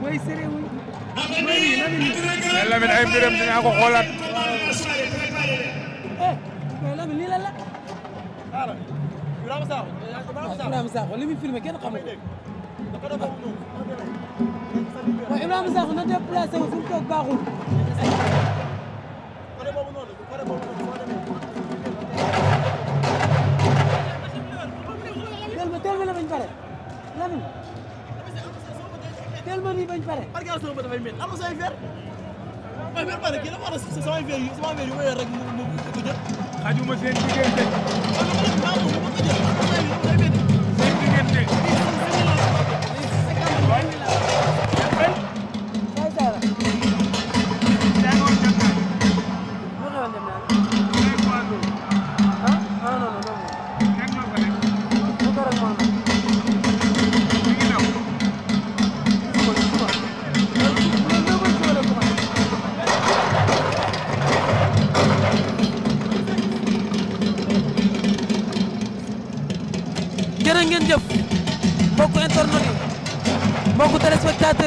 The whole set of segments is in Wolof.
mooy sëriñ mais Lamine ay mbiram dinaa ko xoolaat. mais eh, Lamine lii la la. Birame Sakho. waaw Birame Sakho li muy filmé kenn xamul waaw Ibrahima Sakho na déplacé wu fu mu toog baaxul. tel ma tel ma la bañ pare Lamine mbër yi bañ pare. parce que sama mbër dafay métti am na samay fer waaye fer pare kii dafa war a samay fer yi samay fer yu wéyoo rek mu mu ko jël. xajuma seen diggante. waaw loolu mooy li ma amul lu ma ko jël.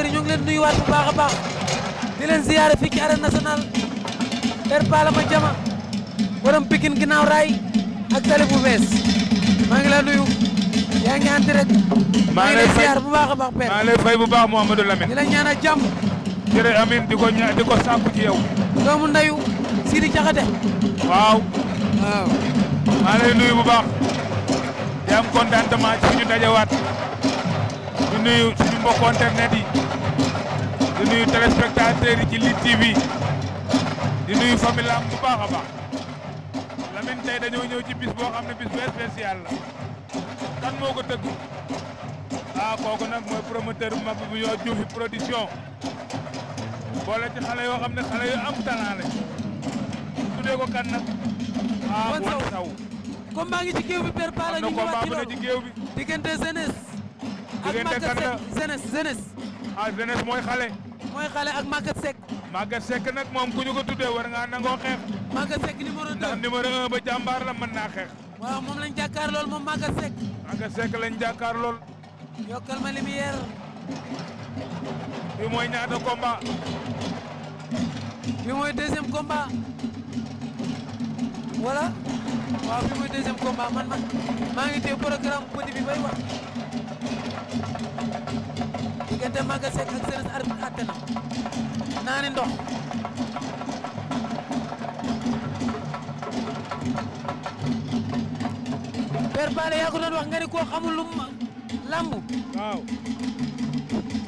auditeurs yi ñu ngi leen nuyuwaat a baax di leen ziyaare fii ci arène nationale ter pala ma jama borom Pikine ginnaaw raay ak tali bu bees maa ngi nuyu yaa ngi rek maa ngi lay ziyaar bu baax a baax père maa ngi fay bu baax Mouhamadou Lamine di la ñaanal jàmm jërë amin di ko ña di ko sàkku ci yow doomu ndeyu Sidi Diakhaté waaw waaw maa lay nuyu bu baax di am contentement ci ñu dajawaat di nuyu suñu mbokk internet yi di nuyu téléspectateurs yi ci Lutte TV di nuyu famille lam bu baax a baax Lamine dañoo ñëw ci bis boo xam ne bis bu spécial la kan moo ko tëgg ah kooku mooy promoteur bu mag bu ñoo Diouf production boole ci xale yoo xam ne xale yu am talent lañ tuddee ko kan nag ah Wan Sow comme maa ngi ci géew bi père Pala ñu ngi wax ci ci géew bi diggante jeunesse ak màgg jeunesse jeunesse ah jeunesse mooy xale mooy xale ak Maguette Seck. Maguette Seck nag moom ku ñu ko tuddee war ngaa nangoo xeex. Maguette Seck numéro 2 ndax numéro ba jàmbaar la mën naa xeex. waaw moom lañ jàkkaar lool moom Maguette Seck. Maguette Seck lañ jàkkaar lool. yokkal ma lumière. bi mooy ñaata combat. bi mooy deuxième combat. voilà. waaw bi mooy deuxième combat man man maa ngi téye programme bu petit bi bay wax. diggante Maga Seck ak Serigne arbitre àtte na naani ndox Père Balla yaa ko doon wax ni koo xamul lu mu lamb waaw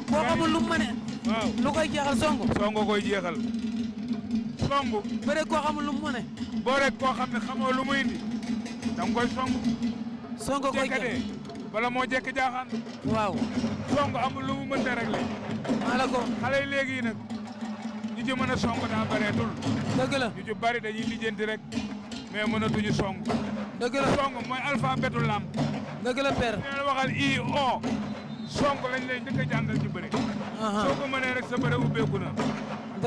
koo xamul lu koy jeexal songu songu koy jeexal songu bëre koo xamul lu mu mane boo rek koo xam ne xamoo lu muy indi bala moo jekk jaaxaan. waaw. song amul lu mu mënta maa la ko. xale yi léegi nag ñu ci mën a song daa bareetul. dëgg la ñu ci bari dañuy lijjanti rek mais mënatuñu song. dëgg la song mooy alphabétu làmb. dëgg la père. nee na waxal i o. song lañ lay njëkk a jàngal ci bëre. soo ko mënee rek sa la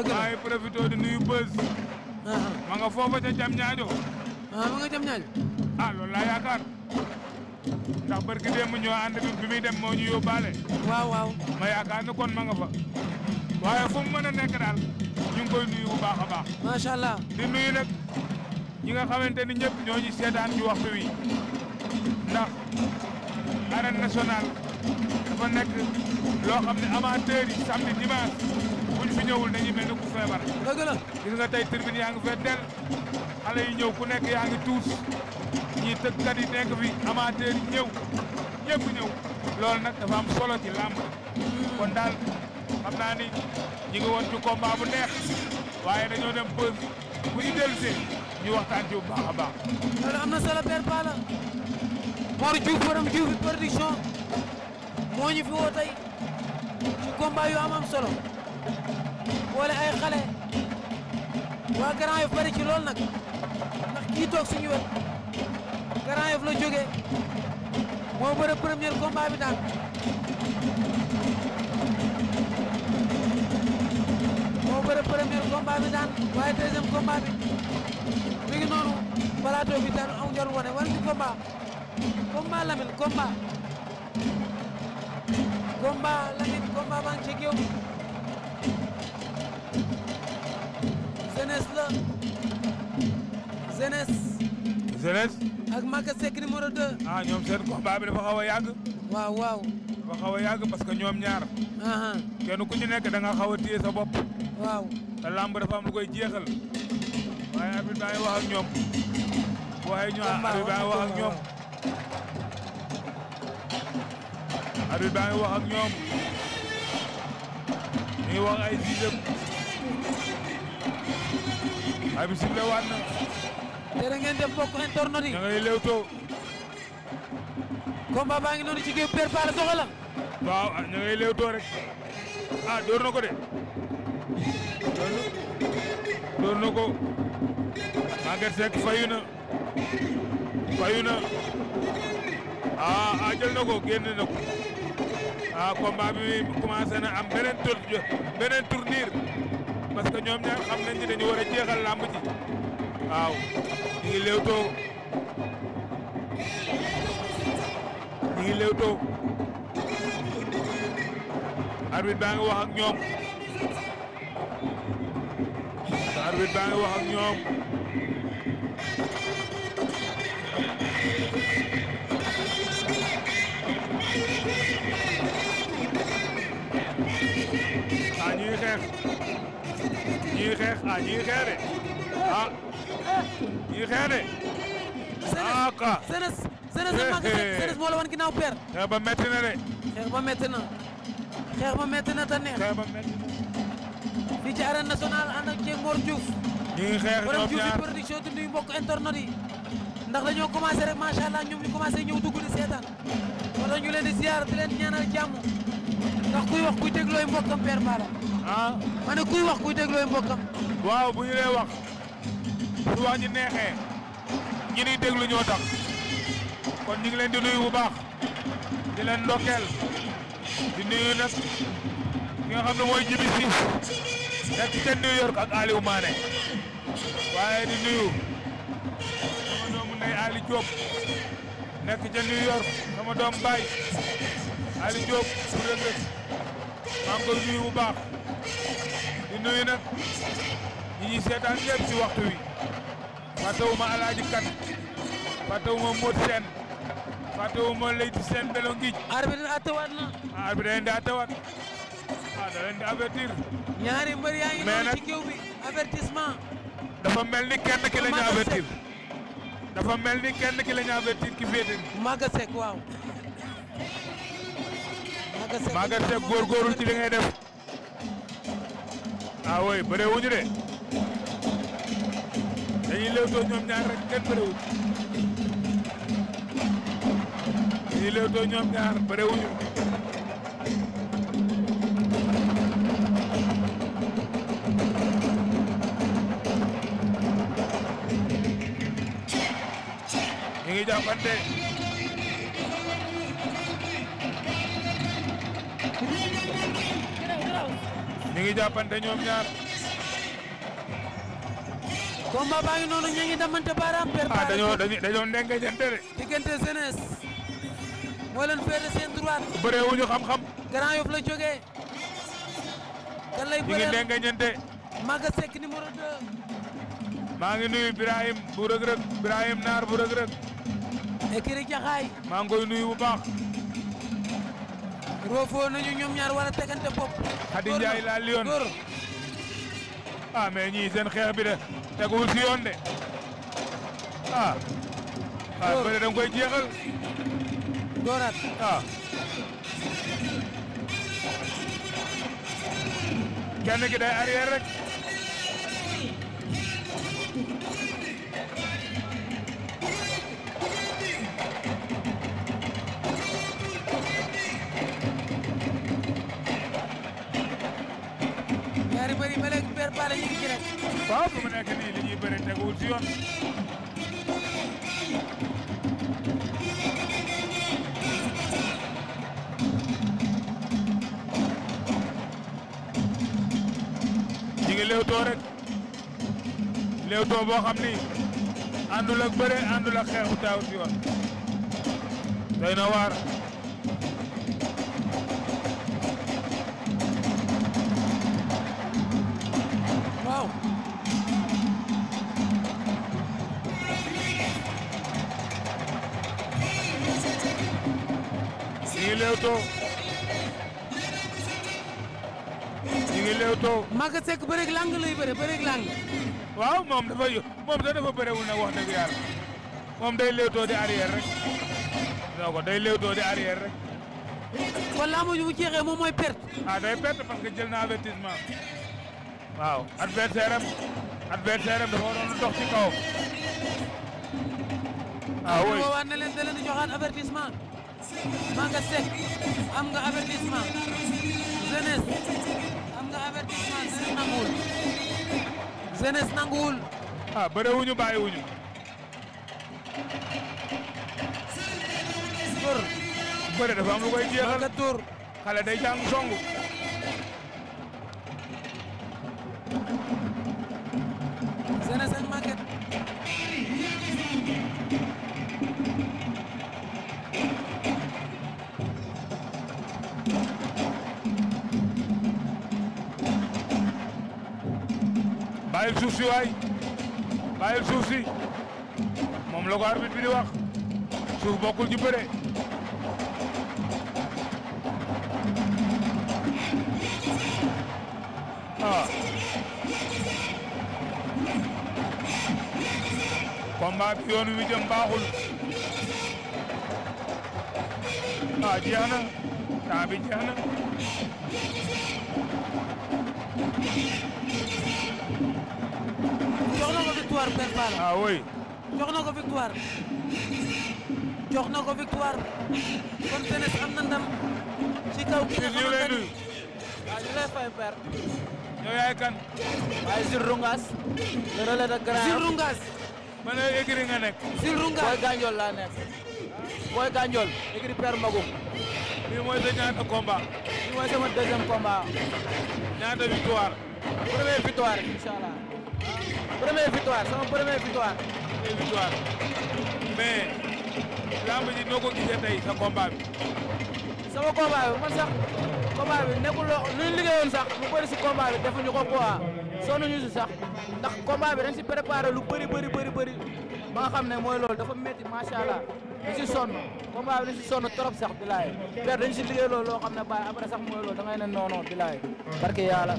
maa ngi profité di nuyu bës. ma nga foofa ca jam ñaajo. ah ma nga jam ñaajo. ah loolu laa yaakaar. ndax barki démb ñoo ànd bi muy dem moo ñu yóbbaale. waaw waaw. ma yaakaar ne kon ma nga fa. waaye fu mën a nekk daal ñu ngi nuyu bu baax baax. macha di nuyu nag ñi nga xamante ni ñëpp ñoo ñu seetaan ci waxtu wi ndax arène nationale dafa nekk loo xam ne amateur yi samedi dimanche. buñ fi ñëwul dañuy mel ni ku feebar. dëgg la gis nga tey tribune yaa ngi fee del xale yi ñëw ku nekk yaa ngi tuus ñii tëggkat yi nekk fi amateur ñëw ñëpp ñëw loolu nag dafa am solo ci làmb kon daal xam naa ni ñi ngi woon ci combat neex waaye dañoo dem bër bu ñu dellusee ñu waxtaan ci baax baax. loolu am na solo père Palla Mor Diouf borom Diouf production moo fi woo ci combat yu solo. boole ay xale waa Grand Yoff bari ci lool nag ndax kii toog suñu wet la jóge moo bëre premier combat bi daan moo bëre premier combat bi daan waaye deuxième combat bi mi ngi noonu plateau bi jeunesse la jeunesse. jeunesse. ak Maka Seck numéro ah, ñoom seen combat bi dafa xaw a yàgg. waaw waaw. dafa xaw a yàgg que ñoom ñaar. kenn ku ci nekk da nga xaw a téye sa bopp. waaw te làmb dafa am lu koy jeexal. waaye Habib Ba wax ñoom. waaye ñu Habib Ba wax ak ñoom. Habib Ba wax ñoom. ñu wax ay sixième. ay bi sible waat na jërë ngeen def mbokk internet yi da ngay lewtoo baa ngi noonu ci géew Père Palla doxala waaw da ah, ngay lewtoo rek ah door na de door na ko Maguette fayu na fayu na ah ah jël na ko génn na ko ah bi commencé na am beneen tour parce que ñoom ñaar xam nañ ni dañu war a jeexal làmb ji waaw ñu ngi léewtoo ñu ngi léewtoo arbitre baa ngi wax ak ñoom arbitre baa ngi wax ak ñoom ah ñuy xeex ñuy xeex ah ñuy xeex de ah ñuy xeex de. ah ka Sénès Sénès maa ngi fekk Sénès moo la xeex ba métti na de. xeex ba métti na xeex ba métti na xeex ba métti na. fii ci arène nationale ànd ak Dieng Mor Diouf. ñuy xeex ñoom ñaar borom Diouf production di nuyu mbokk internet yi. ndax dañoo commencé rek macha allah ñoom ñu commencé ñëw di seetaan wala ñu leen di ziar di leen ñaanal jàmm. ndax kuy wax kuy déglooy mbokkam Père Balla. ah ma ne kuy wax kuy déglooy mbokkam. waaw bu ñu lay wax su wax ñu neexee ñi ñuy déglu ñoo kon ñu ngi leen di nuyu bu baax di leen ndokkeel di nuyu nag ki nga xam ne mooy Djibi Ciss nekk ca New York ak Aliou Mané waaye di nuyu sama doomu Ali Diop nekk ca New York sama doom Aliou Diop bu Reug Reug maa nuyu bu baax di nuyu nag ñi ñuy seetaan ñëpp ci waxtu wi fàttewuma Alaaji Kan fàttewuma Modou Sène fàttewuma Leyti Sène Belo Ngij arbitre attewaat na ah arbitre leen di attewaat ah da avertir ñaari mbër yaa ngi noonu ci géew bi dafa mel ni kenn ki la ñu avertir mel ni kenn ki la ñu avertir ki féete waaw Maguette Seck góorgóorlu ci li ngay def ah oui bëree wuñu de dañuy léewtoo ñoom ñaar rek kenn bëree wuñu dañuy léewtoo ñoom ñaar bëree wuñu ñu ngi jàppante. ñu ngi jàppante ñoom ñaar. combat baa ngi noonu ñu ngi demante baaraam. per baaraam ah dañoo dañoo ndenge jante de. diggante jeunesse. moo leen féete seen droite. bëree xam-xam. Grand Yoff la jógee. kan lay bëreel ñu ngi ndenge ñente. Maga Seck numéro 2. maa ngi nuyu Birahim bu rëg rëg Naar bu rëg Ekiri Jaxaay. maa ngi nuyu bu baax. roofoo nañu ñoom ñaar war a tegante bopp. Khady Ndiaye la Lion ah mais ñii seen xeex bi de teguwul yoon de ah. Ah, ah kenn ki day arrière rek. affaire bale ñu ngi ci rek. nii li ñuy bëri teguwul si yoon. ñu ngi léewtoo boo xam ni àndul ak na waar. ngi lewtoo ñu ngi lewtoo. Maga Seck bëreeg lang lay bëre bëreeg lang. waaw moom dafa moom sax dafa bërewul nag wax dëgg yàlla moom day lewtoo di arrière rek non day lewtoo di arrière rek. kon laa mujj bu jeexee moom mooy perte. Ah, day perte parce jël na avertissement waaw adversaire am adversaire am dafa waroon dox ci kawam. ah oui waaw ne leen da leen di maa nga sec am nga avertissement jeunesse am nga avertissement jeunesse nanguwul jeunesse nanguwul ah bërewuñu bàyyiwuñu tur bëre dafa am lu jeexal tur xale day jàng songu jeunesse ak maquette bàyyil suuf si waay bàyyil suuf si moom la ko bi di suuf bokkul ci bëre ah combat bi wi jëm baaxul ah jeex na temps bi jeex na. jox ko victoire Père Balla. ah oui. na ko victoire. jox na ko victoire. kon Ténès am na ci kaw gi ni waaw ñu lay kan. waaye Jules Rungas. le relais de Grand. Jules Rungas. ma ne nga nekk. Jules Rungas booy Gandiol laa nekk. booy Gandiol écurie Père Magum. bii mooy sa ñaata combat. bii mooy sama deuxième combat. ñaata victoire. première victoire incha allah. Ah. première victoire sama première victoire. première victoire mais lamb ji ko gisee tey sa combat bi. sama combat bi man sax combat bi nekkul lu ñu liggéeyoon sax lu bëri si combat bi defuñu ko quoi sonnuñu si sax ndax combat bi dañ si préparé lu bëri bëri bëri bëri ba xam ne mooy loolu dafa métti macha allah. lu si sonn combat bi lu si sonn trop sax bilaay père dañ si liggéey loolu loo xam ne bàyyi après sax mooy loolu da ngay ne non non bilaay barke yàlla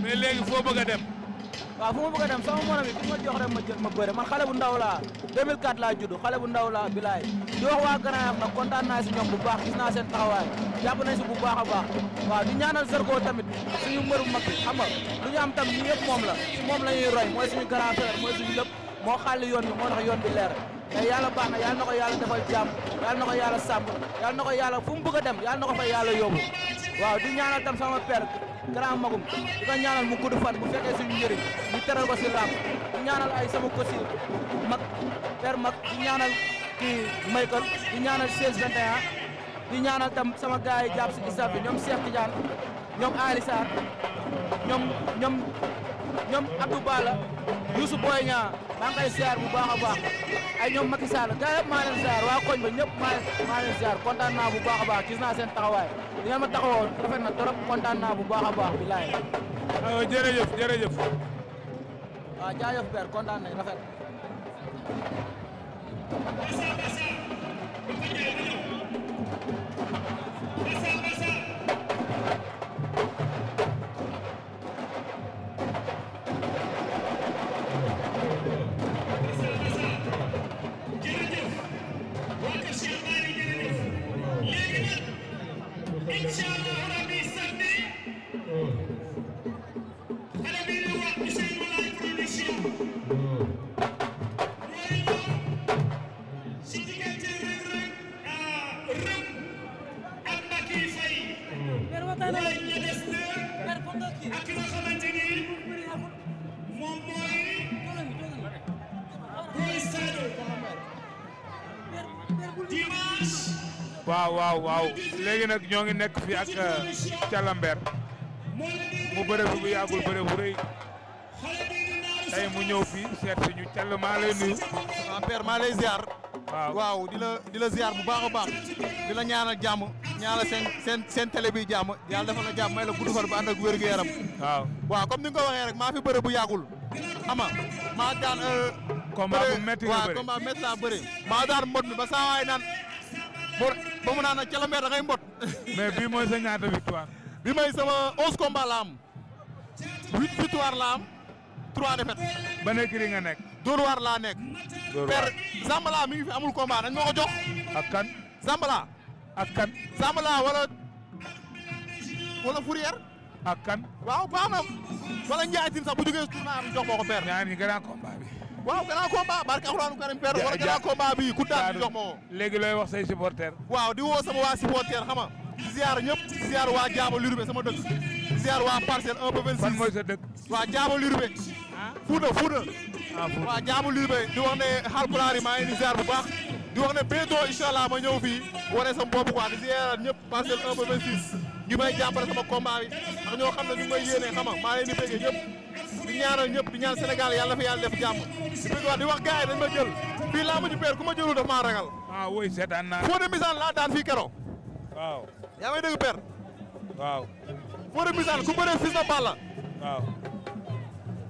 mais léegi foo bëgg a dem waaw fu ma bëgg dem sama morom yi ku ma jox rek ma jël ma bëre man xale bu ndaw laa 2004 laa judd xale bu ndaw laa bilaay di wax waa Grand Yoff kontaan naa si ñoom bu baax gis naa seen taxawaay jàpp nañ si bu baax a baax waaw di ñaanal Zarko tamit suñu mbëru mag bi xam nga lu ñu am tam ñu yëpp moom la moom la yoon bi moo yoon bi leer te yàlla baax na yàlla na ko yàlla defal jàmm yàlla na ko yàlla sàmm yàlla na ko yàlla fu mu bëgg a dem yàlla na ko fa yàlla yóbbu waaw di ñaanal tam sama père grand magum di ko ñaanal mu gudd fan mu fekkee suñu njëriñ ñu teral ko si làmb di ñaanal ay sama kosi mag père mag di ñaanal kii Michael di ñaanal 16 21 di ñaanal tam sama gars yi jàpp si ISRA bi ñoom Cheikh Tidiane ñoom Ali Sarr ñoom ñoom. ñom Abdou Bala Youssou Boy Niang maa ngi koy bu baax a baax ay ñoom Macky Sall gars yëpp maa waa koñ ba ñëpp maa leen kontaan naa bu baax a baax gis naa seen taxawaay di nga ma taxawoo rafet na trop kontaan naa bu baax a baax bilaay. jërëjëf jërëjëf. waaw jaajëf père kontaan nañ rafet. waaw waaw waaw léegi nag ñoo ngi nekk fi ak Calamber euh, mu bëre bu bu yàggul bëre bu mu ñëw fi seet si ñu Cal maa lay nuyu. ah maa lay ziar. waaw di la di la ziar bu baax a baax di la ñaanal jàmm ñaanal seen seen seen télé bi jàmm yàlla defal la jàmm may la gudd fan bu ànd ak wér waaw waaw comme ni nga ko waxee rek maa fi bëre bu yàggul maa daan. Euh, combat bu métti nga bëre daan mot mi ba saa bor ba mu naan ca la mbër da mbot. mais bii mooy sa ñaata victoire. bi may sama onze combats la huit victoire la am trois défaites. ba nekk li nekk. Dóor laa nekk. Dóor waar mi ngi fi amul combat dañ ma ko jox. ak kan. Zambala. ak kan. Zambala wala wala Fourière. kan. waaw baax wala Ndiaye Tine sax bu jógee tournoi jox ma ko per. ñaar ñi grand combat bi. waaw grand combat barke alxuraanu karim père wala grand combat bi ku daan di jox ma léegi looy wax say supporter waaw di woo sama waa supporter xam nga ziar ñëpp ziar waa jaaba lurbe sama dëkk ziar waa parcelle un ba vingt six waa jaaba lurbe ah? fuuta fuuta ah, waa jaaba lurbe di wax ne xalpulaar yi maa ngi ni ziar bu baax di wax ne bientôt incha allah ma ñëw fii wane sama bopp quoi di ziar ñëpp parcelle un ba vingt six ñu may jàppale sama combat bi ndax di ñaanal ñëpp di ñaan Sénégal yàlla na fa yàlla def jàmm di bëgg wax di wax gars yi dañ ma jël fii laa mujj peer ku ma jëlul daf maa ragal. ah oui seetaan naa. foo misaan laa daan fii kero waaw yaa may dégg peer. waaw. de misaan ku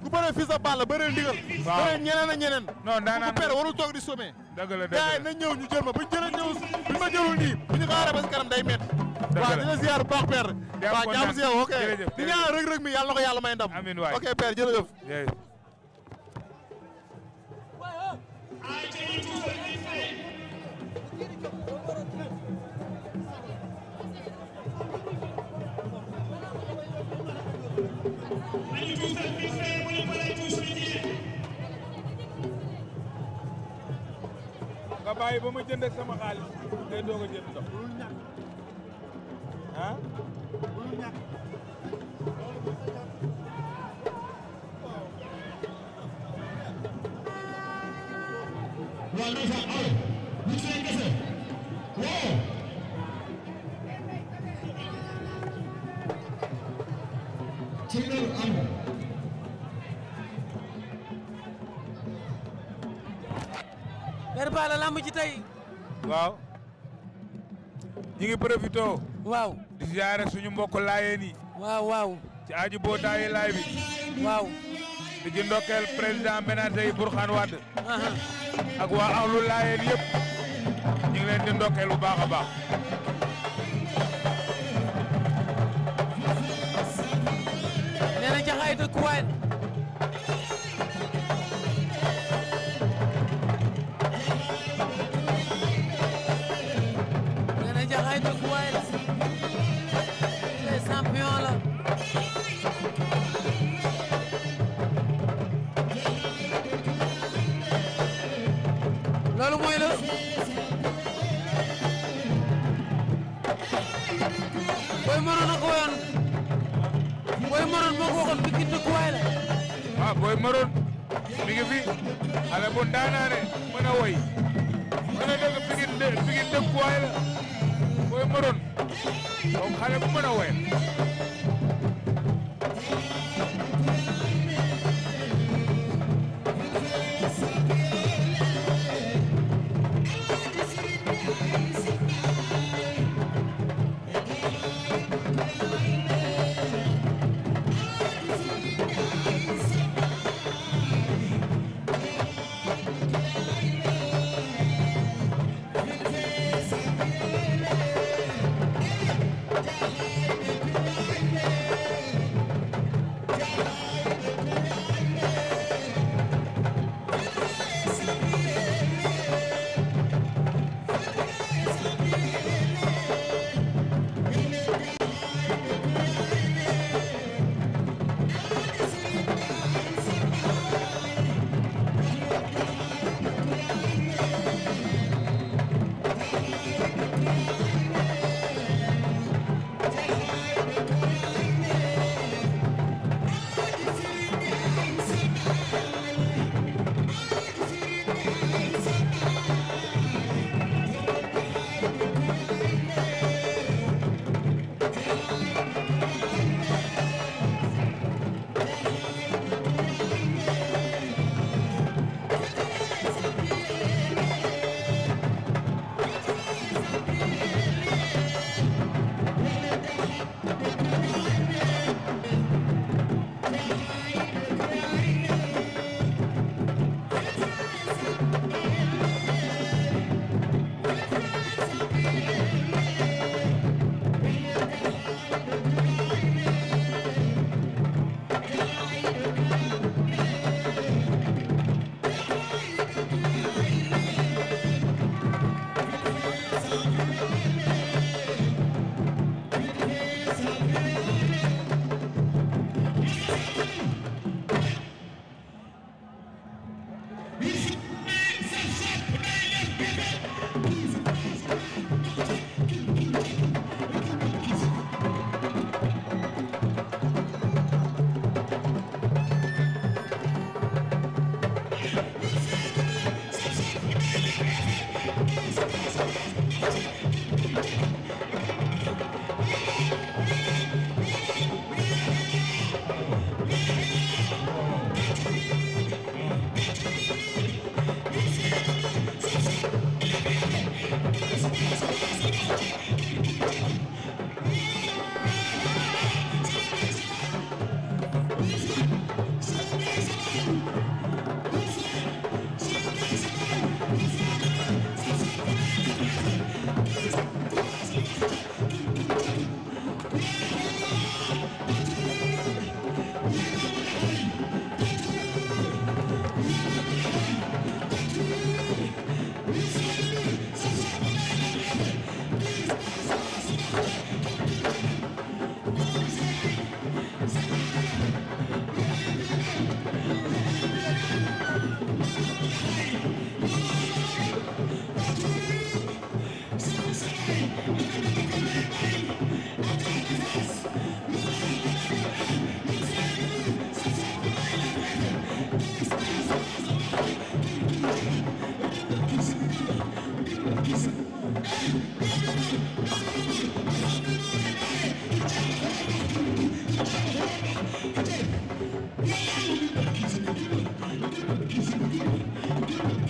bu bëree fii sa Balla bëree ndigal. waaw bëree ñeneen a ñeneen. non daanaka bu ko warul toog di sommer. dëgg la dëgg ñu jël ma bu ñu jëlee bu ñu ma jëlul nii bu ñu xaaree ba si kanam day métti. dëgg la waaw dina ziar bu baax père. si yow ok di ñaan rëg rëg mi yàlla na ko may ndam. amiin waay ok oh. nga bàyyi ba ma jënd ak sama xaalis ngay doog a jënd tey. waaw. ñu ngi waaw di ziare suñu mbokk laayeen yi. waaw waaw. ci aaju bootaayu laay bi. waaw. di ci ndokkeel président ménager yi Bourkhane Wade. ak waa laayeen yëpp. ñu ngi leen di ndokkeel bu baax a baax.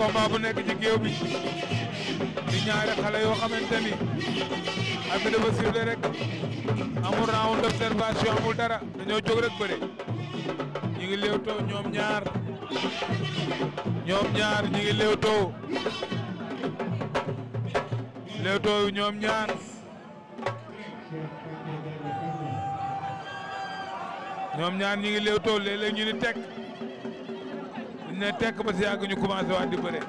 combat bu nekk ci géew bi di ñaari xale yoo xamante ni affaire ba sifle rek amul round d'observation amul dara dañoo jóg rek bëre ñi ngi léewtoo ñoom ñaar ñoom ñaar ñi ngi léewtoo léewtoo yu ñi ni tekk ne tekk ba si ñu commencé waat di bëre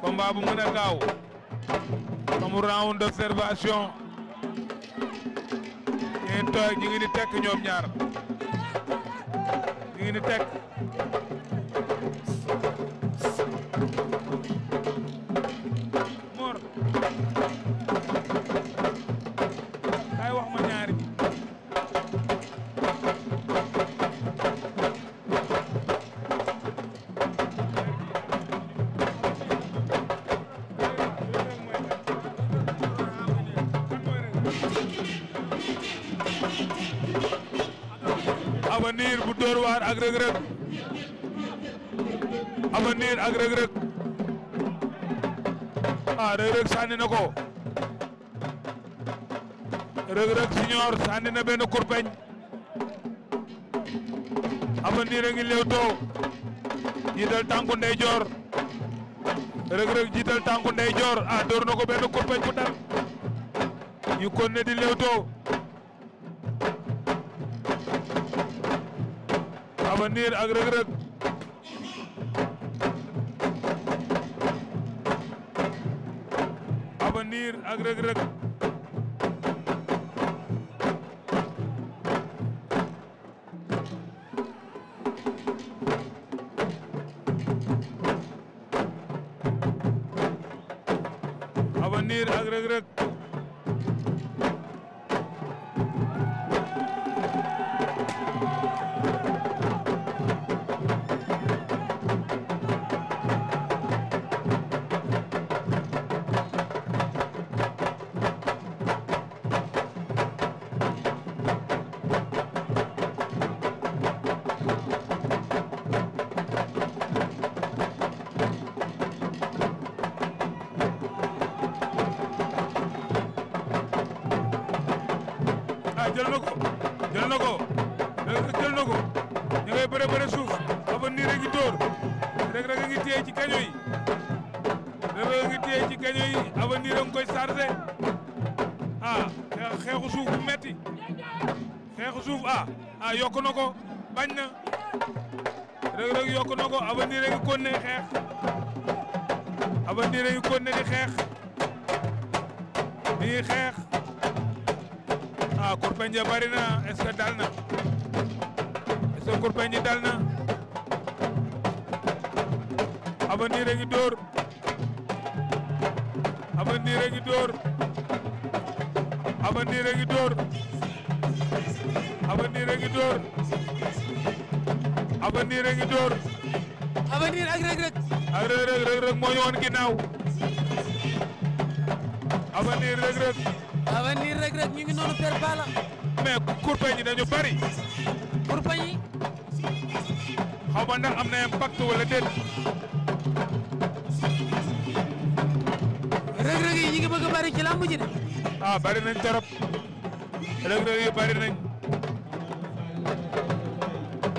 combat bu mën a gaaw comme round d'observation ñu ngi tooy ñu tekk ñoom ñaar ñu tekk ak Reug Reug avenir ak Reug Reug ah Reug Reug sànni na ko Reug Reug senior sànni na benn kurpeñ avenir a ngi lewtoo jiital tànku ndeyjoor Reug Reug jiital tànku ndeyjoor ah door na ko benn kurpeñ bu dal ñu kon ne di lewtoo Avenir ak Reug Reug Avenir ak Reug Reug ah yokku bañ na Reug Reug yokku na ko Avenir a ngi continué di xeex Avenir a ngi continué di xeex mi ngi xeex ah kurpeñ ja bari na est-ce dal na est-ce que kurpeñ dal na Avenir a ngi dóor a ngi door. avenir ak rëg rëg. ak rëg rëg rëg bari. kurpañ yi. xaw yi ñu ngi a bari ci lamb ji de. Ah, bari nañ torop. rëg yi bari nañ.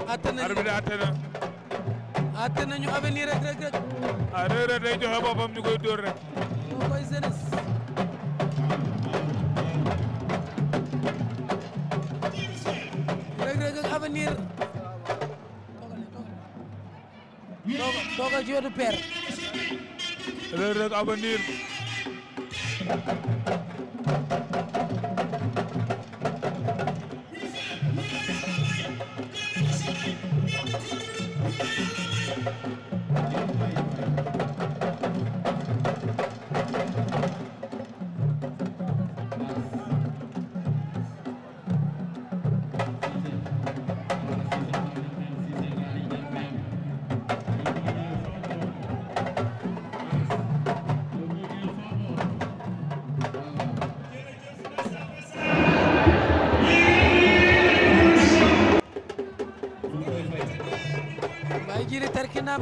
atte nañ arbitre atte na. dóor rek. moo koy jeunesse. Reug Reug ak avenir. toogal toogal ci wetu père. Reug Reug avenir.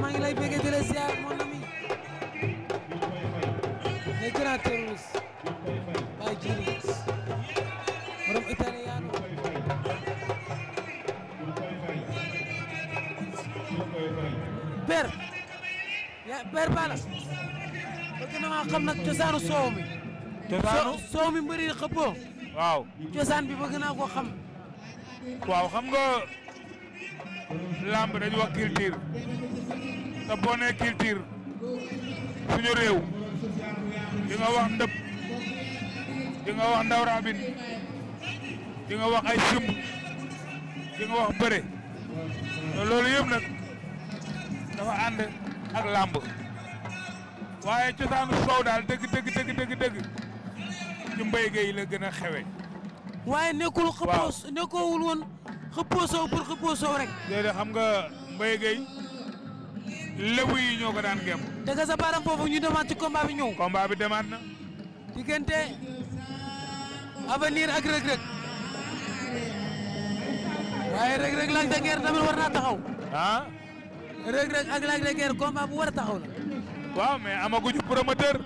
maa ngi lay bëggee la ziar mon ami le grand terroriste Baye Djili borom italiano ber ber bala bëgg na maa xam nag cosaanu soow mi cosaanu soow mi mbëri xëppoo cosaan bi bëgg naa ko xam waaw xam nga lamb dañu wax culture te boo nee culture suñu réew nga wax ndëpp di nga wax ndaw rabin di nga wax ay simb di nga wax bëre loolu yëpp nag dafa ànd ak làmb waaye cosaanu soow daal dëgg dëgg dëgg dëgg dëgg ci mbéy géey la gën a xewe waaye nekkul xëppoo woon xëppoo soow pour xëppoo soow rek déedéet xam nga mbéy lébu yi ñoo ko daan gem. dëgg sa foofu ñu demaat ci combat bi ñëw. bi demaat na. diggante avenir ak rëg-rëg. waaye rëg-rëg Lac de Guiers tamit war naa taxaw. ah. rëg-rëg ak Lac de Guiers combat war a taxaw la. waaw mais amaguñu promoteur.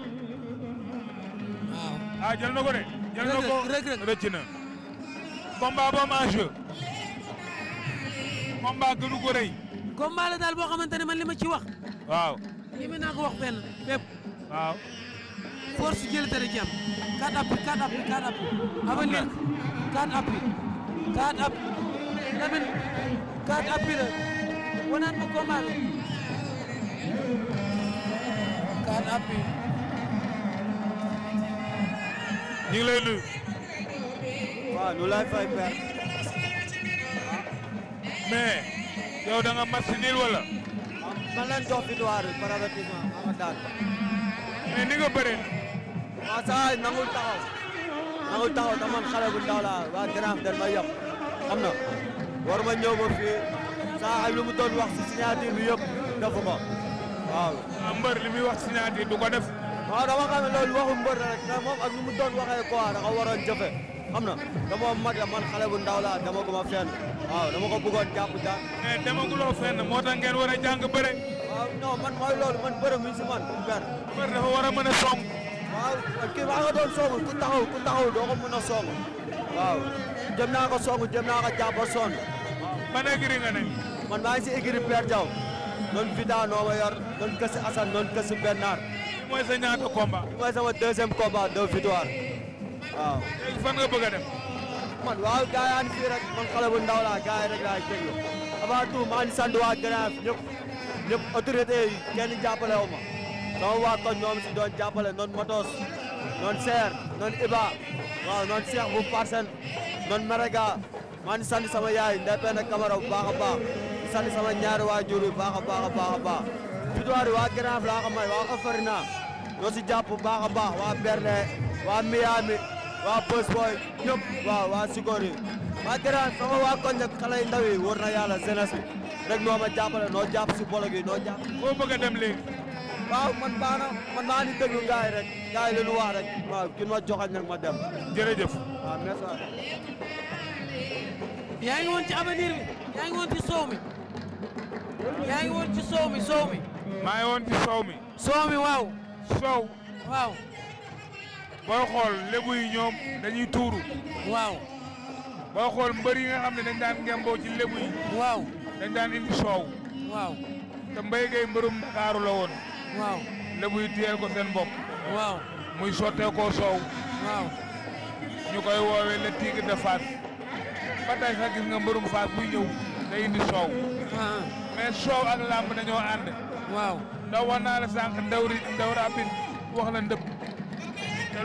waaw ah jël na ko de. jël na ko rëg-rëg rëcc na. combat boobu en jeu. combat gënu combat daal boo xamante ne man li ma ci wax. waaw ñeme naa ko wax fenn waaw. force jël dara ci am. 4 appui 4 appui 4 appui. avenir 4 appui. 4 appui. tamit 4 appui waaw ñu lay fay père. mais. yow da nga match nul wala. man lañ jox victoire bi par avertissement ma daan ko. mais ni nga bëree. waaw saa nangul taxaw. nangul taxaw te xale bu ndaw laa waa gànnaaw ma yab xam na war ma ñëw ba fii saa ay lu wax si signature bi yëpp defu ko waaw. Ah, mbër li muy wax signature du ko def. waaw dama xam ne loolu waxu mbër la rek moom ak lu mu doon waxee quoi dafa waroon jëfe xam na dama mag la man xale bu ndaw laa demaguma fenn waaw dama ko bëggoon jàpp jàpp. mais eh, demaguloo fenn moo tax ngeen war a jàng bëre. waaw non man mooy loolu man bëre mu si man ber. ber dafa war a mën a song. waaw kii maa nga doon song ku taxaw ku taxaw doo ko mën a song waaw jëm naa ko song jëm naa ko jàpp ba sonn. ban écurie nga ne. man maa ngi si écurie Père Diaw. noon Vida noo ma yor noon Kassi Assane noon Kassi Bernard. mooy sa ñaata combat. mooy sama deuxième combat de victoire. waaw léegi fan nga bëgg a dem. man waaw gars yi ànd fii rek man xale bu ndaw laa gars yi rek laay déglu avant tout maa ngi sant waa Garaaf ñëpp ñëpp autorité yi kenn jàppale wu ma waa koñ ñoom si doon jàppale noonu Matos noonu Seer noonu Iba waaw noonu Cheikh bu Parcelles noonu Merega maa ngi sant sama yaay Ndeye Penda Camara bu baax a baax di sant sama ñaari waajur bu baax a baax a a waa Garaaf laa waa Offarina ñoo si jàpp bu baax a baax waa Boss Boy ñëpp waaw waa Sikor yi waa Gérard sama waa koñ nag xale yu na yàlla jeunesse bi rek noo ma jàppale noo jàpp si gi noo jàpp. foo bëgg a dem léegi. waaw man baax man maa ngi déglu gars rek gars yi lu wax rek ma joxoon nag ma dem. jërëjëf. waaw merci. yaa ngi woon ci avenir bi mi yaa ngi woon ci soow mi soow mi. maa ngi woon ci soow mi. booy xool lébu yi ñoom dañuy tuuru. waaw. booy xool mbër yi nga xam ne dañ daan ngemboo ci lébu waaw dañ daan soow. waaw te mbërum Ndakaaru la woon. waaw lébu yi ko seen bopp. waaw muy sotteekoo soow. waaw ñu koy woowee le tigre de Fass. ba tey sax nga mbërum Fass buy ñëw day indi soow. Ah. mais soow ak làmb dañoo ànd. waaw ndaw wax naa sànq ndaw ri ndaw rapide wax la ndëpp.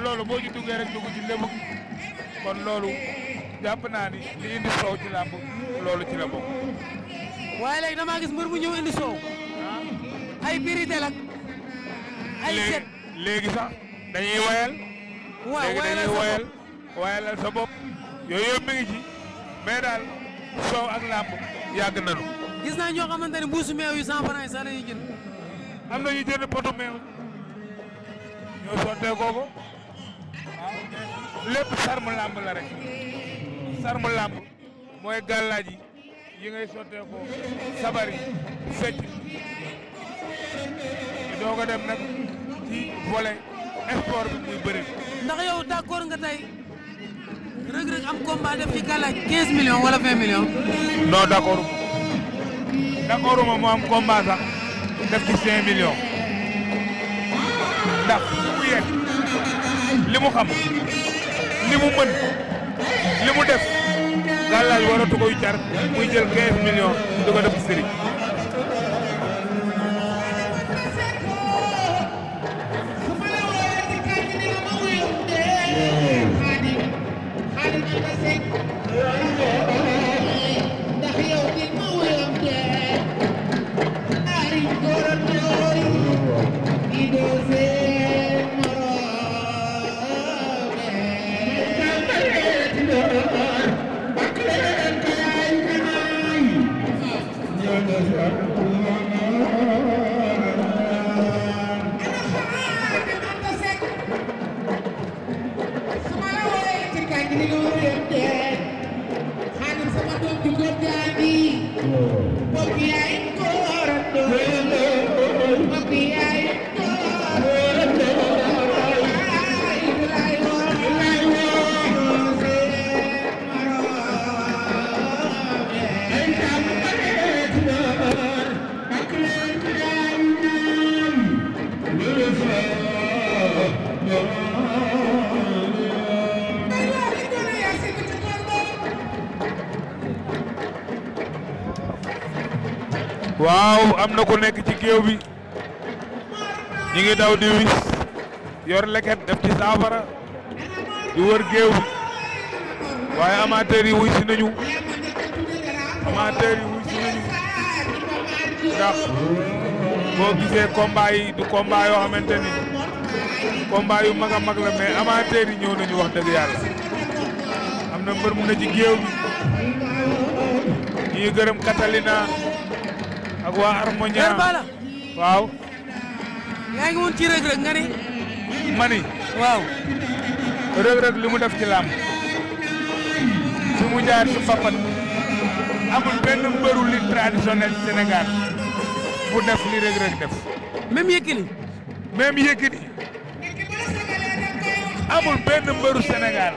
loolu boo ci duggee rek dugg ci lépp kon loolu jàpp naa ni li indi soow ci làmb loolu ci la bokk. damaa gis mbër mu ñëw indi soow. ay birite la ay set léegi sax dañuy wayal. waaw wayalal sa bopp wayalal sa bopp yooyu yëpp mi mais daal soow ak làmb yàgg nañu. gis naa ñoo xamante ne mbuusu meew yu 100 francs yi sax la ñuy jënd. am na ñuy jënd potu ñoo sottee kooku. lépp sarmu la rek sarmu làmb mooy gàllaaj yi yi ngay ko fecc doog a dem nag ci volet sport bi muy bëri. ndax yow d'accord nga tey Reug Reug am combat def ci gàllaaj 15 millions wala 20 millions. non d'accord d'accord ma mu am combat sax def ci 5 millions ndax bu li mu xam li mu mën li mu def gàllaaj waratu koy jar muy jël 15 millions di ko def ci am na ku nekk ci géew bi ñi ngi daw di wis yor leket def ci saafara di wër géew bi waaye amateur yi wuy si nañu amateur yi wuy si nañu ndax boo gisee combat yi du combat yoo xamante ni combat yu mag a mag la mais amateur yi ñëw nañu wax dëgg yàlla am na mbër mu ne ci géew bi gërëm Catalina waa Harmonia Père Balla waaw. yaa ngi woon ci Reug nga ni. ma ni. waaw. li mu def ci làmb. su mu jaar ci papat amul benn mbëru li traditionnel Sénégal bu def li Reug Reug def. même Yékini. même Yékini. amul benn mbëru Sénégal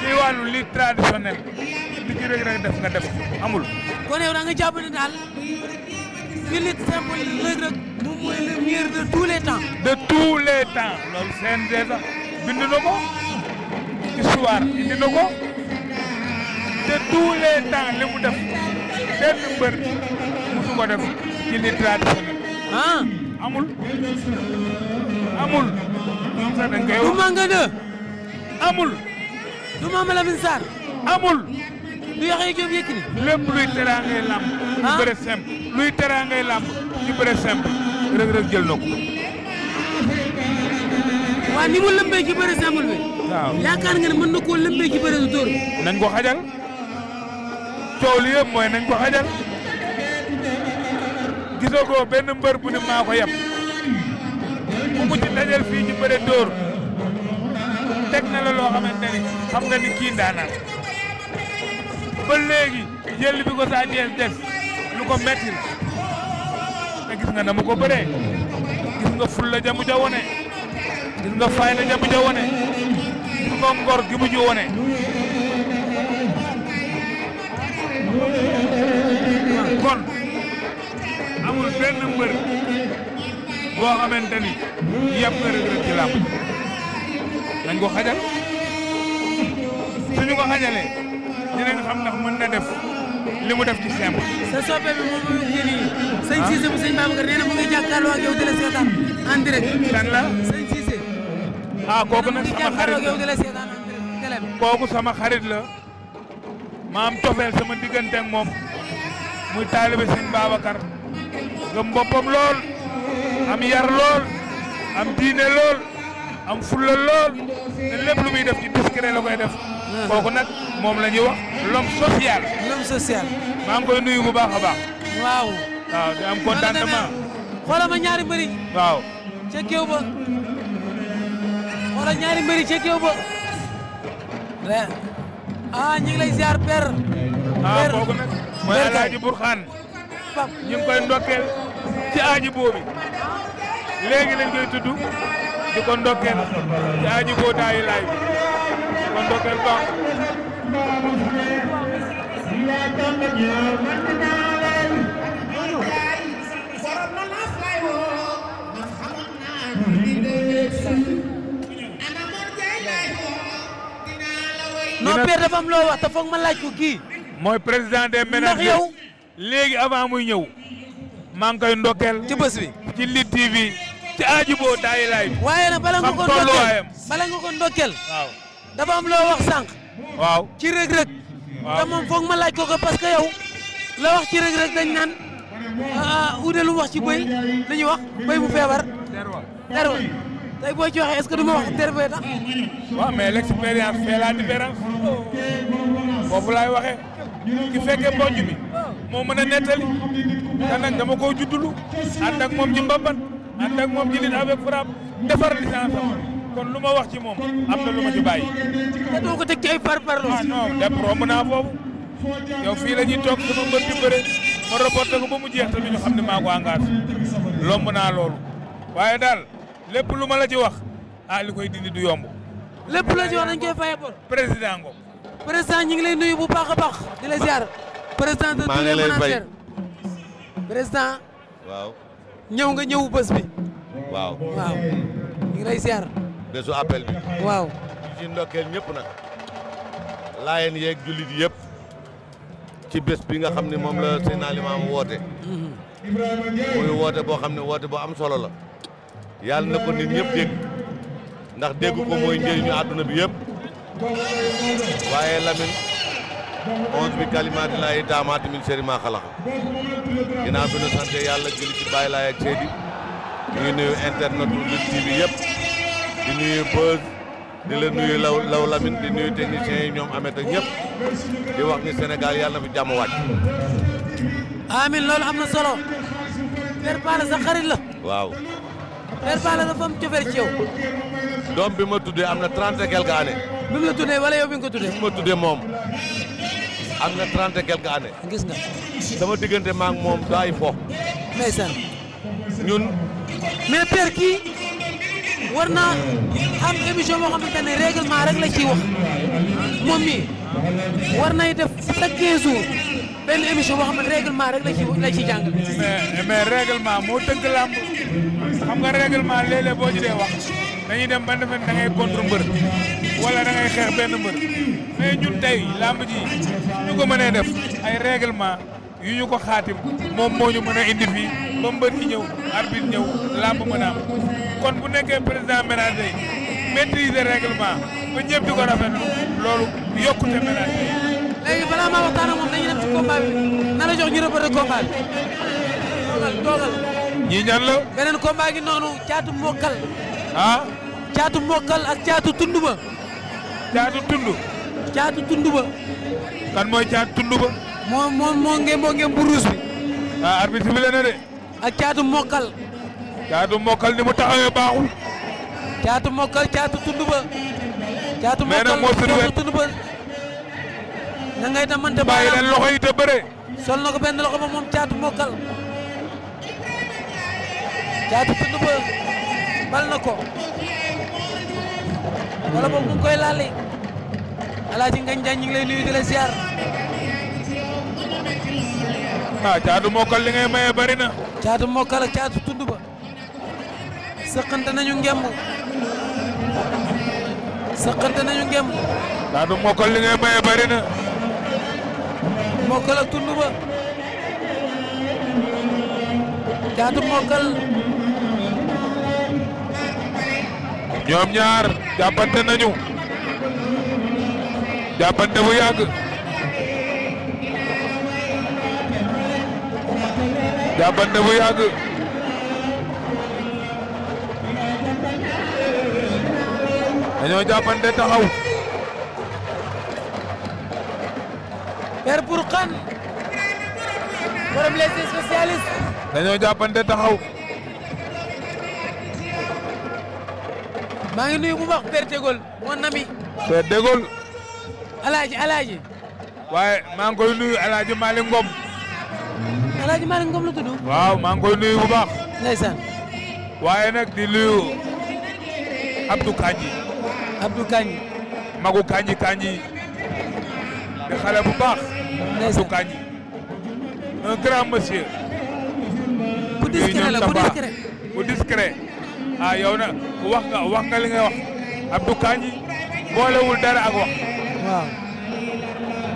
ci wàllu li traditionnel li ci Reug def nga def amul. kon yow da nga jàpp ne daal. une lutte simple Reug Reug moom mooy le meilleur de tous les temps. de tous les temps loolu CNG sax indi na ko de tous les temps li mu def musu ko def ci li traditionnel. Ah. amul amul. moom sax dañ du Manga 2 amul. du Mama Lamine Sarr. amul. du Yaxya Joob Yékini. lépp luy teraangee lamb. ah bëre luy teraa ngay làmb ci bëre simple Reug Reug jël ko. waaw ni mu lëmbee ci bëre simple bi. waaw yaakaar nga mën na koo lëmbee ci bëre dóor bi. nañ ko xajal coow li yëpp mooy nañ ko xajal gisoo ko benn mbër bu ne maa ko yab ku mu ci fii ci bëre dóor teg na la loo xamante ni xam nga kii ndaanaan ba léegi jël bi ko saa lu ko metti te gis nga na mu ko bëree gis nga ful la jamu ja wone gis nga fay la jamu ja wone gi mu ji wone kon amul benn mbër boo xamante ni yàpp na Reug Reug ko xajal suñu ko xajalee dinañ xam ndax mën na def li mu def ci simple. sa soppe bi moom la ñu ah. nee na mu ngi jàkkaarloo ak yow di la seetaan kan la sëñ ah, kooku nag sama xarit la maam sama xarit cofeel sama diggante ak moom muy taalibe sëñ Babacar gëm boppam lool am yar lool am diine lool am fulla lool te lépp lu def ci discret la koy def. kooku nag moom la ñuy wax l'homme social. l'homme maa ngi nuyu bu baax a baax. waaw. waaw di am contentement. xoolal ma ñaari mbëri. waaw. ca géew ba. xoolal ñaari mbëri ca géew ba. ah ñu ngi lay ziar per. ah kooku nag mooy Alaaji Burxaan. ñu ngi koy ndokkeel ci aaji boobi. léegi lañ koy tudd ko ndokkeel ci aaji bootaayu laay kon ndokkeel baax loo wax te ma laaj ko kii. mooy président des ménages ndax yow. léegi avant muy ñëw. maa ngi koy ndokkeel. ci bés bi ci Lutte TV. ci aaju boo laay. waaye nag bala nga ko dafa am la wax sànq. waaw ci rëg-rëg. waaw te moom foog ma laaj ko ko parce que yow la wax ci rëg-rëg dañ naan ah lu wax ci bëy li wax bëy bu feebar. terwa tey boo ci waxee est-ce du ma wax terwa tax. waaw mais l'expérience fait la différence boobu laay waxee ki fekkee mbojj bi moo mën a nettali te nag dama koo juddulu ànd ak moom ci mbabban ànd moom ci lit avec frappe defar licence am kon lu ma wax ci moom am na lu ma ci bàyyi. te doo ko teg ci ay parparlo. ah non dem romb naa foofu yow fii la ñuy toog sama mbët di bëre ma reporté ko mu jeex tamit ñu xam ne maa ko engagé lomb naa loolu waaye daal lépp lu ma la ci wax ah li koy dindi du yomb. lépp la ci wax dañ koy faye bor. président ngo président ñu ngi lay nuyu bu baax a baax di la ziar. président de tous les managers président. waaw. ñëw nga ñëw bés bi. waaw ñu ngi lay bésu appel bi. waaw ci ndokkeel ñëpp nag. laayeen yeeg jullit yëpp ci bés bi nga xam ne moom la seen alimaam woote. muy woote boo xam ne woote boo am solo la. yàlla na ko nit ñëpp dégg ndax dégg ko mooy njëriñu àdduna bi yëpp waaye Lamine onze bi kalimaati laahi taamaati min sharri maa xalaq ginnaaw bi nu sante yàlla julli ci bàyyi laay ak seedi ngi nuyu internet Lutte bi yëpp. di nuyu Beuz di la nuyu law law Lamine di nuyu techniciens yi ñoom amet ak ñëpp di wax ni senegal yàlla na fi jàmm wàcc. amiin loolu am na solo. Père Palla sa xarit la. waaw. Père Palla dafa am ci yow. doom bi ma tuddee am na trente et quelques années. bi mu la tuddee wala yow bi nga ko tuddee. bi ma tuddee moom am na trente et quelques années. gis nga. sama diggante ma moom daay fo. ndeysaan. ñun. mais Père kii. war naa am émission boo xamante ne règlement rek la ciy wax moom war nay def chaque 15 jours benn émission boo xam ne règlement rek la ci la ciy jàng. mais mais règlement moo tënk làmb xam nga règlement léeg-léeg boo ci dee wax dañuy dem ba defe da ngay contre mbër wala da ngay xeex benn mbër mais ñun tey làmb ji ñu ko mënee def ay règlement. yu ñu ko xaatim moom moo ñu mën a indi fii ba mbër yi ñëw arbitre a am kon bu nekkee président ménage yi maîtriser règlement ba ñëpp di ko rafetlu loolu yokkute ménage yi. léegi balaa maa waxtaan ak moom dañuy dem ci combat bi na la ñu rëbër combat bi. toogal toogal. ñii ñan la. beneen combat noonu caatu mokkal. ah. caatu mokkal ak caatu tund caatu tund. kan mooy caatu tund moo moo moo ngeen moo ngeen bu bi. ah arbitre bi la ne de. ak caatu mokkal. caatu mokkal ni mu taxawee baaxul. caatu mokkal caatu tund ba. caatu mokkal caatu tund ba. na ngay loxo yi te sol na ko benn loxo ba moom caatu mokkal. caatu tund bal na ko. wala boobu mu koy laale. Alaaji Ngañ Jaañ ñu lay nuyu di la ah caatu mokkal li ngay maye bari na. caatu mokkal ak caatu tudd ba. nañu ngemb. sëqante nañu ngemb. caatu mokkal li ngay maye bari na. mokkal ak tudd ba. caatu mokkal. ñoom ñaar jàppante nañu. jàppante bu yàgg. jàppante bu yàgg dañoo jàppante taxaw père pour xan borom les spécialistes dañoo jàppante taxaw maa ngi nuyu bu baax père Dégol mon ami père Dégol alaaji alaaji waaye maa ngi koy nuyu alaaji Malick Ngom El Hadj Malick Ngom la tudd. waaw maa ngi koy nuyu bu baax. ndeysaan. waaye nag di nuyu Abdou Kanji. Abdou Kanji. Magu Kanji Kanji. di xale bu baax. ndeysaan Abdou Kanji. un grand monsieur. ku discret la ku discret ku ah, yow wax nga wax nga li nga wax Abdou boolewul dara ak wax. waaw.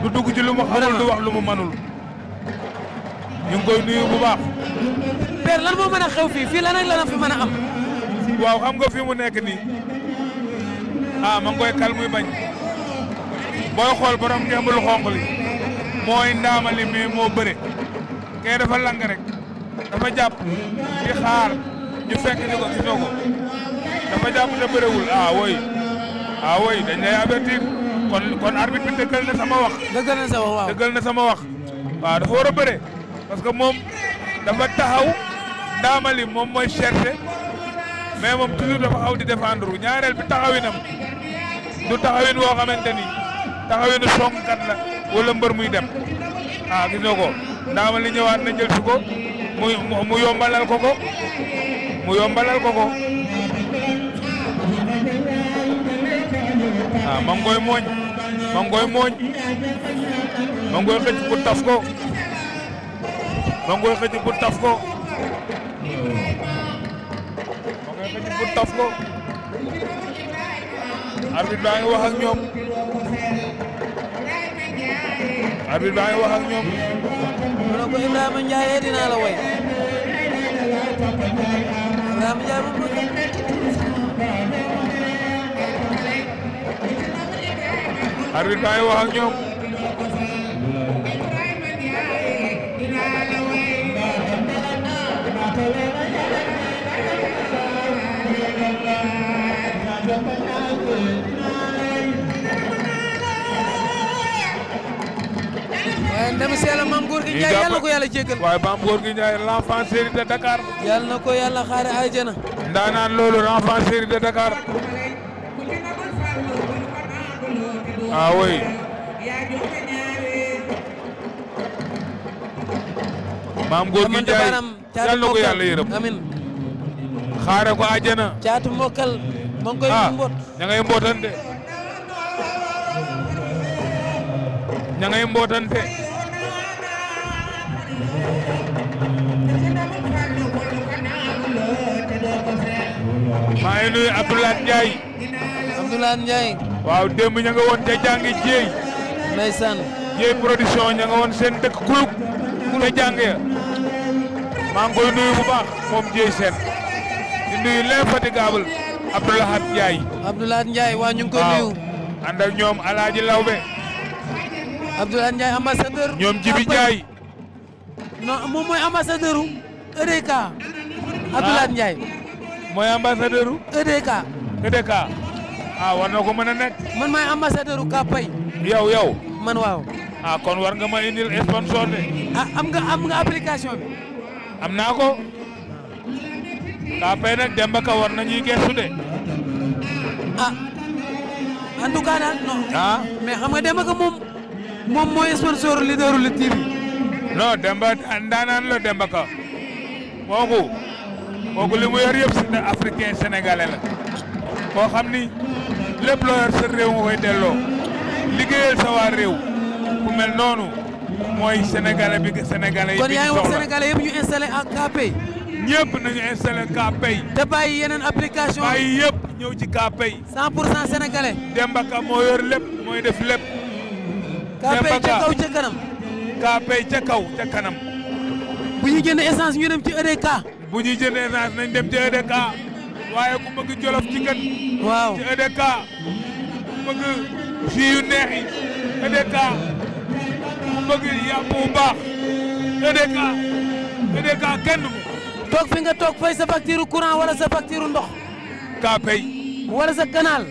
du dugg ci lu mu xamul du wax lu mu ñu ngi nuyu bu baax. père lan moo mën a xew fii fii lan ak lan fi mën a am. waaw xam nga fi mu nekk nii ah ma ngi kal muy bañ booy xool borom ngemb lu xonq li mooy ndaama li moo bëre kee dafa lang rek dafa jàpp di xaar ñu fekk ñu ko gisoo ko dafa jàpp te bërewul ah woy ah woy dañ lay avertir kon kon bi dëggal na sama wax. dëggal na sama wax waaw dëggal a bëre. parce que moom dafa taxaw ndaamali moom mooy cherché mais moom toujours dafa xaw di défendre ñaareel bi taxawinam du taxawin woo xamante ni taxawinu songkat la wala mbër muy dem ah gis nga ko ndaamali ñëwaat na jël ko mu yombalal ko ko mu yombalal ko ko ah ma ngoy mooñ ma ngoy xëcc pour taf ko. Ndongo xëcc pour taf ko xëcc pour taf ko arbitre baa ngi wax ak ñoom arbitre baa ngi wax ak ñoom loolu ko baa ngi wax ak ñoom a ndem si yàlla maam góor gi Ndiaye yàlla ko yàlla jéggal waaye maam góor gi Ndiaye l'enfant na ko yàlla xaare àjjana ndaanaan loolu Dakar ah oui maam góor gi Ndiaye yàlla na ko yàlla yërëm amin xaare ko àjjana caatu mokkal ma ngi koy ah, mbot ña ngay mbotante ña ngay ngi nuyu Abdoulaye Ndiaye. Abdoulaye Ndiaye. waaw démb ña nga woon ca jàngi jéey. ndeysaan. jéey production dëkk kulub. kulub ca maa ngi koy nuyu moom jéey seen. di nuyu l'infatigable Abdoulaye Ndiaye. Abdoulaye Ndiaye waaw ñu ngi koy ñoom Alaaji Lawbe. Abdoulaye Ndiaye ambassadeur. ñoom Jibi Ndiaye. non moom mooy ambassadeur u Eureka. mooy ambassadeur u EDK EDK ah war na ko mën a nekk man maay ambassadeur u Kapay yow yow man waaw ah kon war nga ma indil sponsor de ah am nga am nga application bi am naa ko Kapay nag Demba Ka war nañuy gëstu de ah en tout cas daal non ah mais xam nga Demba Ka moom moom mooy sponsor leaderu Lutte TV non Demba ndaanaan la Demba Ka kooku kooku li mu yor yëpp si ne africain sénégalais la koo xam ni lépp loo yor sa réew nga koy delloo liggéeyal sa waa réew ku mel noonu mooy sénégalais bi sénégalais yi. kon yaa ngi wax sénégalais na ñu installé en Kpay. ñëpp nañu bàyyi yeneen application yi bàyyi yëpp ñëw ci Kpay. 100 pour cent Demba Ka moo yor lépp mooy def lépp. Kpay ca kaw ca kanam. kaw ca bu ñu jënd essence ñu dem ci EDK. bu ñuy jëndee naas nañ dem ci EDK waaye ku bëgg jolof ci kat. waaw ci EDK ku bëgg fii yu neex yi EDK ku bëgg yàpp bu e e toog fi nga toog fay sa facture courant wala sa facture ndox. kaa pay. wala sa canal.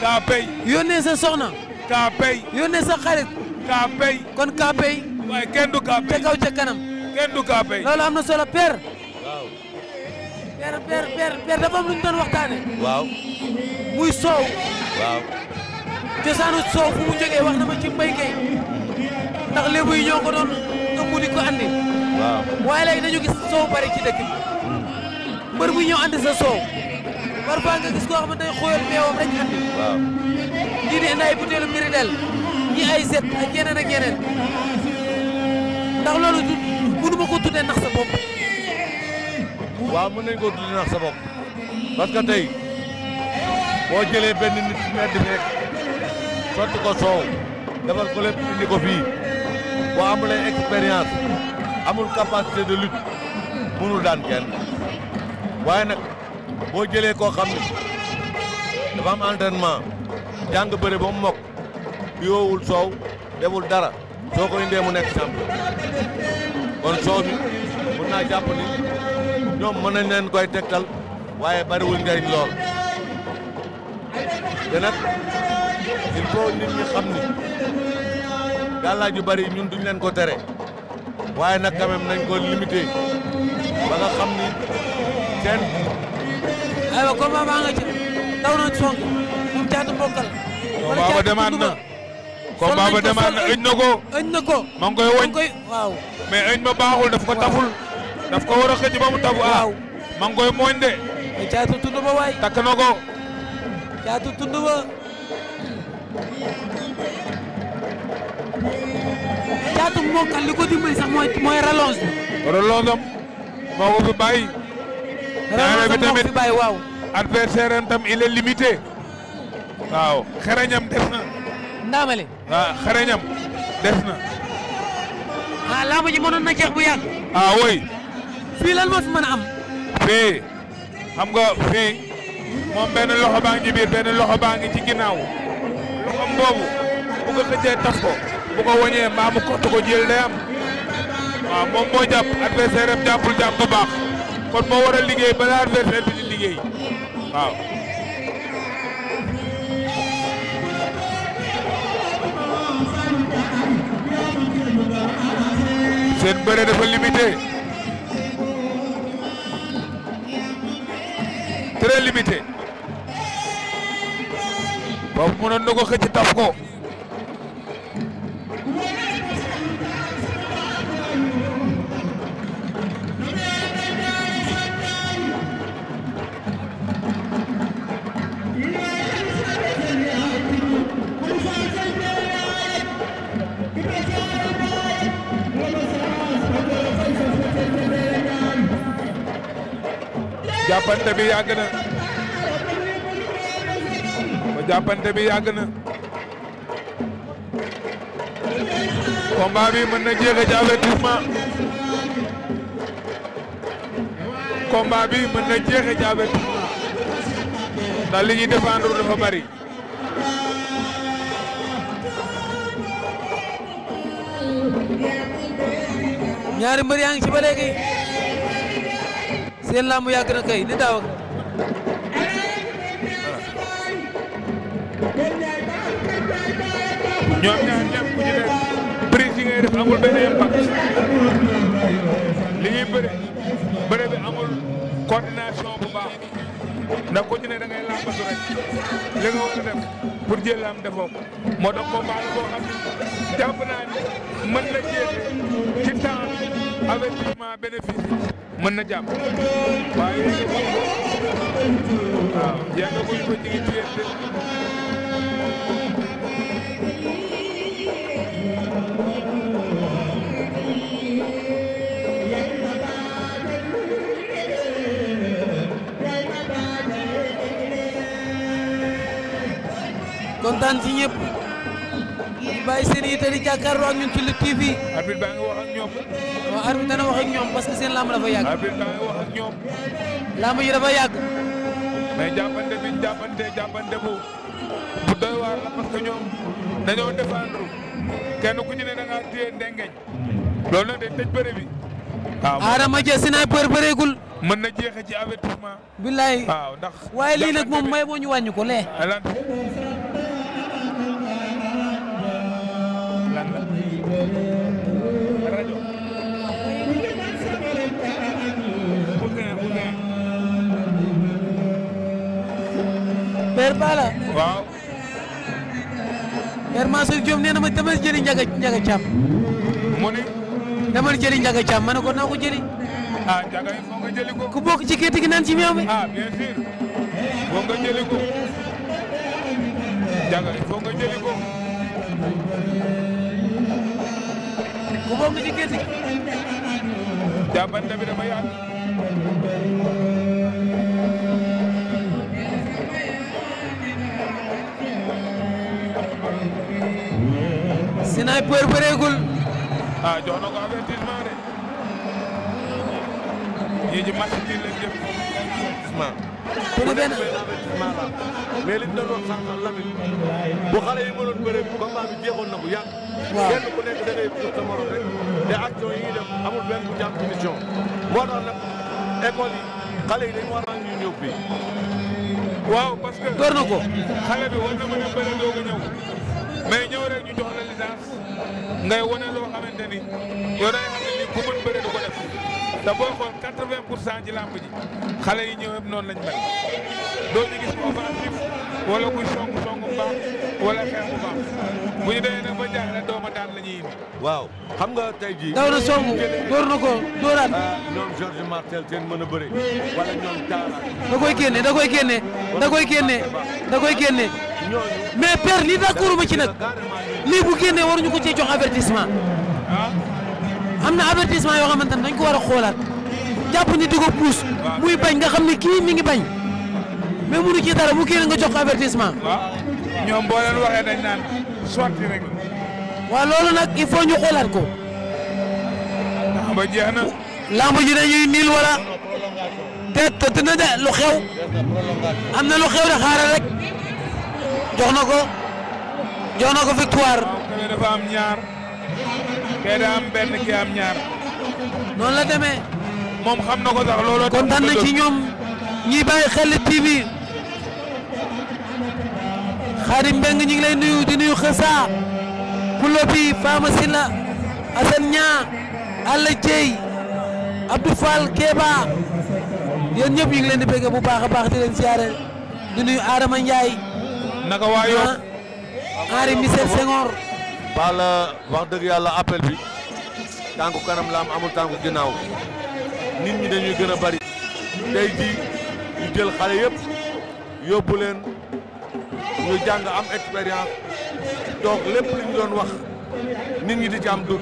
kaa pay. yónnee sa soxna. kaa pay. yónnee sa xarit. kaa pay. kon kaa pay. waaye kenn kaa pay. te kaw ca kanam. kenn du kaa am na solo per père père père père dafa am lu ñu doon waxtaane waaw muy soow waaw cosaanu soow fu mu jógee wax na ma ci mbay kay ndax lébu yi ñoo ko doon ëmb di ko andi waaye léegi dañu gis soow bari ci dëkk bi hmm. mbër bu ñëw andi sa soow parfois nga gis koo xam ne day xóoyal meewam rek andi waaw ñii di indi ay ñi ay set ak yeneen ak yeneen ndax loolu mënu ma ko tuddee ndax sa bopp waaw mën ne koo tudd nax sa bopp parce que boo jëlee benn nit medd fi sotti ko soow defal ko lépp ko fii boo amulee expérience amul capacité de lutte mënul daan kenn waaye nag boo jëlee koo xam ne dafa am entraînement jàng bëre ba mu bi yoowul soow deful dara soo ko mu nekk champion kon soo bi naa jàpp ni ñoom mën nañ leen koy tegtal waaye bariwul njariñ lool te nag il faut nit ñi xam ni gàllaaj yu bari ñun duñ leen ko tere waaye nag quand même nañ ko limité ba nga xam ni kenn. aywa combat baa nga ci daw na sonk moom caatu mbokkal. wala caatu dugub demande na. combat ba demaat na ëñ na ko. ëñ na ko ma ngi koy wëñ. ma baaxul daf ko taful. daf ko war a xëcc ba mu tafu ah. ma ngi koy mooñ de. mais caatu tund waay. takk ko. caatu tund ba. caatu mokkal li ko dimbali sax mooy mooy relance bi. relance am fi bàyyi. relance am moo ko fi bàyyi waaw. adversaire am tam il est waaw xereñam def na. ndaamale. ah xareñam des na. ah làmb ji mënoon na jeex bu yàgg. ah oui. fii lan am. fii xam nga fii moom benn loxo baa ngi ci biir benn loxo baa ngi ci ginnaaw boobu bu ko xëccee taf ko bu ko wàññee mbaa mu kott ko jël day am waaw ah, moom moo jàpp adversaire am jàppul jàpp bu baax kon moo war a liggéey balaa adversaire bi di liggéey waaw. seen bëre dafa limité très limité boobu mënoon na ko xëcc taf ko jàppante bi mën na jeexe ci avertissement combat bi mën na jeexe ci avertissement ndax li ñuy défendre dafa bari ñaari mbër yaa ngi ci ba seen làmb yàgg na ñoom ñaar ñëpp ku ci def amul benn impact li ñuy bëre bëre amul coordination bu baax ndax ku ci ne da ngay làmbatu rek li nga war a moo tax combat la boo xam ne mën na jéete ci temps avertissement bénéfice mën na jàpp waaye waaw yàgg buñ ko jigi diggante kontaan ci ñëpp bàyyi seen yite di jàkkaarloo ak ñun ci Lutte TV arbitre dana wax ak ñoom parce que seen lamb dafa yàgg. arbitre dana wax ak ñoom. lamb yàgg. mais jàppante bi jàppante jàppante bu bu doy waar la parce que ñoom dañoo défendre kenn ku ci ne da ngaa téye ndengeñ loolu nag day tëj bëre bi. waaw Adama Dia sniper bëreegul. mën na jeexe ci avertissement. billaay waaw ndax. waaye lii nag moom may moo ñu wàññi ko lee. père Bala waaw. père Mansour nee na ma demal jëli Ndiaga Ndiaga Thiam. mu ni. demal jëli Ndiaga Thiam ma ne ko naa ko jëli. ah Ndiaga il faut nga jëli ko. ku bokk ci gerte gi naan ci meew mi. ah bien sûr. foog nga jëli ko. Ndiaga il faut nga jëli ko. ku bokk ci gerte gi. jàppante bi dafa yàgg. Sniper bëreegul. ah jox na ko avertissement de. yéen ji match bi lañ jëm. avertissement. te ni benn avertissement la mais li ñu doon wax sànq bu xale yi mënoon bëre combat bi jeexoon na bu yàgg. waaw kenn ku nekk da ngay jot sa morom rek te action yi ñuy def amul benn bu jàpp ci mission moo tax nag école yi yi dañu war a ñu ñëw waaw parce que. door na bi war na mën a bëre doog a ñu jox présence ngay wane loo xamante ni yow da nga xam ku mën bëre ko def te boo xool quatre-vingt pour cent ci làmb xale yi ñëw noon noonu lañ mel doo ñu gis offensif wala kuy song song baax wala xeex bu baax bu ñu demee nag ba jaaxle dooma daan la ñuy indi. waaw xam nga tey jii. daw na song door na ko dooraat. Ah, ñoom Georges Martel seen mën a bëre wala ñoom Talla. da koy génne da koy génne da koy génne da koy génne. mais père lii d'accord ma ci nag lii bu génnee waruñu ko ci jox avertissement am na avertissement yoo xamante ne dañ ko war a xoolaat jàpp ni di ko puus muy bañ nga xam ne kii mi ngi bañ mais mënu ci dara bu génne nga jox ko avertissement. waaw ñoom boo leen waxee dañ naan sorti rek. nag il faut ñu ko. lamba jeex niil wala. te te dina de lu xew. am na lu xew de xaaral rek. jox na ko jox na ko victoire. waaw dafa am ñaar kay da benn kii am ñaar. noonu la deme moom xam na ko sax looloo. kontaan na ci ñoom ñiy bàyyi xel TV. Xadim Mbeng ñu ngi lay nuyu di nuyu Xassa. Pulo bi Fama Silla Assane Niang Alla Dieye Abdou Fall Kéba yéen ñëpp ñu ngi leen di bu baax a baax di leen siyaare di nuyu Adama Ndiaye. naka waa Yoff. Henri Michel Senghor. Balla wax dëgg yàlla appel bi tànku kanam la am amul tànku ginnaaw nit ñi dañuy gën a bari. tey jii jël xale yëpp yóbbu leen ñu jàng am expérience donc lépp li ñu doon wax nit ñi di ci am dut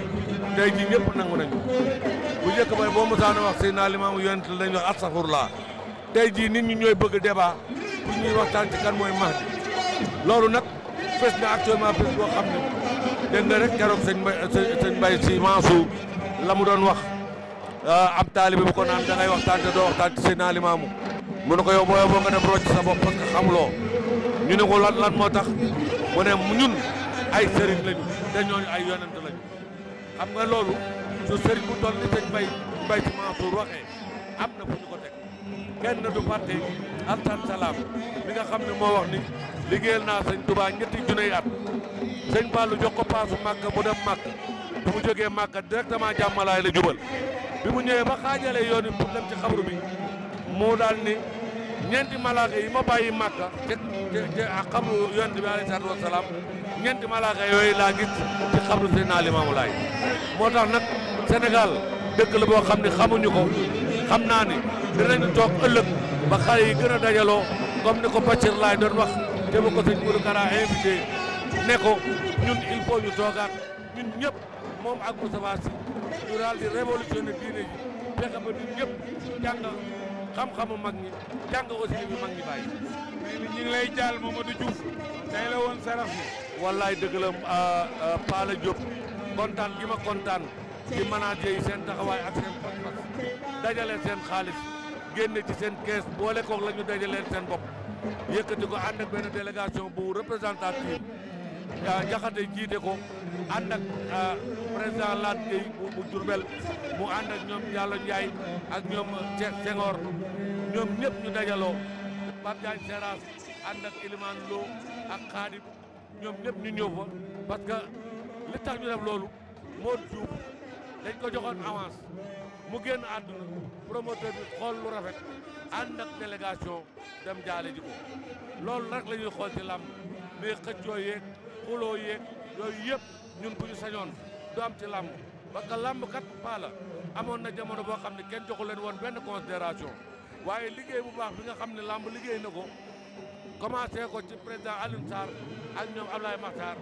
tey jii ñëpp nangu nañu bu njëkk bay boo mosaana wax naa Limaamu Yonent la dañuy wax astafurlaa tey jii nit ñi ñooy bëgg débat pour ñuy waxtaan ci kan mooy Mahdi loolu nag fes na actuellement fes boo xam ne dégg nga rek keroog sëñ Mbaye sëñ si Mansour la mu doon wax am ah, taalibe bu ko naan da ngay waxtaan te doo waxtaan ci seen alimaamu mu ne ko yow booyoo boo nga dem rocc sa bopp parce xamuloo ñu ne ko lan lan moo tax mu ne ñun ay sëriñ lañu te ñooñu ay yonent lañu xam nga loolu su sëriñ bu toll ni sëñ Mbaye Mbaye si Mansour waxee am na fu ñu ko teg kenn du fàtte altan salaam mi nga xam ne moo wax ni liggéeyal naa sëñ Touba ñetti junniy at sëñ Fallou jox ko paasu Màkka mu dem Màkka bu mu jógee Màkka directement jàmmalaay la jubal bi mu ñëwee ba xaajalee yoon wi pour dem ci xabru bi mu daal ne ñeenti malaaka yi ma bàyyi Màkka te te xabru yoon bi alayhi salaatu wasalaam ñeenti malaaka yooyu laa gis ci xabru Seydina Limaamu Laay moo tax nag Sénégal dëkk la boo xam ne xamuñu ko xam naa ne dinañu toog ëllëg ba xale yi gën a dajaloo comme ni ko Pàccir laay doon wax te ba ko sëñ Modou Kara invité ne ko ñun il faut ñun ñëpp moom ak Moustapha Sy ñu daal di révolutionner diine ji fexe ba ñun ñëpp jàng xam-xamu mag ñi jàng aussi li ñu mag ñi bàyyi. ñu ngi lay jaal Mamadou Diouf tey la woon sarax mi. wallaay dëgg la ah, ah, Pala Diop kontaan gi ma kontaan. di manager yi seen taxawaay ak seen pas-pas dajale seen xaalis génne ci seen kees boole kook la ñu dajaleen seen bopp yëkkati ko ànd ak benn délégation bu représentative Jaxate jiite ko ànd ak euh, président Lat Gueye bu Diourbel mu ànd ak ñoom Diallo Ndiaye ak ñoom Senghor ñoom ñëpp ñu dajaloo Pape Diagne Seras ànd ak Elimane Lo ak Khadim ñoom ñëpp ñu ñëw fa parce li tax ñu def loolu moo Diouf dañ ko joxoon avance mu génn àdduna promoteur bi xool lu rafet ànd ak délégation dem jaale ko loolu rek la xool ci làmb mais xëccoo yeeg xuloo yeeg yooyu yëpp ñun bu sañoon du ci làmb parce que làmb kat paa la amoon na jamono boo xam ne kenn joxu leen woon benn considération waaye liggéey bu baax bi nga xam ne làmb liggéey na ko commencé ko ci président Alioune ak ñoom Ablaye Makhtar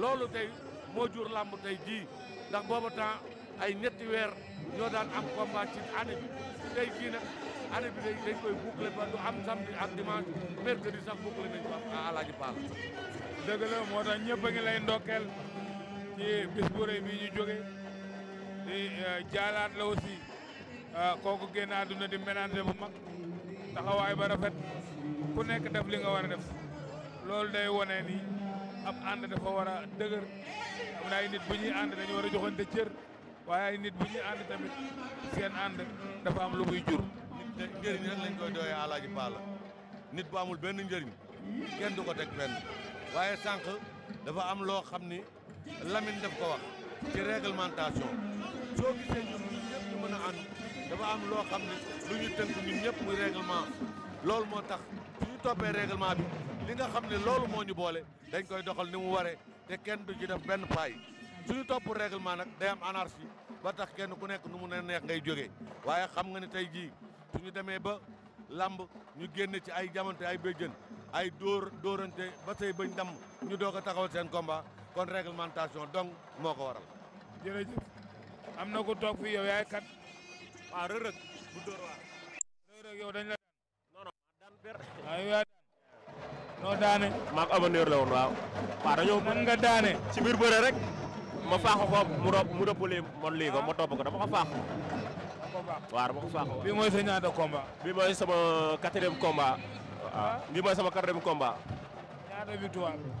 loolu tey moo jur làmb tey jii ndax booba temps ay ñetti weer ñoo daan am combat ci année bi tey kii nag année bi dañ koy boucler ba du am samedi ak dimanche mercredi sax boucler nañ ko à ah, Alaaji Paal. dëgg la moo tax ñëpp lay ndokkeel ci bis bu bi ñu jóge di eh, jaalaat la aussi ah, kooku génn àdduna di ménager bu mag taxawaay ba rafet ku nekk def li nga war a def loolu day wone ni ab ànd dafa war a dëgër am na nit bu ñuy ànd dañu war a joxante cër. waaye ay nit bu ñuy ànd seen ànd dafa am lu muy jur. nit de njëriñ rek lañ koy doyee alaaji Paa nit bu amul benn njëriñ kenn du ko deg benn waaye sànq dafa am loo xam ni Lamine daf ko wax ci réglementation soo gisee ñun ñëpp ñu mën a ànd dafa am loo xam ni lu ñu tënk ñun ñëpp muy loolu moo tax suñu toppee réglement bi li nga xam ne loolu moo ñu boole dañ koy doxal ni mu waree te kenn du ci def benn paay suñu topp réglement nag day am anarchie ba tax kenn ku nekk nu mu ne neex ngay jógee waaye xam nga ne tey jii su ñu demee ba lamb ñu génn ci ay jamante ay béjjën ay door dóorante ba tey bañ damm ñu doog a taxawal seen combat kon réglementation dong moo ko waral. jërëjëf am na ku toog fi yow yaay kat. waaw rërëg bu dóor waar. rërëg yow dañ la non non daan ber. waaw ah, yow yaa daan. noo daane. maa ko la woon waaw. waaw dañoo mën nga daane. ci bëre rek. ma faaxu ko mu rob mu rëppale mon lii ko ma topp ko dama ko faaxu. waaw bii mooy sa ñaata combat. bii mooy sama quatrième combat. Ah. waaw bii mooy sama quatrième combat. ñaata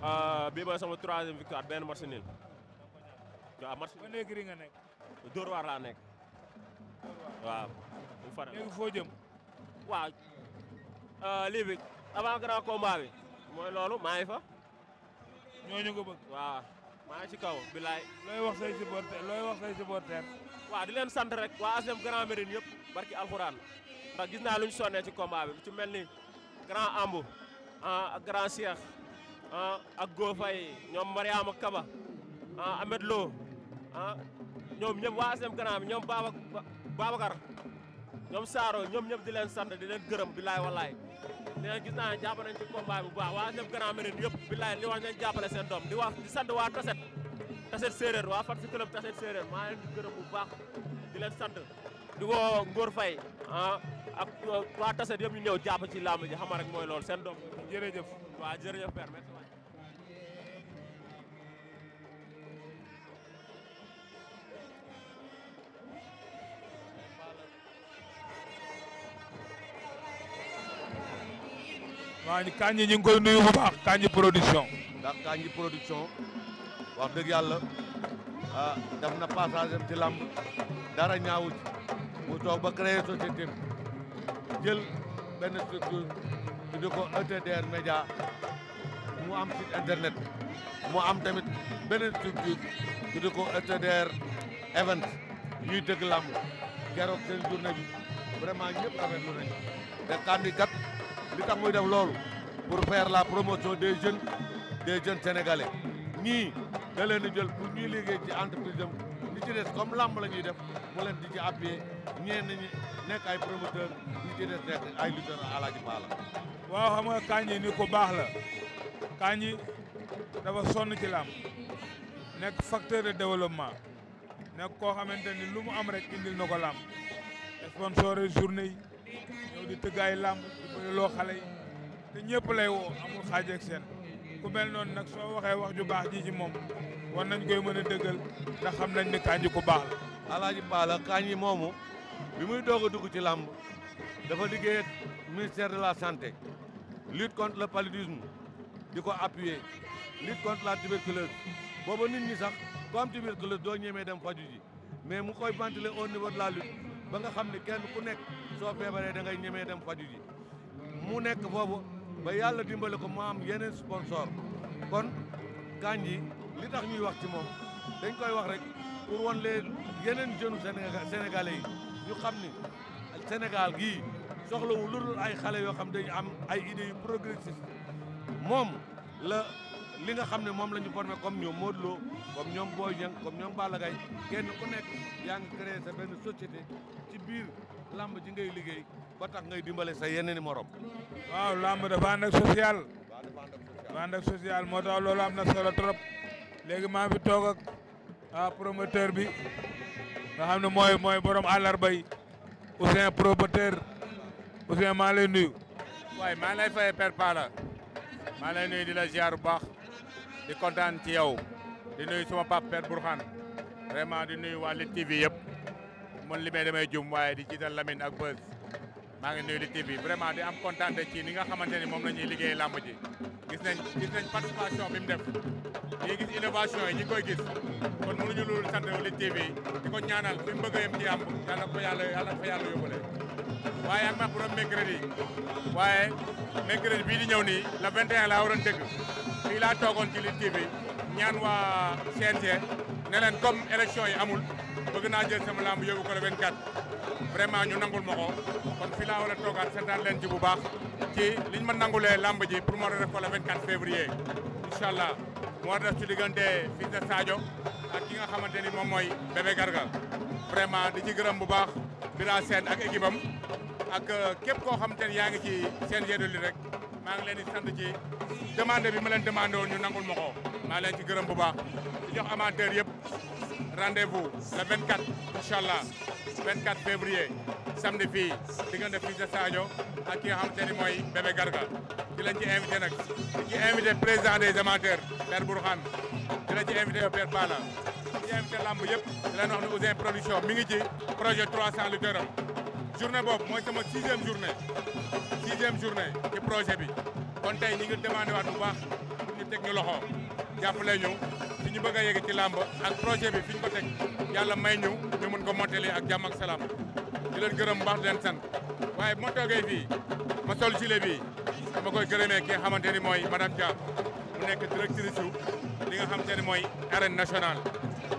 ah, bii mooy sama troisième victoire benn match nul. waaw match. ba léegi ri nga nekk. Dóor waar laa nekk. waaw. bu faral léegi foo jëm. Ah, bëgg maa ci kaw bilaay looy wax say supporter looy wax say supporter waaw di leen sant rek waa ASM Grand Médine yëpp barki alxuraan ndax gis naa lu ñu sonnee ci combat bi lu mel ni grand ambu ah, ak grand Cheikh ah, ak Gofay ñoom Mariama Kaba ah, Ahmed Lo ñoom ñëpp waa ASM Grand bi ñoom Babacar ñoom saaro ñoom ñëpp di leen sant di leen gërëm bilaay walaay di leen gis naa ne jàpp nañ waa ñëpp Grand Médine yëpp bilaay li wax nañ jàppale seen di wax di waa taset taset séeréer waa fat si club taset séeréer maa leen gërëm bu baax di leen sant di woo Ngor Faye ah, ak waa taset yëpp ñu ñëw jàpp ci làmb ji xama rek mooy loolu seen doom jërëjëf waa jërëjëf permettre waaw Kandji ñu ngi koy nuyu bu baax Kandji production. ndax Kandji production wax dëgg yàlla ah na passage am ci làmb dara ñaawu mu toog ba créer société jël benn structure di ko ETDR Média mu am site internet mu am tamit beneen structure di ko ETDR event ñuy dëgg làmb keroog seen bi vraiment ñëpp affaire lu nañu te Kandji kat. li tax muy def loolu pour faire la promotion des jeunes des jeunes sénégalais ñii da leen di jël pour ñuy liggéey ci entreprise am ñi ci des comme lamb la ñuy def mu leen di ci appuyer ñeen ñi nekk ay promoteur ñi ci des nekk ay lutteur alaaji Ba la waaw xam nga Kandji ni ko baax la Kandji dafa sonn ci lamb nekk facteur de développement nekk koo xamante ni lu mu am rek indil na ko lamb sponsor journée yi ñëw di tëgg ay lamb jàppale loo xale yi te ñëpp lay woo amul xaaj ak seen ku mel noonu nag soo waxee wax ju baax ji ci moom war nañ koy mën a dëggal ndax xam nañ ni Kandji ku baax la. alaaji Pala Kandji moomu bi muy doog a dugg ci làmb dafa liggéey ministère de la santé lutte contre le paludisme di ko appuyer lutte contre la tuberculose booba nit ñi sax ku am tuberculose doo ñemee dem faju ji mais mu koy ventiler au niveau de la lutte ba nga xam ne kenn ku nekk soo feebaree da ngay ñemee dem faju ji mu nekk foofu ba yàlla dimbale ko mu am yeneen sponsor kon Kandji yi li tax ñuy wax ci moom dañ koy wax rek pour wan leen yeneen jënu sénégalais yi ñu xam ni senegal gii soxlawu lu dul ay xale yoo xam dañu am ay idées yu moom la li nga xam ne moom la ñu formé comme ñoom Modou Lo comme ñoom Boy Niang comme ñoom Balla Gaye kenn ko nekk yaa ngi créé sa benn société ci biir làmb ji ngay liggéey ba ngay dimbale say yeneen i morom. waaw lamb dafa ànd ak social. dafa ànd ak moo tax loolu am na solo trop. léegi maa bi toog ak ah promoteur bi nga xam ne mooy mooy borom àllarba yi Ousseyn promoteur Ousseyn maa lay nuyu. waay maa lay fay per Palla maa lay nuyu di la bu baax di kontaan ci yow di nuyu suma pap per Bourkhane vraiment di nuyu wal Lutte TV yëpp man li may demee jum waaye di jiital Lamine ak Beuz. maa ngi nuyu Lutte TV vraiment di am kontaan ci ni nga xamante ni moom la ñuy liggéey làmb ji gis nañ gis nañ participation bi mu def ñi gis innovation yi ñi koy gis kon mënuñu loolu sant Lutte TV di ko ñaanal fi mu bëgg a yem ci am yàlla ko yàlla yàlla ko yàlla yóbbale waaye ak ma borom mercredi waaye mercredi bii di ñëw nii la 21 laa waroon dëgg fii laa toogoon ci Lutte TV ñaan waa CNG ne leen comme élection yi amul bëgg naa jël sama lamb yóbbu ko le 24 vraiment ñu nangul ma ko kon fii laa war a toogaat seetaan leen ci liñ ma nangulee lamb ji pour moo def ko le 24 février incha allah moo def ci diggante ak ki nga xamante ni moom mooy Garga vraiment di ci gërëm bu baax Bira Sène ak équipe am ak euh, képp koo xamante ni yaa ngi ci seen yéedu rek maa ngi leen di sant ji demande bi ma leen ñu nangul ma maa leen ci gërëm bu ba di jox amateur yëpp rendez-vous le 24 incha allah 24 février samedi fii diggante sa Sadio ak ki nga xamante ni mooy Bébé Garga di leen ci invité nag di ci invité président des amateurs Père Bourkhane di leen ci invité Père Bala di ci invité lamb yëpp di leen wax ne Ouzin production mi ngi ci projet 300 lutteurs am journée boobu mooy sama sixième journée sixième journée ci projet bi kon tey ñi ngi demandé waat bu baax ñu teg ñu loxo jàppale ñu fi ñu bëgg a yegg ci ak projet bi fi ñu ko teg yàlla may ñu ñu mun ko mottali ak jàmm ak salaam di leen gërëm bu baax di leen sant waaye bu ma toogee fii ma bi dama koy gërëmee ki nga xamante ni mooy madame Dia mu nekk directrice yu li nga mooy arène nationale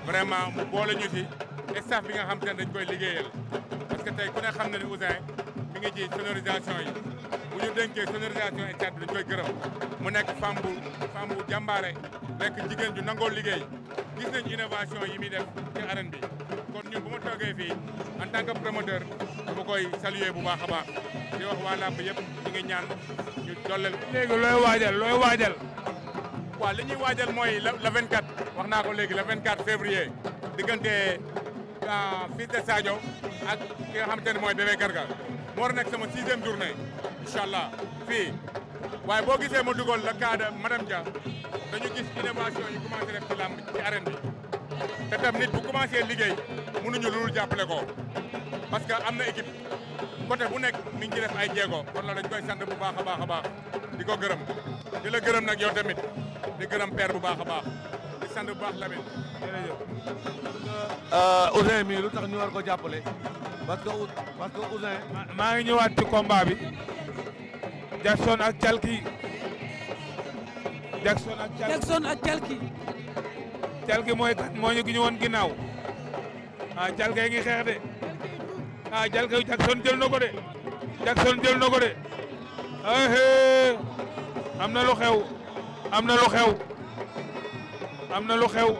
vraiment mu boole ñu ci staff bi nga xam te ne dañ koy liggéeyal parce que tey ku ne xam na ne bi mi ngi ji yi bu ñu dénkee sonorisation et chat dañ koy gërëm mu nekk femme bu femme bu jàmbaare rekk jigéen ju nangoo liggéey gis nañ innovation yi def ci arène bi kon ñun bu ma toogee fii en tant que promoteur dama koy saluer bu baax a baax di wax waa làmb yëpp ngi ñaan ñu dolleel léegi looy waajal looy waajal waaw li ñuy waajal mooy le 24 wax naa ko léegi le 24 février fils de Sadio ak ki nga xamante ne mooy bébé Garga moo war nekk sama sixième journée incha allah fii waaye boo gisee ma dugal la cadre madame Dia dañu gis innovation yi commencé def ci làmb ci arène bi te tam nit bu commencé liggéey mënuñu lu jàppale ko parce que am na équipe côté bu nekk mi ngi ci def ay jéego kon la dañ koy sant bu baax a baax a di ko gërëm di la gërëm nag yow tamit di gërëm père bu baax a baax. sant bu baax Lamine jërëjëf. Euh, Ouzin mii lu tax ñu war ko jàppale parce maa ngi ñëwaat ci combat Jackson ak Calki. Jackson ak Calki Jackson mooy kat moo ñu woon ginnaaw. ah Calki a ngi xeex de. ah Calki Jackson jël na ko de. Jackson jël na ko de. ah am na lu xew am na lu xew. am na lu xew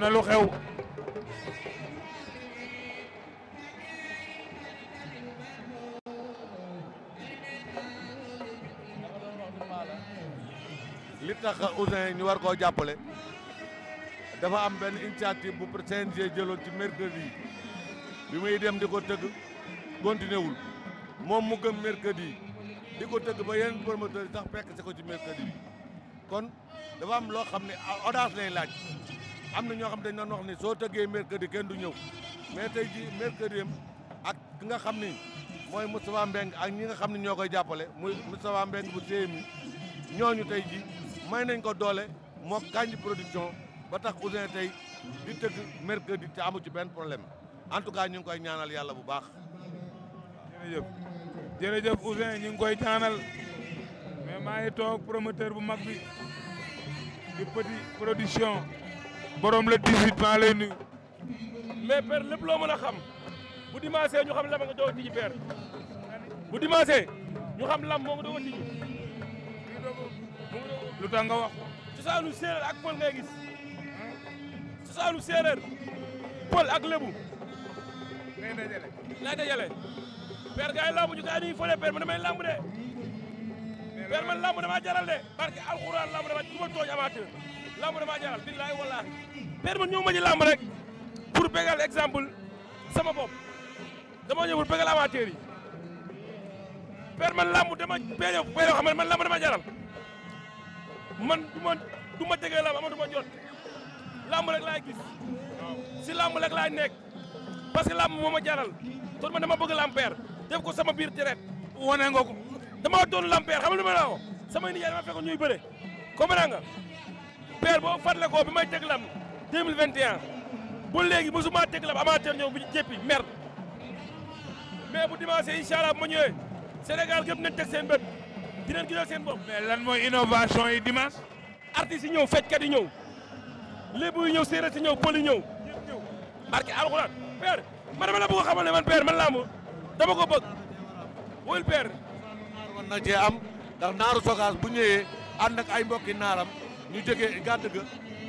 na lu xew li tax Ouzin ñu war koo jàppale dafa am benn initiative bu CNG jëloon ci mercredi bi muy dem di ko tëgg continué moom mu gëm mercredi di ko tëgg ba yeneen promoteur yi sax fekk si ko ci mercredi kon dafa am loo xam ne audace lay laaj am na ñoo xam dañ doon wax ni soo tëggee mercredi kenn du ñëw mais tey ji mercredi am ak nga xam ni mooy Moustapha Mbeng ak ñi nga xam ne ñoo koy jàppale muy Moustapha Mbeng bu CMI ñooñu tey ji may nañ ko doole moo kanj production ba tax Ouzin tey di tëgg mercredi te amu ci benn problème en tout cas ñu ngi koy ñaanal yàlla bu baax jërëjëf jërëjëf ñu ngi koy ñaanal maa ngi toog bu mag bi di petit production borom la 18 maa lay nuyu. mais père lépp loo mën a xam bu dimanche ñu xam lam nga doog a tijji père bu dimanche ñu xam lam moo nga doog lu tax wax. cosaanu séeréer ak pël ngay gis cosaanu séeréer ak lébu. lay dajale lay dajale. père gars yi lamb ñu gars yi père man lamb damaa jaral de barke alxuraan lamb damaa ma tooñ amateur lamb damaa man ñëw ma ci lamb rek pour bégal exemple sama bopp dama ñëw pour bégal amateur yi père man lamb dama béyoo béyoo xam ne man lamb dama jaral man du ma du ma déggee lamb jot lamb rek laay gis si lamb rek laay nekk parce que lamb ma jaral kon man dama bëgg lamb père def ko sama biir deret wane nga damaa doon lampeer xam nga lu ma la sama samay nijaay dama fekk ñuy bëre comprendre nga père boo fàttale ko bi may teg lam 2021 ba léegi mosuma teg lam amateur ñëw bu ñu jéppi mer mais bu dimanche incha allah bu ma ñëwee Sénégal gëpp nañ teg seen bët dinañ gisal seen bopp. lan mooy innovation yi dimanche. artistes yi ñëw fecckat yi ñëw lébu yi ñëw séeréer si ñëw pël yi ñëw ñëpp ñëw barke alxuraan père man dama la bëgg a xamal man père man làmb dama ko bëgg wóyul père. na cee am ndax bu ñëwee ak ay mbokki naaram ñu jógee gàdd ga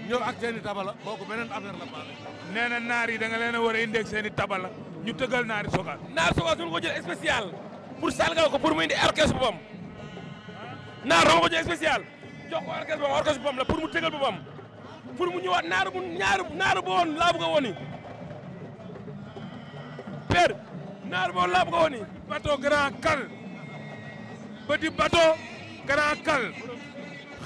ñëw ak seen i tabala kooku beneen affaire la paale. nee na naar yi da nga leen a war tabala ñu tëggal naari Sogas. naar Sogas du ko jël spécial pour sàngal ko mu indi orchestre boppam naar dama ko jël spécial jox ko orchestre boppam orchestre boppam la mu tëggal boppam pour mu ñëwaat naar bu ñaaru naar bu woon laa a petit bateau grand kal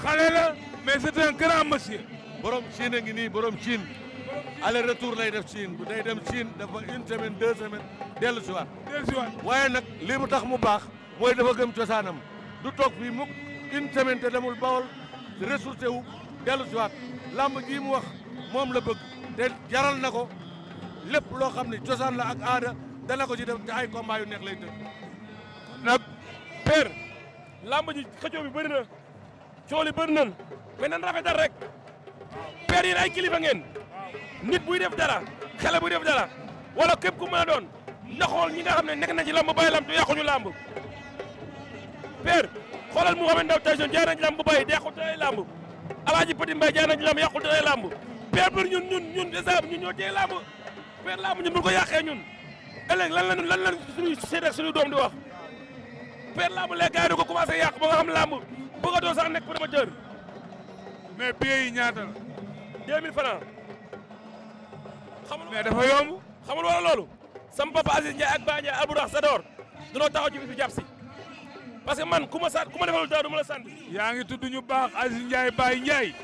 xale la mais c'est un grand monsieur. borom Chine a ngi nii borom Chine aller retour lay def Chine bu day dem Chine dafa une semaine deux semaines dellu si waat. waaye nag lii mu tax mu baax mooy dafa gëm cosaanam du toog fii mukk une semaine te demul bawol ressourcé wu dellu si waat làmb ji mu wax moom la bëgg te jaral na ko lépp loo xam ne cosaan la ak aada dana ko ci def te ay combat yu neex lay tënk. nag père. làmb ji xëccoo bi bëri na coow li bëri nañ mais nan rafetal rek père yéen ay kilifa ngeen nit buy def dara xale buy def dara wala képp ku mën a doon na xool ñi nga xam ne nekk na ci làmb bàyyi làmb te yàquñu làmb père xoolal Mouhamed Ndao Tyson jaay na ci làmb bu bàyyi te Alaaji Petit Mbaye jaay na ci làmb yàqul te lay làmb père pour ñun ñun ñun desab ñun ñoo téye làmb père làmb ñun bu ko yàqee ñun lan lan lan lan suñu seet ak doom père lamb léegi gars ko commencé yàq ba nga xam lamb bëggatoo sax nekk promoteur. mais billet yi ñaata la. 2000 francs. xamul mais dafa yomb. xamul wala loolu. sama papa Aziz Ndiaye ak Ba Ndiaye Albourakh Sador danoo taxaw ci bis parce que man ku ma sant ku ma defalul dara ma la sant. yaa ngi tudd ñu baax Aziz Ndiaye Baye Ndiaye.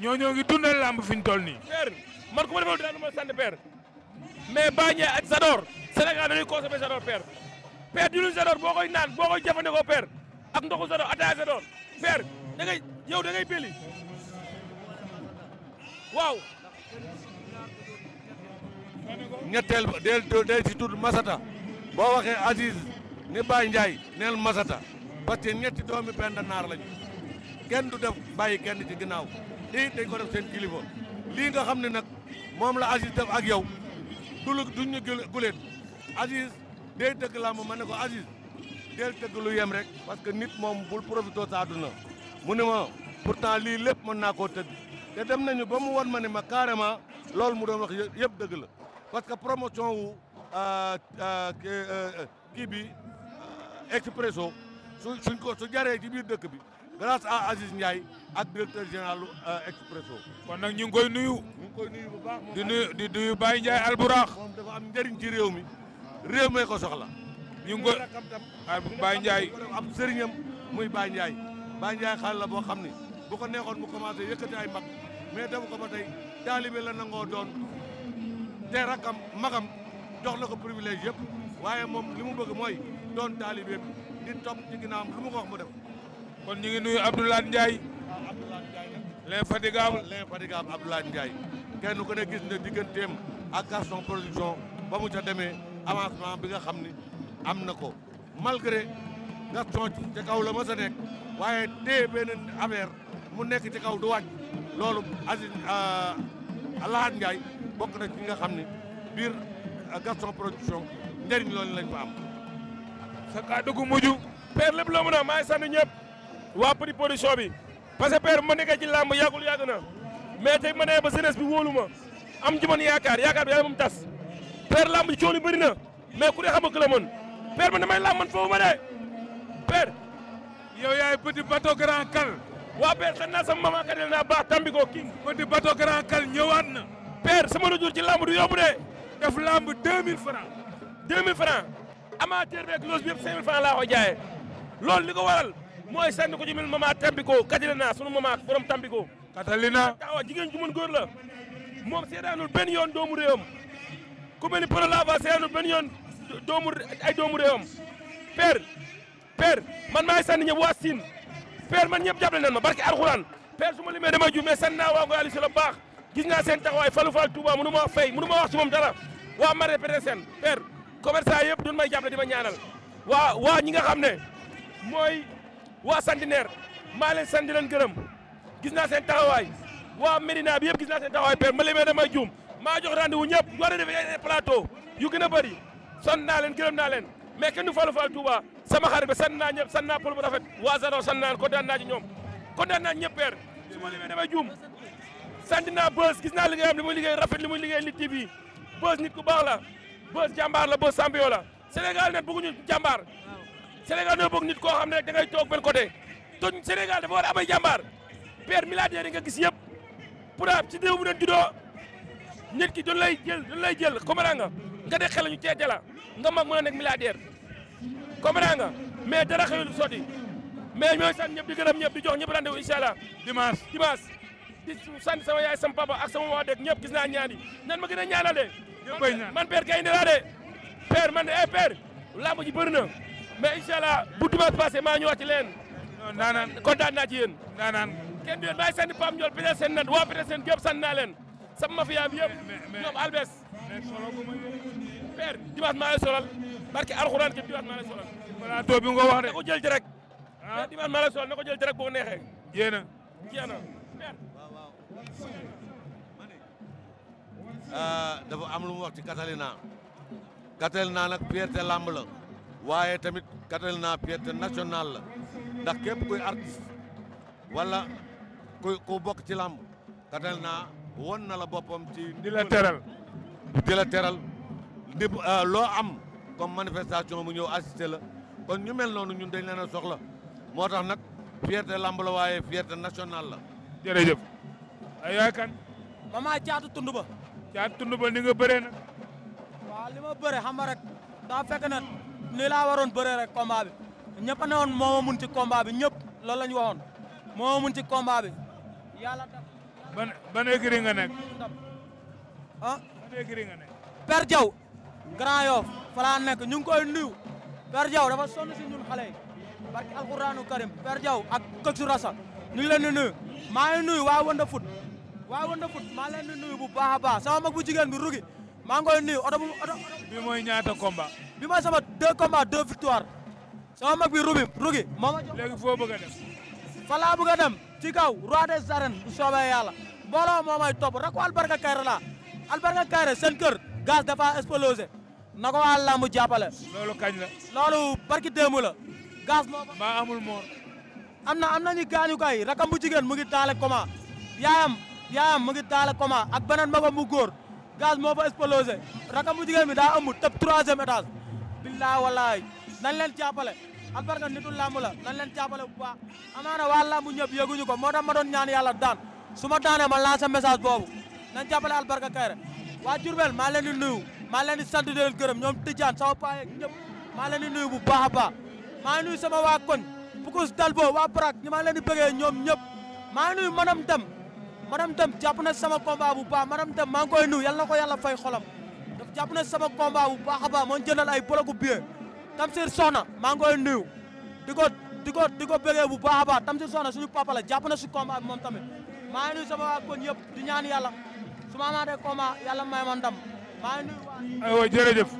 ñoo ñoo ngi dundal lamb fi ñu toll nii. père man ku ma defalul dara du ma la sant père. mais Ba Ndiaye ak Sador Sénégal dañuy consommer Sador père. per diwlin Zador boo koy naan boo koy jëfandikoo per ak ndoxu Zador ataaya Zador per da ngay yow da ngay bëli waaw. ñetteel ba del del ci tudd Masata boo waxee Aziz ni Baye Ndiaye neel Masata parce ñetti doomi benn naar lañu kenn du def bàyyi kenn ci ginnaaw lii dañ ko def seen kilifa lii nga xam ne nag moom la Aziz def ak yow du lu duñu guléet Aziz day tëgg laa ma ne ko Aziz del tëgg lu yem rek parce que nit moom bul profitoo sa àdduna mu ne ma pourtant lii lépp mën naa ko tëgg te dem nañu ba mu wan ma ne ma carrément loolu mu doon wax yëpp dëgg la parce que promotion wu euh, euh, euh, kii bi Expresso su suñ ko su jaree ci biir dëkk bi grâce à Aziz Ndiaye ak directeur général Expresso. kon nag ñu ngi koy nuyu. ñu ngi koy nuyu di nuyu di nuyu Baye Ndiaye Alburax. moom dafa am njëriñ ci réew mi. réew mi ko soxla. ñu ngi ko ah Baye Ndiaye ab sëriñam muy Baye Ndiaye Baye Ndiaye xale la boo xam ni bu ko neexoon mu commencé yëkkati ay mag mais defu ko ba tey taalibe la nangoo doon te rakam magam jox na ko privilège yëpp waaye moom li mu bëgg mooy doon taalibe di topp ci ginnaawam lu mu ko wax mu def. kon ñu ngi nuyu Abdoulaye Ndiaye. waaw ah, Abdoulaye Ndiaye nag. l'infatigable l'infatigable Abdoulaye Ndiaye kenn ku ne gis na digganteem ak Gaston production ba mu ca demee. avancement bi nga xam ni am na ko malgré Gaston ca kaw la ma sa nekk waaye téye benn affaire mu nekk ci kaw du wàcc loolu Aziz euh, Alhane Ndiaye bokk na ci nga xam ne biir euh, Gaston production njëriñ loolu lañ fa am. sa kàddu gu mujj. père lépp loo mën a maay sànni ñëpp waa Petit production bi parce que père bu ma nekkee ci làmb yàggul yàgg na mais tey ma nee ba jeunesse bi wóolu ma am ci man yaakaar yaakaar bi yàlla moom tas. père lamb ji coono bëri na mais ku ne xam nga la mën père man damay lamb man foofu ma de père. waa père sant naa sama maman kadel naa baax tambiko king petit ñëwaat na. père sama retour ci lamb du yomb de. def lamb 2000 francs 2000 francs amateur beeg loos bi yëpp 5000 francs laa ko jaayee loolu li ko waral mooy sànni ko ci mel sunu maman borom tambiko. katalina tawa jigéen ju moom seetaanul ku mel ni Poro Lava seenu benn yoon doomu ay doomu réewam père père man maay sànni ñëpp waa man ñëpp jàppale nan ma barki alxuraan père su ma limee damay ju mais waa Ngoyali si la baax gis naa seen taxawaay Fallou Fall Touba mënu ma fay mënu ma wax ci moom dara waa Marais Pétersen père commerçant yëpp duñ may jàppale di ma ñaanal waa waa ñi nga xam ne mooy waa Sandineer maa leen sant di leen gërëm gis naa seen taxawaay waa Médina bi yëpp gis naa seen taxawaay maa jox rendez-vous ñëpp war a defee ay plateau yu gën a bëri sant naa leen gërëm naa leen mais kenn du falu fal Touba sama xarit naa ñëpp sant naa pël bu rafet waa Zaro sant naa kontaan naa ci ñoom kontaan naa ñëpp peer su ma limee damay juum sant naa Beuz gis naa liggéeyam li muy liggéey rafet li muy liggéey Lutte TV Beuz nit ku baax la Beuz jàmbaar la Beuz champion la Sénégal nag bëgguñu jàmbaar Sénégal ñoo bëgg nit koo xam ne rek da ngay toog benn côté te Sénégal dafa war a amay jàmbaar peer yi nga gis yëpp nit ki dañu lay jël dañu lay jël comprends nga nga de xel ñu teete la nga mag mën a nekk milliardaire comprends nga mais dara xëyul sotti mais ñooy sant ñëpp di gërëm ñëpp di jox ñëpp rendez-vous incha allah dimanche dimanche di sant sama yaay sama papa waa dëkk ñëpp gis naa ñaani nan ma gën a ñaanale man de père man de ay eh, père lamb ji bëri na mais incha allah bu dimanche passé maa ñëwaat ci kontaan naa ci yéen naanaan kenn du yéen maay sant Pape Ndiol Petersen nat waa Petersen gépp sant naa leen sama mafia bi yëpp ñoom albes père dimanche solal barke alxuraan ke dimanche maa lay solal plateau bi wax de ko jël ci rek ah. dimanche maa solal na ko jël ci boo neexee yéena ah, dafa am lu mu wax ci Catalina Catalina nag fierté la waaye tamit Catalina fierté nationale la ndax képp kuy artiste wala ku ku bokk ci won na la boppam ci. di la teral di la teral ndib euh, loo am comme manifestation mu ñëw assisté la kon ñu mel noonu ñun dañ leen a moo tax nag fierté lamb la waaye fierté nationale la. jërëjëf. ay yaay kan. mama caatu tund ba. caatu tund ba ni nga bëree nag. waaw li ma bëree xam nga rek daa fekk na ni laa waroon bëree rek combat bi ñëpp ne woon moo mun ci combat bi ñëpp loolu la ñu waxoon moo mun ci combat bi ban ban écurie nga nekk. ah ban écurie nga nekk. Père Diaw Grand Yoff fa nekk ñu ngi koy nuyu. Père Diaw dafa sonn si ñun xale yi barki alxuraanu karim Père Diaw ak Coach Rassa ñu ngi leen nuyu maa ngi nuyu waa Wanda Foot waa Wanda Foot maa leen di nuyu bu baax a baax sama mag bu jigéen bi rugi maa ngi koy nuyu oto bu oto. bi mooy ñaata combat. bi mooy sama deux combats deux victoires sama mag bi rugi rugi ma jox léegi foo bëgg fa laa bëgg a dem ci kaw roi des arènes bu soobee yàlla mbooloo moo may topp rek albarka kayre laa albarka kayre seen kër gaz dafa explosé na ko waa làmb jàppale. loolu kañ la. loolu barki démb la gaz moo ba. amul moor. am na am nañu gaañu kay rakam bu jigéen mu ngi taale coma yaayam yaayam mu ngi taale coma ak beneen magam mu góor gaz moo fa explosé rakam bu jigéen bi daa amul tëb troisième étage. billaay wallaay nañ leen jàppale. am parce que nitul làmb la nan leen jàppale bu baax amaana waa làmb ñëpp yëguñu ko moo tax ma doon ñaan yàlla daan su ma daanee ma lancé message boobu nañ jàppale Albarka Kaïré waa Diourbel maa leen di nuyu maa leen di sant gërëm ñoom Tidiane sama paa yeeg ñëpp maa leen di nuyu bu baax a baax maa ngi nuyu sama waa koñ Poukus Dalbo waa Brak ñi maa leen di ñoom ñëpp maa ngi nuyu manam dem manam dem jàpp na sama combat bu baax manam dem maa ngi koy nuyu yàlla na ko yàlla fay xolam daf jàpp na sama bu baax a moo jëndal ay bologu billet Tamsir Soxna maa ngi koy nuyu di ko di ko di ko bëggee bu baax a baax Tamsir Soxna suñu papa la jàpp na si combat bi moom tamit maa ngi nuyu sama waa koñ yëpp di ñaan yàlla su ma amaatee combat yàlla may ma ndam maa ngi nuyu. aywa jërëjëf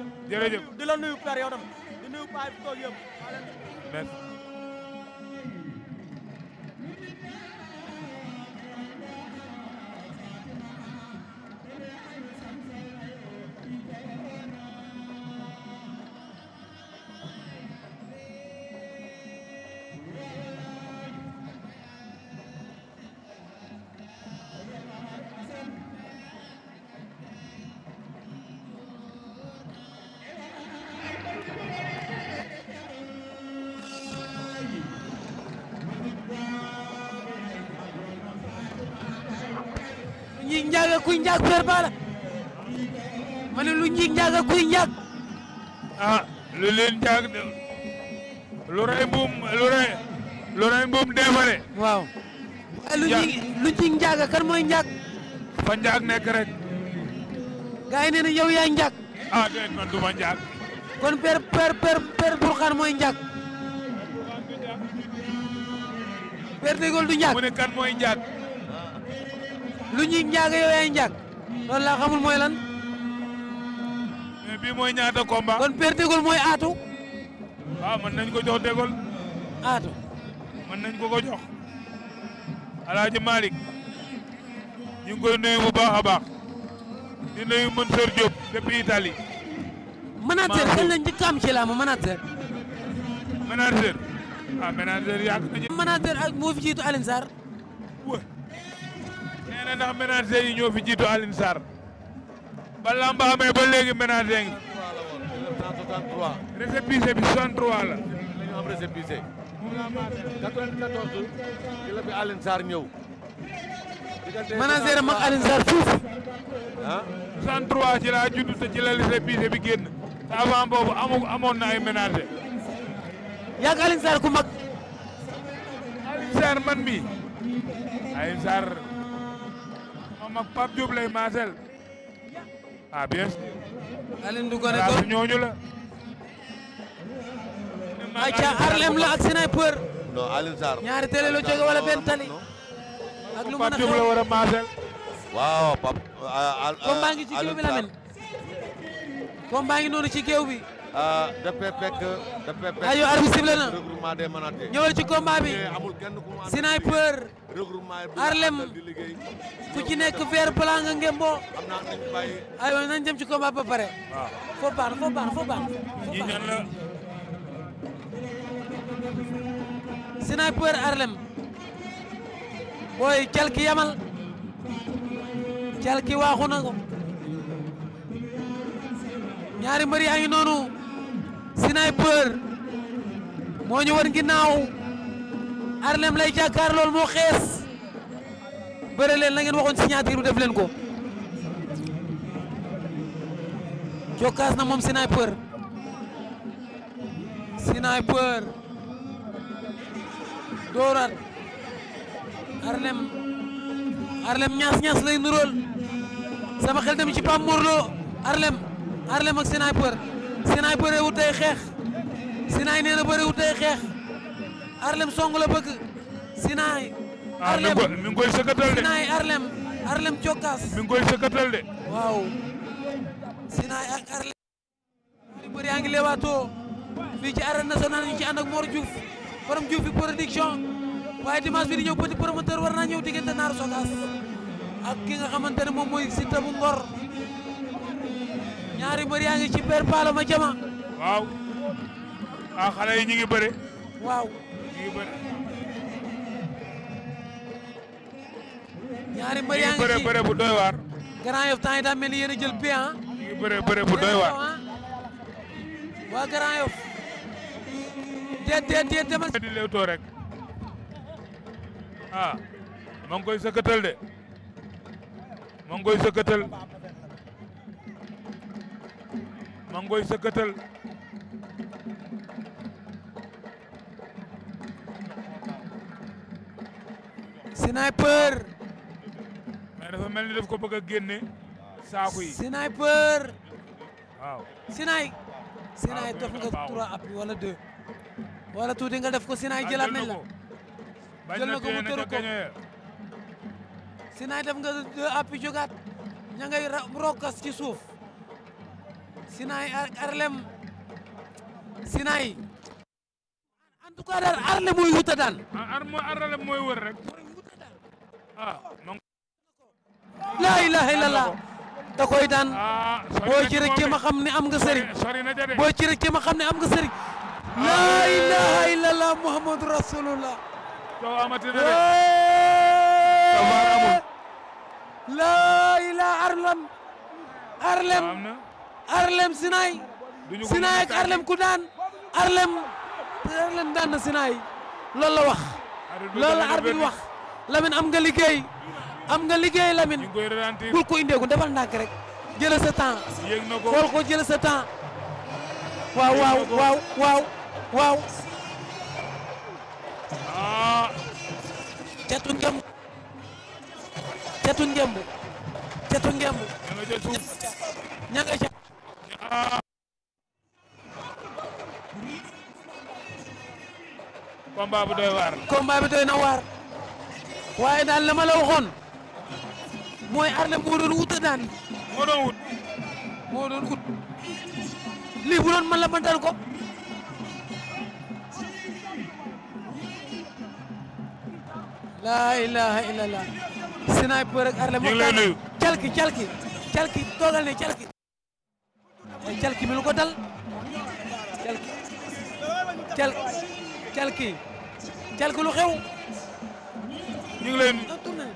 di la nuyu père yow tam di nuyu baay bi toog yëpp. merci. njaaga kuy njaag Père lu njiig njaaga kuy njaag ah lu leen njaag lu rey mbuum lu rey lu rey mbuum deefare waaw eh, lu njiig njaaga kan mooy njaag fa njaag nekk rek gaay nee na yow yaa njaag ah déet man du ma njaag kon Père Père Père Père Bourkhane mooy njaag Père Dégol du njaag mu ne kan mooy njaag lu ñuy njàng yow yaay loolu laa xamul mooy lan. mais bii mooy ñaata combat. kon père Dégol mooy aatu. waaw ah, mën nañ ko jox Dégol. aatu. mën nañ ko ko jox. Alaaji Malick ñu ngi koy bu baax a baax. di nuyu Monsieur Diop depuis Italie. manager kan la njëkk am ci laamu manager. manager ah manager yàgg nañu. manager ak jiitu Alioune ne ndax ménager yi ñoo fi jiitu Alioune Sarr ba lamba amee ba léegi ménager ngi. 163. récépissé bi 63 la. dañu am récépissé. 94 ci la bi Alioune Sarr ñëw. ménager am ak Alioune Sarr fuuf. ah 63 ci laa judd te ci la récépissé bi génn te avant boobu amu amoon na ay ménager. yaa ngi Alioune Sarr ku mag. Alioune Sarr man mi Alioune Sarr. mag Pape Diop maasel ah bien sûr. Alioune du gone góor ñooñu la. ayca Arlem la ak Sniper. non ñaari télé la jóge wala benn ak lu mën a Pape maasel. waaw Pape. combat ngi ci géew bi ngi noonu ci géew bi. Ah, dafay na regroupement des managers. ñëwal ci combat regroupement yi. Arlem ku ci nekk vert blanc nga ngemboo. xam naa dem ci combat ba pare. waaw foofu baax na foofu baax na foofu baax na. ñii ñan la. sniper Arlem. booy calki yamal. calki waaxu na ko. ñaari mbër yaa ngi noonu. sniper. Arlem lay jàkkaar lool moo xees bëre leen la ngeen waxoon signature bi def leen ko jokkaas na moom sniper sniper dooraat Arlem Arlem ñaas ñaas lay nurool sama xel dem ci Pam Morlo Arlem Arlem ak sniper sniper bëre wutay xeex sniper nee na bëre wutay xeex Arlem song la bëgg Sinaay. Ah, Arlem Arlem Cokkaas. mi ngi de. waaw Sinaay Arlem. li yaa ngi leewaatoo fii ci arène nationale ñu ci ànd ak Mor Diouf borom Diouf production waaye dimanche bi di ñëw petit promoteur war naa ñëw diggante Naar Sokaas ak ki nga xamante ne moom mooy Siteu Ngor ñaari mbër yaa ngi ci per paalo ma jama waaw ah xale yi ngi bëre waaw. ñuy bëre. ñaari mbër yaa ngi bu doy waar. Grand Yoff temps yi daa mel ni yéen jël paie ah. ñuy bëre bëre bu doy waar. waa Grand Yoff. déet déet déet di lewtoo rek ah ma ngi koy sëkkatal de ma ngi koy sëkkatal sniper. mais dafa mel ni daf ko bëgg a génne yi. sniper. waaw. sinaay. Ah, nga trois appui wala deux. wala tuuti nga def ko sinaay ah, jëlaat nañ la. jël na ko mu ko sinaay def nga deux appui jógaat ña ngay rokkas ci suuf. sinaay arlem sinaay en tout ah, mooy wuta daan. laa ilaha illallah da koy daan ah, boo ci rëcce xam ne am nga sëriñ boo ci rëcce ma xam ne am nga sëriñ ah, laa ilaha illallah muhammadu rasulullah laa ilaha arlem arlem arlem sinaay sinaay ak arlem ku daan arlem arlem daan na sinaay loolu wax loolu la arbitre wax Lamine am nga liggéey am nga liggéey Lamine bul ko indeegu defal ndànk rek jël sa temps xool ko jël sa temps waaw waaw waaw waaw waaw ah catu ngemb catu ngemb catu ngemb ah. bi doy waar combat bi doy na waar waaye daal la ma la waxoon mooy Arlé moo doon wut a daan. moo doon wut. moo doon doon man la ma dal ko. laa ilaaha illallah. sniper ak Arlé. ñu calki calki calki toogal ne calki. calki mi lu ko dal. calki calki calki lu xew. ñu ngi lay. non tournel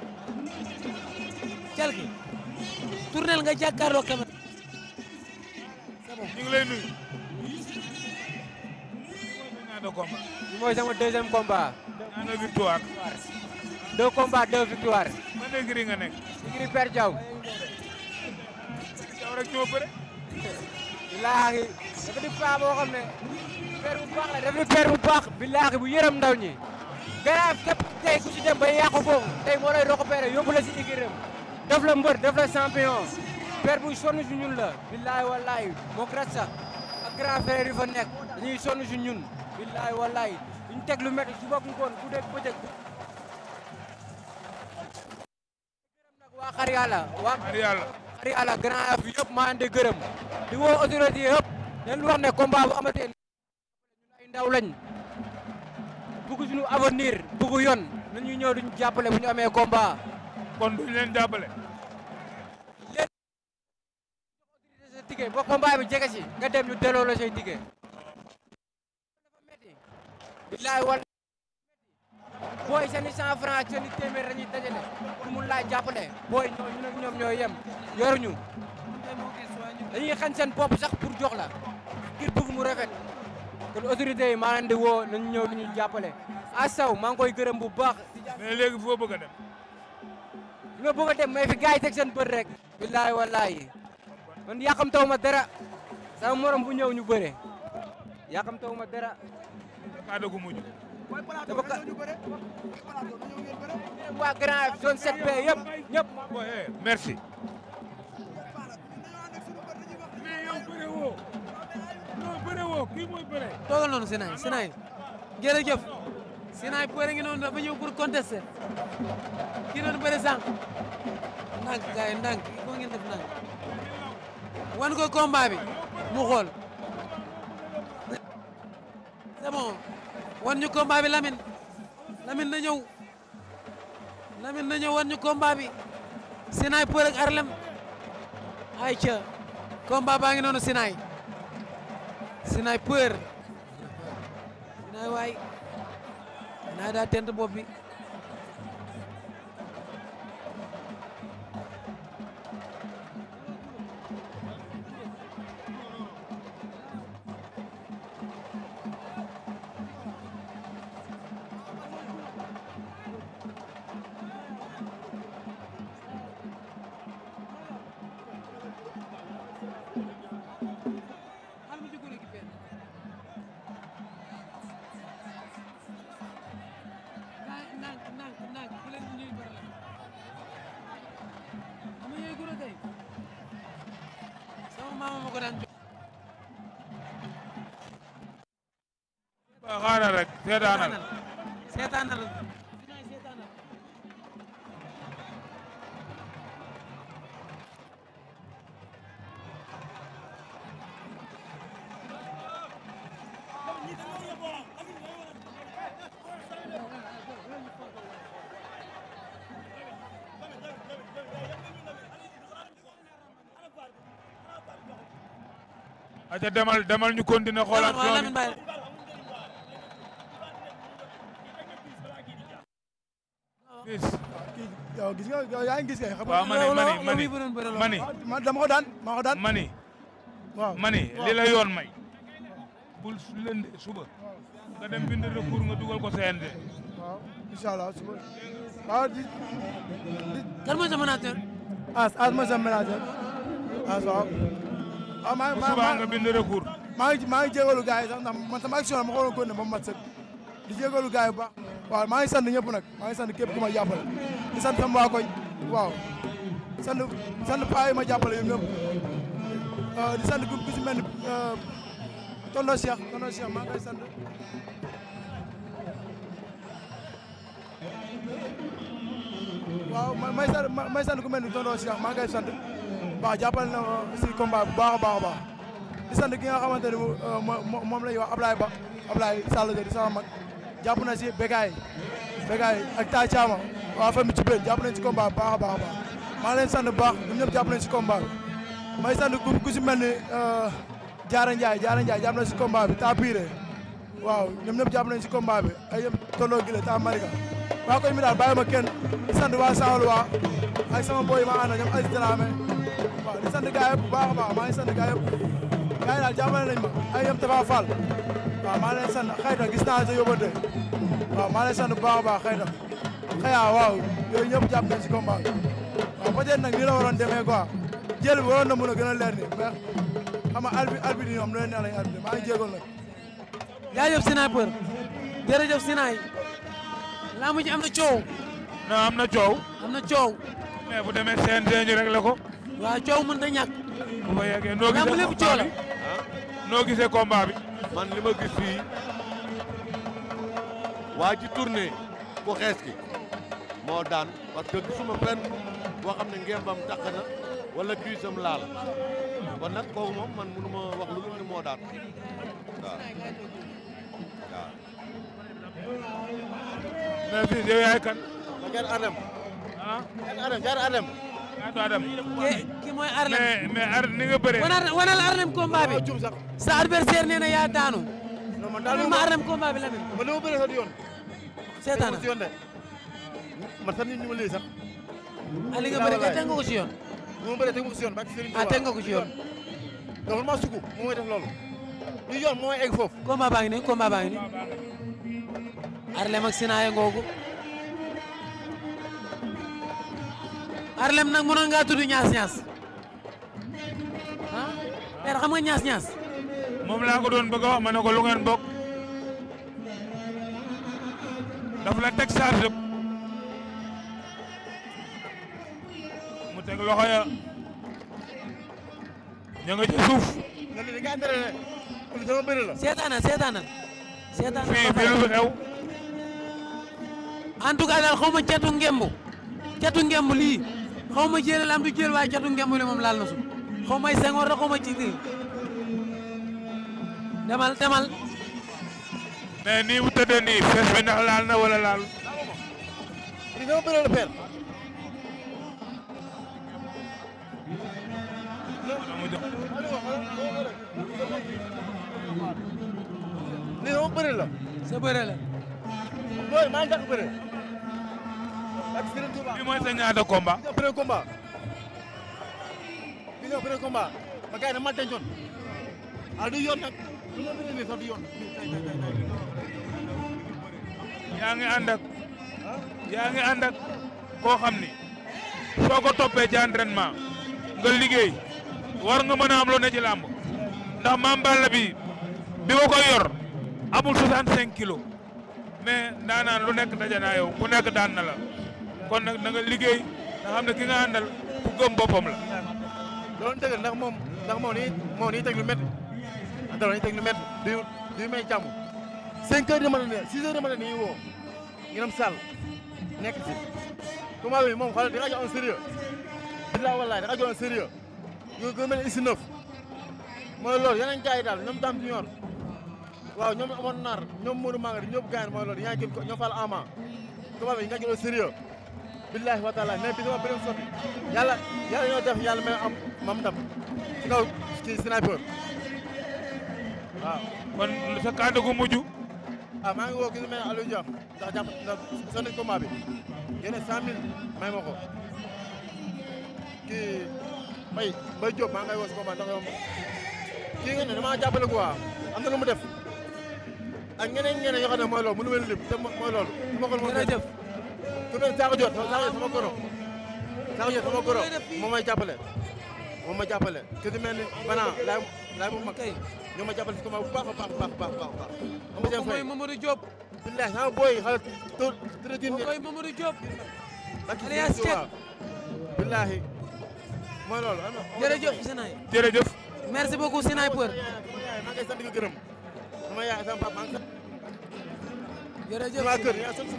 Jalki tournel nga jàkkaarloo caméra. ñu ngi lay nuyu. bi mooy sama deuxième combat. ñaata victoire. deux combats deux victoire. man de giri nga nekk. giri Père Diaw. Diaw rek ñoo bëre. bilaahi dafa di paa boo xam ne père bu baax la dafa di père bu baax bilaahi bu yërëm ndaw ñi. garaaf képp tey ku ci dem ba yàqu foofu tey moo lay récupéré yóbbu la ci écurie def la mbër def la champion père bu sonn ci ñun la wallaay moo krat sax ak grand frère yi fa nekk dañuy sonn ci ñun billaay wallaay duñ teg lu métti su bokk ngoon ku dégg bëccëg waa xar yàlla waa xar yàlla grand af yëpp maa ay ndaw lañ bugg suñu avenir bugg yoon nañu ñëw duñu jàppale bu ñu amee combat. kon duñ leen jàppale. léegi sa ticket ba combat bi jege si nga dem ñu delloo la say ticket. bilaay wal booy seeni cent franc seeni téeméer dañuy dajale pour mun laa jàppale booy ñoo ñu nag ñoom ñooy yem yoruñu dañuy xañ seen bopp sax pour jox la ngir bëgg mu rafet kon autorités yi maa leen di woo nañu ñëw di ñu jàppale asaw maa ngi koy gërëm bu baax. mais léegi foo bëgg a dem. fi ma bëgg a dem may fi gars yi teg seen bët rek. billaahi wallaahi man yàqam taw ma dara sama morom bu ñëw ñu bëre yàqam taw ma dara. kaa dugg mujj. dafa ka waa Grand F zone 7 yëpp ñëpp. Eh, merci. non bëre woo kii mooy bëre. toogal noonu ngi noonu dafa ñëw pour contester kii doon bëre sànq ndànk gaay ndànk ko ngeen def ndànk wan ko combat bi mu xool c'est bon wan ñu combat bi Lamine lamin na ñëw Lamine na ñëw wan ñu combat bi Sinaay poore ak ay ca combat baa ngi noonu Sinaay sniper sniper waay naa daa tent bopp bi seetaanal seetaanal aja demal demal ñu continuer xoolaat yow gis nga yow yaa ngi gis kay. waaw mani mani mani man dama ko daan ma ko daan. mani waaw mani li la yoon may. bul lënde suba. nga dem bind recours nga dugal ko CNG. waaw incha allah suba. waaw di di. kan mooy sa manager. as as mooy sa manager. as waaw. waaw maa maa suba nga bind recours. maa ngi maa ngi jégalu gars yi sax ndax man sama action ma ko waroon góor ne ba mu mat sëkk di jégalu gars yi bu baax. waaw maa ngi sant ñëpp nag maa ngi sant képp ku ma jàppale. di sant ma waa koñ waaw sant sant paa yi ma jàppale yéen ñëpp euh, di sant ku si mel ni euh, maa ngi sant waaw may sant ku mel ni tondo Cheikh maa ngi koy sant waaw jàppale na si combat baax baax baax di sant ki nga xamante ni euh, moom la ñuy wax Ablaye Ba Ablaye Sall di sama mag jàpp na si Bécaye Bécaye ak Taa waa famille Jubeen jàpp nañ ci combat bi baax a baax a maa leen sant bu baax ñoom ñëpp jàpp nañ si combat bi may sant ku si mel ni euh, Diarra Ndiaye Diarra Ndiaye jàpp nañ ci combat bi taa piire waaw ñoom ñëpp jàpp nañ ci combat bi ay yëpp tolloo gile taa marika waa koñ mi daal bàyyi ma kenn di sant waa Saalum waa ak sama boy ma ànd ñoom Aziz Dramé waaw di sant gars bu baax a baax maa ngi sant gars yëpp gars yi daal jàppale ma ay yëpp dafa fal waaw maa leen sant xëy na gis naa sa yóbbante waaw maa bu baax a baax xëy na xayaa waaw yooyu ñëpp jàpp nañ si combat waaw peut-être nag nii la waroon demee quoi jël bi waroon na mën a gën a leer ni mais xam nga arbi arbi di ñoom loolu nee lañ arbi maa ngi jéegoon nag jaajëf Sniper jërëjëf Sinaay laamu ji am na coow non am na coow am na coow mais bu demee CNG ñu rek la ko waaw coow mën da ñàkk bu ma yeggee noo gisee combat bi coow la noo gisee man li ma waa ji tournée bu xees ki moo daan parce que gisuma benn boo xam ne ngembam takk na wala cuisam laal kon nag kooku moom man mënu ma wax moo daan waaw waaw. mais fii kan. ma Adam. ah Adam jaar Adam. jaatu Adam. ki wanal wanal Arlem combat ah, sa adversaire nee yaa daanu. non man daal ma Arlem combat man sax nit ñu ma lii sax. ah li nga bëri kay teg nga ko yoon. bu ma bëree teg nga ko si yoon ba ak Serigne ah, Touba yoon. donc maa sukk mu may def loolu. li yoon moo may egg foofu. combat baa ngi nii combat baa ngi nii. Arlem ak Sinaaya ngoogu. Arlem nag mënoon ngaa tudd ñaas ñaas. ah père xam nga ñaas ñaas. moom laa ko doon bëgg a wax ma ne ko lu ngeen bokk. daf la teg charge teg loxo ya ña nga ci suuf. seetaanal seetaanal. seetaanal fii bi xew. en tout cas daal xaw ma catu ngemb. catu ngemb lii xaw ma jëlee la am du jël waaye catu ngemb li moom laal na suuf xaw may sengoor da xaw ma demal demal. mais nii mu tëddee nii fees bi ndax laal na wala laal. li nga bëri lii moom bëri la. sa bëri la. mooy maa ngi dàq bëri. ak Serigne Touba. bii mooy sa ñaata combat. bii mooy premier combat. bii mooy premier combat. ba gars yi dama dencoon. ah du yoon nag. du ma bëri nii sax du yoon. yaa ngi ànd ak. yaa ngi ànd ak koo xam ni. soo ko toppee ci entraînement nga liggéey. war nga mën a am loo ne ci làmb ndax Mame Balla bi bi ma koy yor amul 65 kilos mais daanaan lu nekk daje naa yow ku nekk daan na la kon nag da liggéey nga xam ne ki nga àndal ku gëm boppam la. loolu dëgg ndax moom ndax moom nii moom nii teg lu métti dara nii teg lu métti du du may jàmm 5 heures de matin ne 6 heures de matin nii woo ñu dem Sall nekk bi moom xoolal di rajo en sérieux. bilaay wallaay di rajo en sérieux. yu gën mel isi neuf mooy loolu yeneen gars yi daal ñoom dam junior waaw ñoom amoon naar ñoom Modou Mangadi ñoom gars yi mooy loolu ñaa jël ko ñoo fal ama tubaab yi nga jël sérieux billahi wa taala mais bi sama beneen soti yàlla ñoo def yàlla may am mam ndam ci kaw ci sniper waaw kon sa kàddu gu mujj ah maa ngi woo ki su mel ne Aliou Dia ndax jàpp ndax ko kii Mbaye Mbaye Diop maa ngay woo si combat ndax yow kii nga ne damaa jàppale quoi am na lu mu def a ñeneen ñeneen yoo xam ne mooy loolu mënu leen lim te mooy loolu. jërëjëf su ma ko saako jot sama goro ma jot sama goro moom may jàppale moom may jàppale te du mel ni banaa laay laay mu mag ñoo ma jàppale si combat bu baax a baax baax baax baax baax. am na mooy Mamadou Diop. billahi sama booy yi xale tur tur. mooy Mamadou Diop. ak billahi mooy loolu. jërëjëf Sinaay. jërëjëf. merci beaucoup Sinaay Peur. maa ngi sant gërëm. sama yaay sama papa maa kër yaa sant si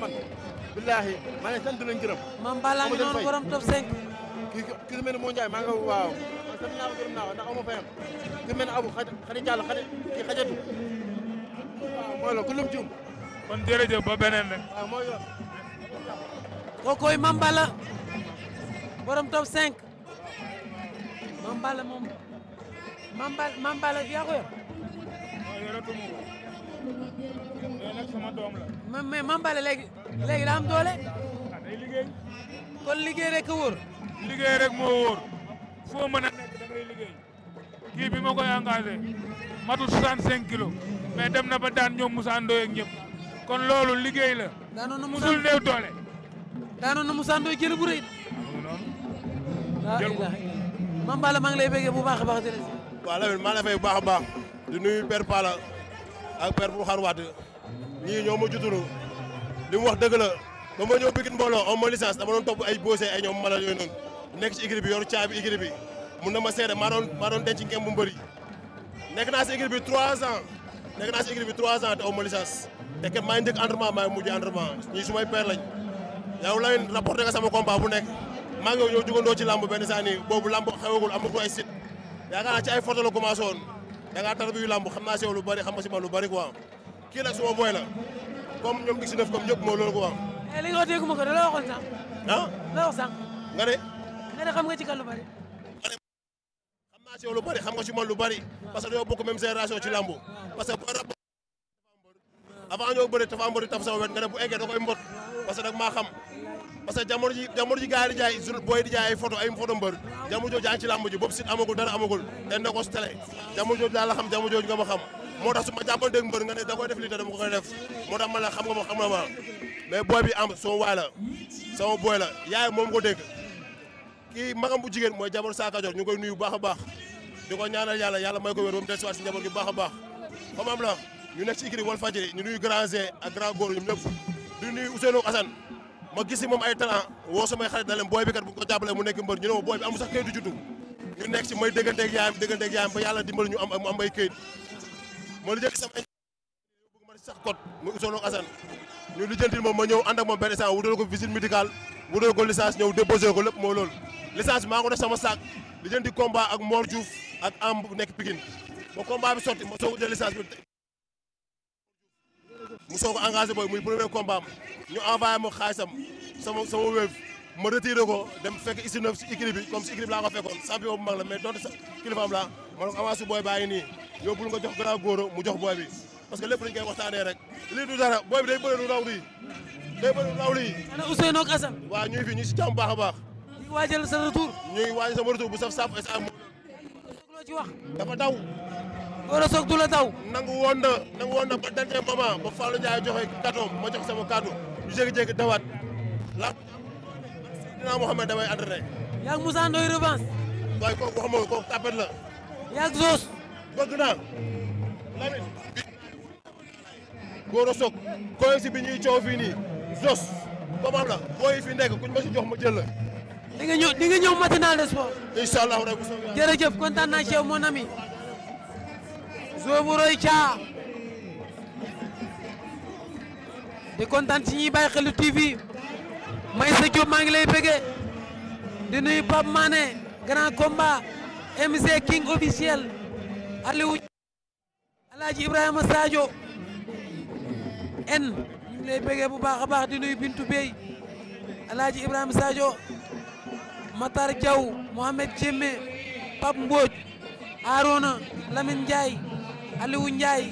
billaahi maa ngi sant leen gërëm. maam Balla borom top 5. kii kii lu mel ni Mo Ndiaye maa ngi waaw. sant naa ko gërëm naa ko fayam. kii mel Abu xaj xaj jàll kii xajatu. mooy loolu ku lum kon jërëjëf ba beneen rek. waaw borom top 5. Mame Balla moom Mame Balla Mame Balla yaa ko yor. waaw yoratuma ko. mais nag sama doom la. mais Mame Balla léegi léegi daa am doole. ah day liggéey. kon liggéey rek a rek foo mën bi ma koy engagé matul 65 kilos. mais dem na ba daan ñoom Moussa Ndoye ak kon loolu liggéey la. daanoon na Moussa musul néew doole. daanoon na Moussa Ndoye jël bu rëy. Ah, Mame Balla maa ngi lay bëggee bu baax a baax di la si. waaw Lamine maa ngi lay fay bu baax a baax di nuyu père Palla ak père Boukhar Wade ñii ñoo ma juddu li mu wax dëgg la ba ma ñëw Pikine mbooloo am ma licence dama doon topp ay boose ay ñoom malal yooyu nekk ci écurie bi yor caabi écurie bi mun na ma seede maa doon maa bu mbëri nekk naa si écurie bi 3 ans nekk naa si écurie ans te am ma te kat maa ngi njëkk entraînement maa ngi mujj entraînement ñii sumay père lañ yow bu nekk. maa ngi yow jugandoo ci lamb benn saa nii boobu lamb xewagul amatu ay site yaakaar naa ci ay photo la commencé woon da ngaa tar biyu lamb xam si yow lu bëri xam nga si lu bëri quoi kii la comme ñoom dig si def comme ñëpp moo loolu quoi. Eh, li nga wax dégg ma ko da la waxoon sànq. ah la wax sànq. nga lu bëri. xam naa si yow lu bari xam nga que dañoo bokk même génération ci lamb. parce que par rapport avant ñoo bëri Tapha Mbeur di sa wet nga ne bu eggee da koy mbot parce maa xam parce que jamono ji jamono ji gars yi di jaay jour booy di jaay ay photo ay photo mbër jamono jooju yaa ngi ci làmb ji boobu dara amagul den da ko télé jamono xam jamono jooju nga ma xam moo tax su ma jàppanteeg mbër nga ne da def lii te dama ko koy def moo tax ma xam nga ma xam na ma mais booy bi am sama la sama booy la yaay moom ko dégg kii magam bu jigéen mooy jabar Saa Kajoor ñu koy nuyu baax a baax di ko ñaanal yàlla yàlla may ko wér ba mu dellusiwaat si a baax la ñu nekk ci ikri Walfadjri ñu ma gis si moom ay talent woo samay xarit na leen booy bi kat bu ko jàppalee mu nekk mbër ñu ne ma booy bi am mu am ay kayit ma lijjanti sama bëgg ma sax code mu utoonoo Assane ñu lijjantil moom ma ñëw ànd ak moom benn instant wutal ko visite médicale wutal ko licence ñëw déposé ko lépp moo loolu licence bi maa ngi def sama saak lijjanti combat ak Mor Diouf ak am nekk Pikine ba combat bi sotti ma soog jël licence bi mu soog a booy muy premier combat ñu envoyé ma xaalisam sama sama wéef ma retiré ko dem fekk ici neuf si équipe bi comme si équipe laa ko fekkoon champion bu mag la mais donte sa kilifaam laa ma ne ko avance booy bàyyi nii yóbbul nga jox grand góor mu jox booy bi parce que lépp dañ koy waxtaanee rek lii du dara booy bi day bëre lu lii day bëre lu lii. ana Ousseynou ak Assane. waaw ñu ngi fi ñu si jàmm baax a baax. ñu ngi waajal sa retour. ñu ngi waajal sama retour bu saf Gora Sock du nangu woon na nangu woon na ba dernier moment ba Fallou Ndiaye joxe kàddoom ma jox sama kàddu ñu jékki-jékki dawaat damay entraîné. yaa ngi Moussa Ndoye revanche. waaye kooku waxuma ko la. yaa ngi Zoss. bëgg naa. Lamine. Gora Sock koy si bi ñuy coow fii nii Zoss fi nekk kuñ ma si jox ma jël la. di nga ñëw di nga ñëw matinal de kontaan naa ci yow mon zoobu roy caa di kontaan ci xelu TV may sa maa ngi lay bëggee di nuyu Pape Mané grand combat MC King officiel Aliou Alaaji Ibrahima Sadio lay bëggee bu baax a baax di nuyu Bintu Bey Alaaji Ibrahima Sadio Matar Diaw Mohamed Jemme Pape Mbodj Arona Lamine Ndiaye Aliou Ndiaye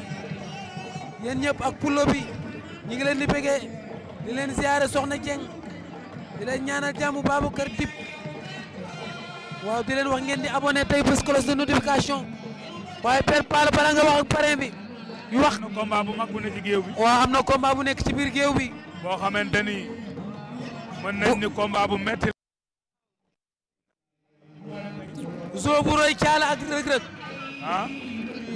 yéen ñëpp ak pulo bi ñu ngi leen di bëggee di leen ziare Soxna Dieng di leen ñaanal jàmm Babacar Dib waaw di leen wax ngeen di abonné tey bés cloche de notification waaye Père Palla bala nga wax ak bi yu wax. am na combat bu mag bu nekk ci géew bi. waaw am na combat bu nekk ci biir géew bi. boo xamante ni mën nañ ni combat bu métti. zoo caala ak rëg-rëg.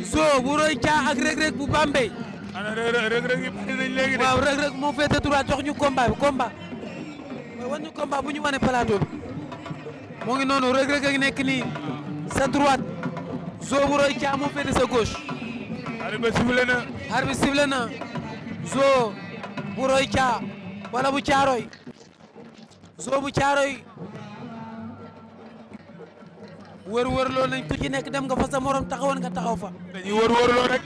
soo bu roy caa ak rëg-rëg bu Bambey. ana rëg-rëg yi bari nañ léegi de. waaw rëg-rëg moo féete droit jox ñu combat bi combat. waaw wan ñu combat bu ñu wane plateau bi. moo ngi noonu rëg-rëg nekk nii sa droite soo bu roy caa moo féete sa gauche. arbitre sifflé na. na soo bu roy caa wala bu caaroy soo bu caaroy. wër-wërloo nañ ku ci nekk dem nga fa sa morom taxawoon nga taxaw fa. dañuy wër-wërloo rek.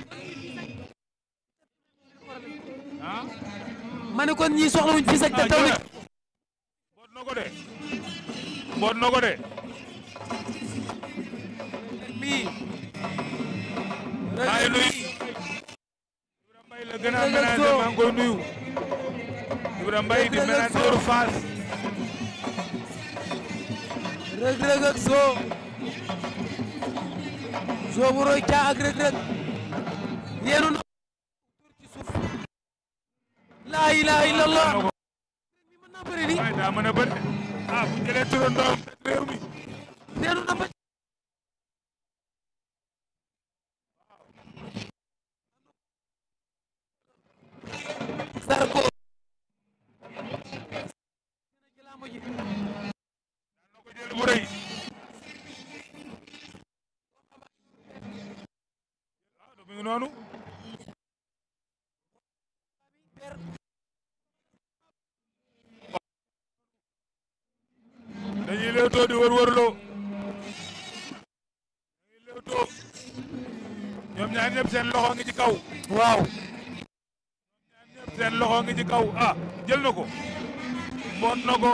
ah. ma ne kon ñii soxlawuñ fi sax te taw na. mboot na ko de. mboot na ko de. bii. maa ngi nuyu. Ibrahima Mbaye la gën a manager maa ngi koy nuyu. Ibrahima Mbaye di manager Fass. Reug Reug ak Sokh Zoo bu Roy Thia ak Reug laa ilaaha illallah mën naa ni daa mën a bëri ah bu jëlee turandoom réew mi ngi noonu. dañuy léewtoo di wër-wërloo. dañuy léewtoo. ñoom ñaar ñëpp seen loxo ngi ci kaw. waaw. ñoom ñaar ñëpp seen loxo ngi ci kaw ah jël na ko. mboot na ko.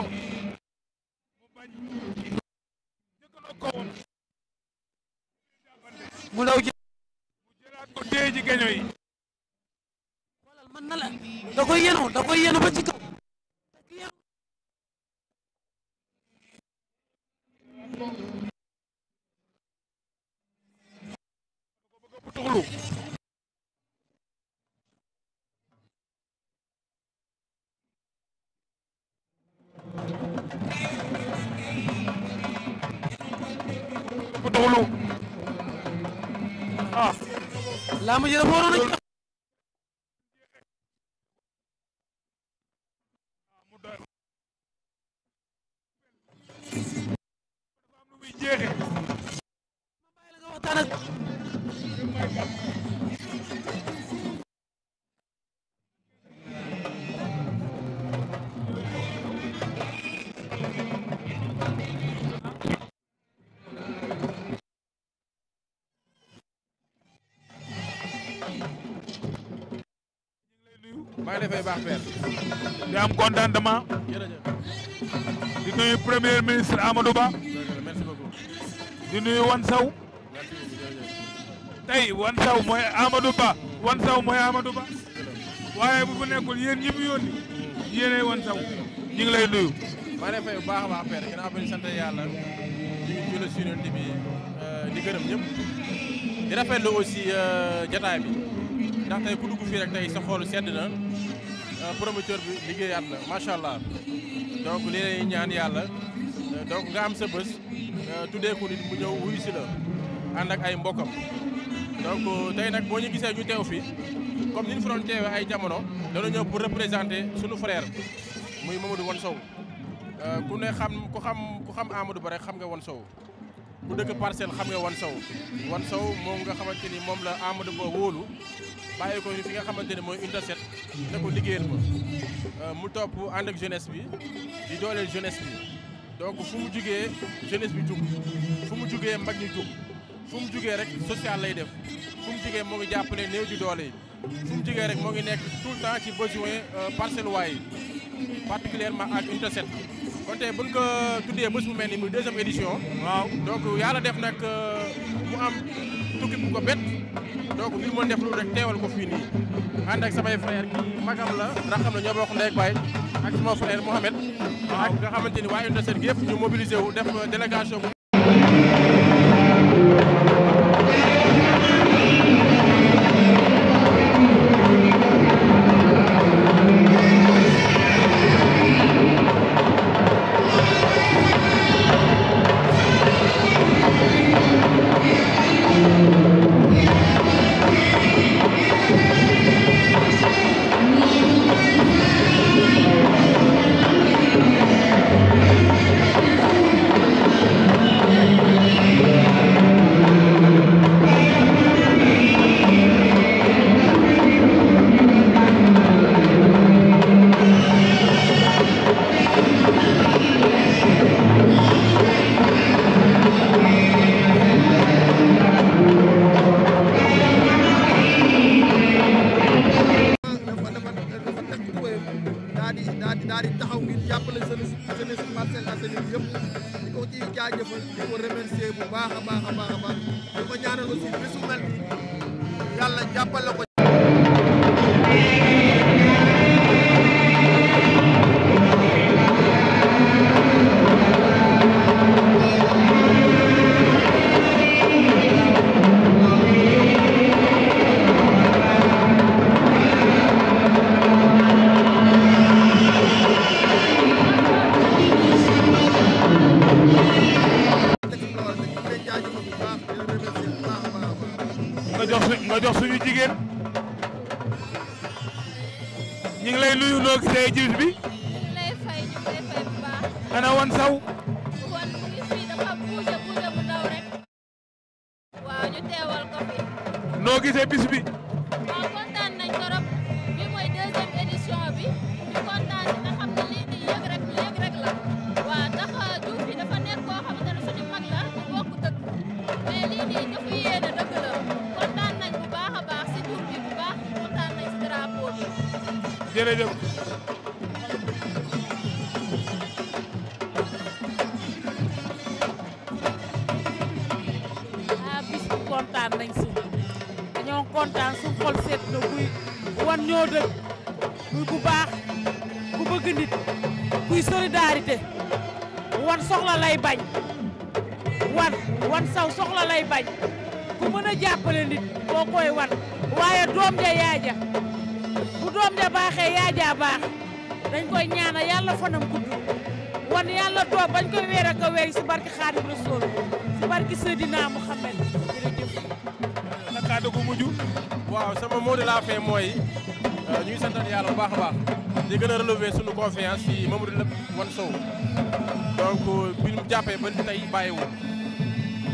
mu bañ. njëkk na ko ji. ko dee ji gaño yi. xoolal man na la da koy yenu da koy yenu ba ci kaw. laa ma jëlee moo waroon a baax père. di am contentement. di nuyu premier ministre Amadou Ba. di nuyu Wan Saw. tey Wan Saw mooy Amadou Ba Wan Saw mooy Amadou Ba. waaye bu fi nekkul yéen ñi mu yónni. yéenay Wan Saw ñu lay nuyu. maa ngi fay bu baax a baax père ginnaaw bi ñu yàlla ñu ngi julli si yonent euh, di gërëm ñëpp di rafetlu aussi euh, jataay bi ndax tey ku dugg rek tey sa sedd na. Euh, promoteur bi liggéey la macha allah donc li lay ñaan yàlla euh, donc nga am sa bés euh, tuddee ko nit mu ñëw wuyu si la ànd ak ay mbokkam donc tey nag boo ñu gisee ñu tew fii comme ni ñu fa doon teewee ay jamono dana ñëw pour représenter suñu frère muy Mamadou Wan Sow ku ne xam ku xam ku xam Amadou Ba xam nga Wan Sow ku dëkk parcelle xam nga Wan Sow Wan Sow moom nga ni moom la Amadou Ba wóolu bàyyi ko fi nga xamante ne mooy UNICEF ne ko liggéeyal ma euh, mu topp ànd ak jeunesse bi di dooleel jeunesse bi donc fu mu jugee jeunesse bi jug fu mu jugee mag ñi jug fu mu jógee rek social lay def fu mu jugee moo ngi jàppale néew di doole yi fu mu jugee rek moo ngi nekk tout le temps ci besoin euh, parcelles waay yi particulièrement ak UNICEF kon tey buñ ko tuddee bés bu mel ni muy deuxième édition waaw donc yàlla def nag euh, mu am tukki bu ko bett donc li ma def rek teewal ko fii nii ànd ak samay frère kii magam la raxam la ñoo bokk ndey ak baay ak sama frère Mohamed. waaw ak nga xamante ni waa Unité 7 gi yëpp ñu mobilisé wu def délégation. yàlla fanam gudd wan yàlla toog bañ koy weer ak a weey si barki Xaadim Rasuul si barki Seydina Muhammad jërëjëf sa kàddu gu mujj waaw sama la euh, bu baax a baax gën a relever suñu confiance si Mamadou Lep Wan Sow donc bi mu jàppee ba tey bàyyiwul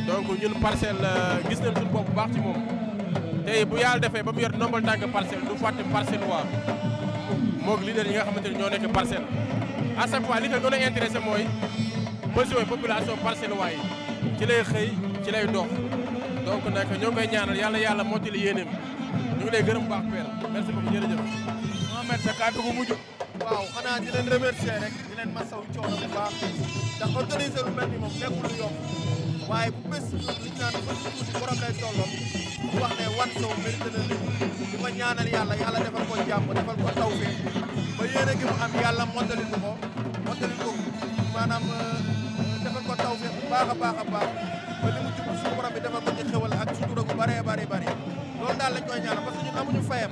donc ñun parcelle euh, gis nañ suñu bu baax ci moom tey bu yàlla defee ba mu yor ndombal tànk parcelle du fàtte yi nga xamante ne ñoo nekk parcelle à chaque fois li ko gën a intéressé mooy besoin population parcelle waay ci lay xëy ci lay dox donc nag ñoo ngi koy ñaanal yàlla moo mottali yéeneem ñu ngi lay gërëm baax Père merci beaucoup jërëjëf. Mohamed sa kàddu gu mujj. waaw xanaa di leen remercier rek di leen masaw coono bu baax ndax organiser lu mel ni moom waaye bu bés li ñu naan bés borom lay tolloo bu wax ne wan sow mérite na li ñaanal yàlla yàlla defal ko jàmm defal ko tawfeex ba yéene gi mu am yàlla mottali ko maanaam euh, euh, defal ko taw a baax baax ba li mu jub suñu borom bi defal ko ci loolu daal lañ koy ñaanal parce que ñun amuñu fayam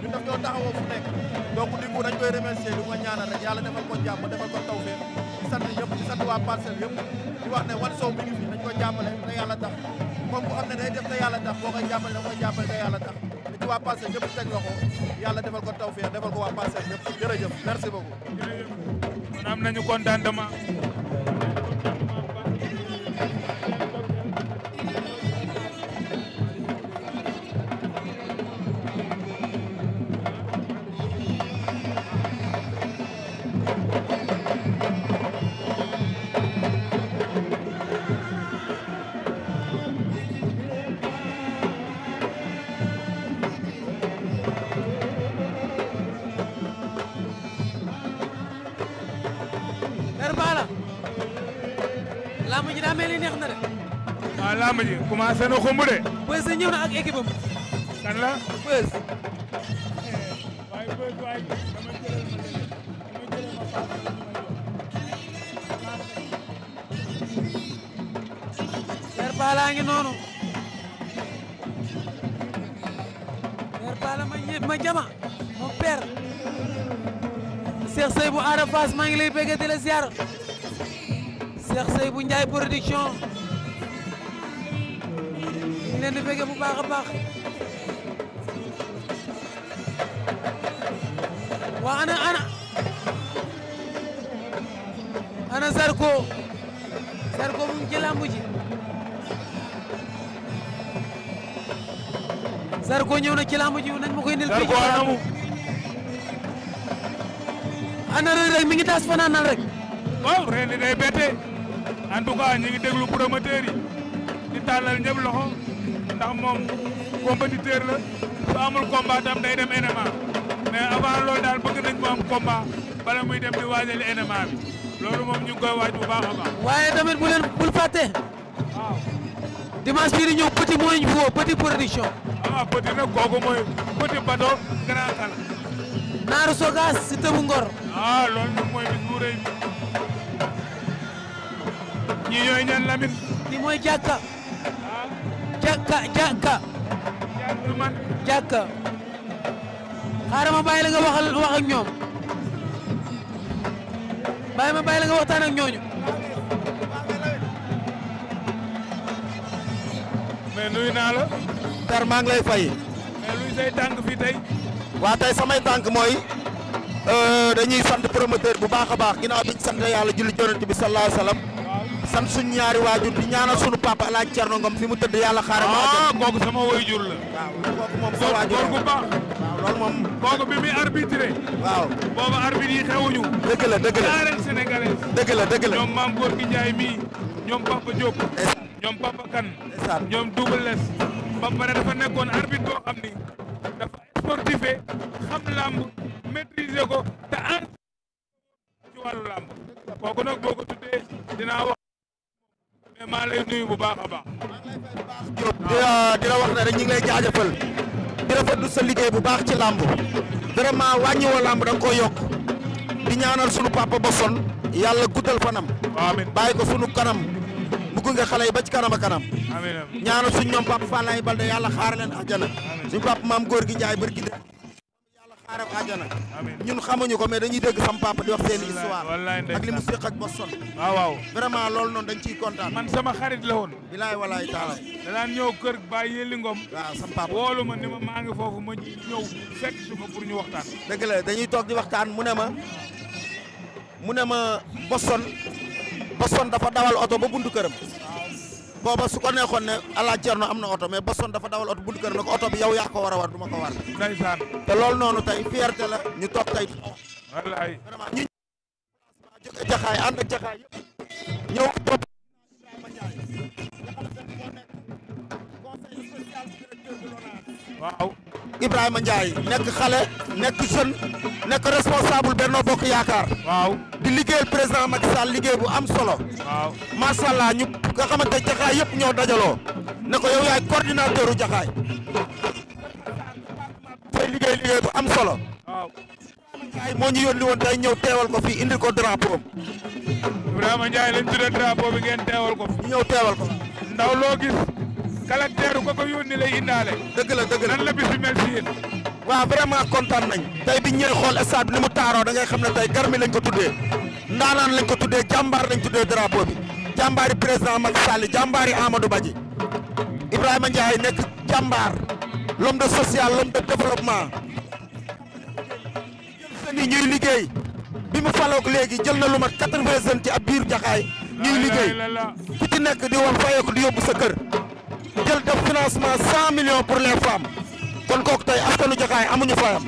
ñun daf ñoo taxawoo fu nekk donc di ko dañ koy remercier di ko ñaanal rek yàlla defal ko jàmm defal ko taw feex di sant yëpp di sant waa parcelle yëpp di wax ne Wane Sow mi ngi fi dañ koy jàppale te yàlla tax moom bu xam ne day def te yàlla tax boo koy jàppale da koy jàppale te yàlla tax di waa Parcelles ñëpp di teg loxo yàlla defal ko tawfeex defal ko waa Parcelles ñëpp jërëjëf merci beaucoup. jërëjëf kon am nañu kontaan dama commencé na xumb de. Beuz ñëw na ak équipe am. kan la Beuz. waaye Beuz waaye dama jëlee ma léegi dama jëlee ma paase ma ñëw. Père Balla ngi noonu. Père Balla ma ñëpp ma jama moom père. Cheikh Seydou Ada Fass maa ngi lay bëgg di la ziar. Cheikh Seydou Ndiaye production. ngi leen di bëggee bu baax a baax waa ana ana ana Zarko Zarko mu ngi ci ji Zarko ñëw na ci làmb ji nañ ma koy indil fii ci làmb ana rek rek mi ngi taas fanaanal rek waaw ren day bette en tout cas ñu ngi déglu promoteurs di tàllal ñëpp loxo ndax moom compétiteur la su amul combat tam day dem MMA mais avant loolu daal bëgg nañ mu am combat bala muy dem di waajali MMA bi loolu moom ñu ngi waaj bu baax a waaye tamit bu bul fàtte. waaw. dimanche bii di ñëw petit mooy ñu woo petit production. ah petit nag kooku mooy petit bato grand kala. Naaru Sogas Ngor. ah loolu nag mooy bis bu rëy ñi ñooy ñan Lamine. ni mooy jàkka. jàkka jàkka jàkka xaaral ma bàyyi la nga waxal wax ak ñoom bàyyi ma bàyyi la nga waxtaan ak ñooñu. mais nuyu naa la. père maa ngi lay fay. mais luy say tànk fii tey. waa tey samay tànk mooy. Euh, dañuy sant promoteur bu baax a baax ginnaaw bi ñu sant yàlla julli jonante bi sallallahu alayhi sant suñu ñaari waajur di ñaanal suñu papa El Hadj Thierno Ngom fi mu tëdd yàlla xaaral ma. ah kooku sama waajur la. waaw kooku moom sa waajur la kooku baax. waaw loolu moom. kooku bi muy arbitré. waaw boobu arbitre yi xewuñu. dëgg la dëgg la arène sénégalaise. dëgg la dëgg la ñoom maam Gorgui Ndiaye mii ñoom Papa Diop. ñoom Papa Kane. ndeysaan ñoom Double Less. ba pare dafa nekkoon arbitre boo xam ni dafa sportife xam làmb maîtriser ko te en ci wàllu làmb kooku nag boo ko tuddee dinaa wax maa lay nuyu bu baax a baax. maa di la wax ne rek ñu ngi lay jaajëfal. di rafetlu sa liggéey bu baax ci làmb vraiment wàññiwoo làmb da nga koo yokk. di ñaanal sunu papa ba son yàlla guddal fanam. amiin bàyyi ko sunu kanam. mu gunge xale yi ba ci kanam a kanam. amiin ñaanal suñu ñoom papa Falaye Balde yàlla xaar leen àjjana. suñu papa maam góor gi Ndiaye bërki de. xaaral àjjana ñun xamuñu ko mais dañuy dégg sam papa di wax seen histoire ak li ak Boston waaw waaw vraiment loolu noonu dañ ciy kontaan man sama xarit la woon bilaay walaay taala danaan ñëw kër bàyyi yëli ngom waaw sam papa woolu ma ne maa ngi foofu ma ñëw fekk su ko pour ñu waxtaan dëgg la dañuy toog di waxtaan mu ne ma mu ne ma Boston Boston dafa dawal oto ba buntu këram booba su ko neexoon ne ala Cerno am na oto mais Baston dafa dawal oto buntu kër na ko oto bi yow yaa ko war a war du ko war. te loolu noonu tey fierté la ñu toog tey. wallaay ñu topp Ibrahima waaw Ibrahima Ndiaye nekk xale nekk jeune nekk responsable Benno Bokk Yaakaar. waaw di liggéeyal président Macky Sall liggéey bu am solo. waaw allah ñu nga xamante jaxaay yëpp ñoo dajaloo ne ko yow yaay coordinateur jaxaay. fay liggéey liggéey bu am solo. waaw. Ndiaye moo ñu yónni woon tey ñëw teewal ko fii indi ko drapeau am. Ibrahima Ndiaye lañ tuddee drapeau bi ngeen teewal ko. ñu ñëw teewal ko. ndaw loo gis. kala teeru ko ko yónni lay indaale. dëgg la dëgg la nan la bis bi mel si yéen. waaw vraiment kontaan nañ tey bi ñëwee xool stade bi ni mu taaroo da ngay xam ne tey garmi lañ ko tuddee ndaanaan lañ ko tuddee jàmbaar lañ tuddee drapeau bi jàmbaari président Macky Sall jàmbaari Amadou Badji Ibrahima Ndiaye nekk jàmbaar l'homme de social l'homme de développement. jeunes yi ñuy liggéey bi mu faloog léegi jël na lu mat quatre-vingts jeunes ci ab biir jaxaay ñuy liggéey ku ci nekk di woon fayeeku di yóbbu sa kër. jël def financement cent millions pour les femmes kon kooku tey askanu Jaxaay amuñu fayam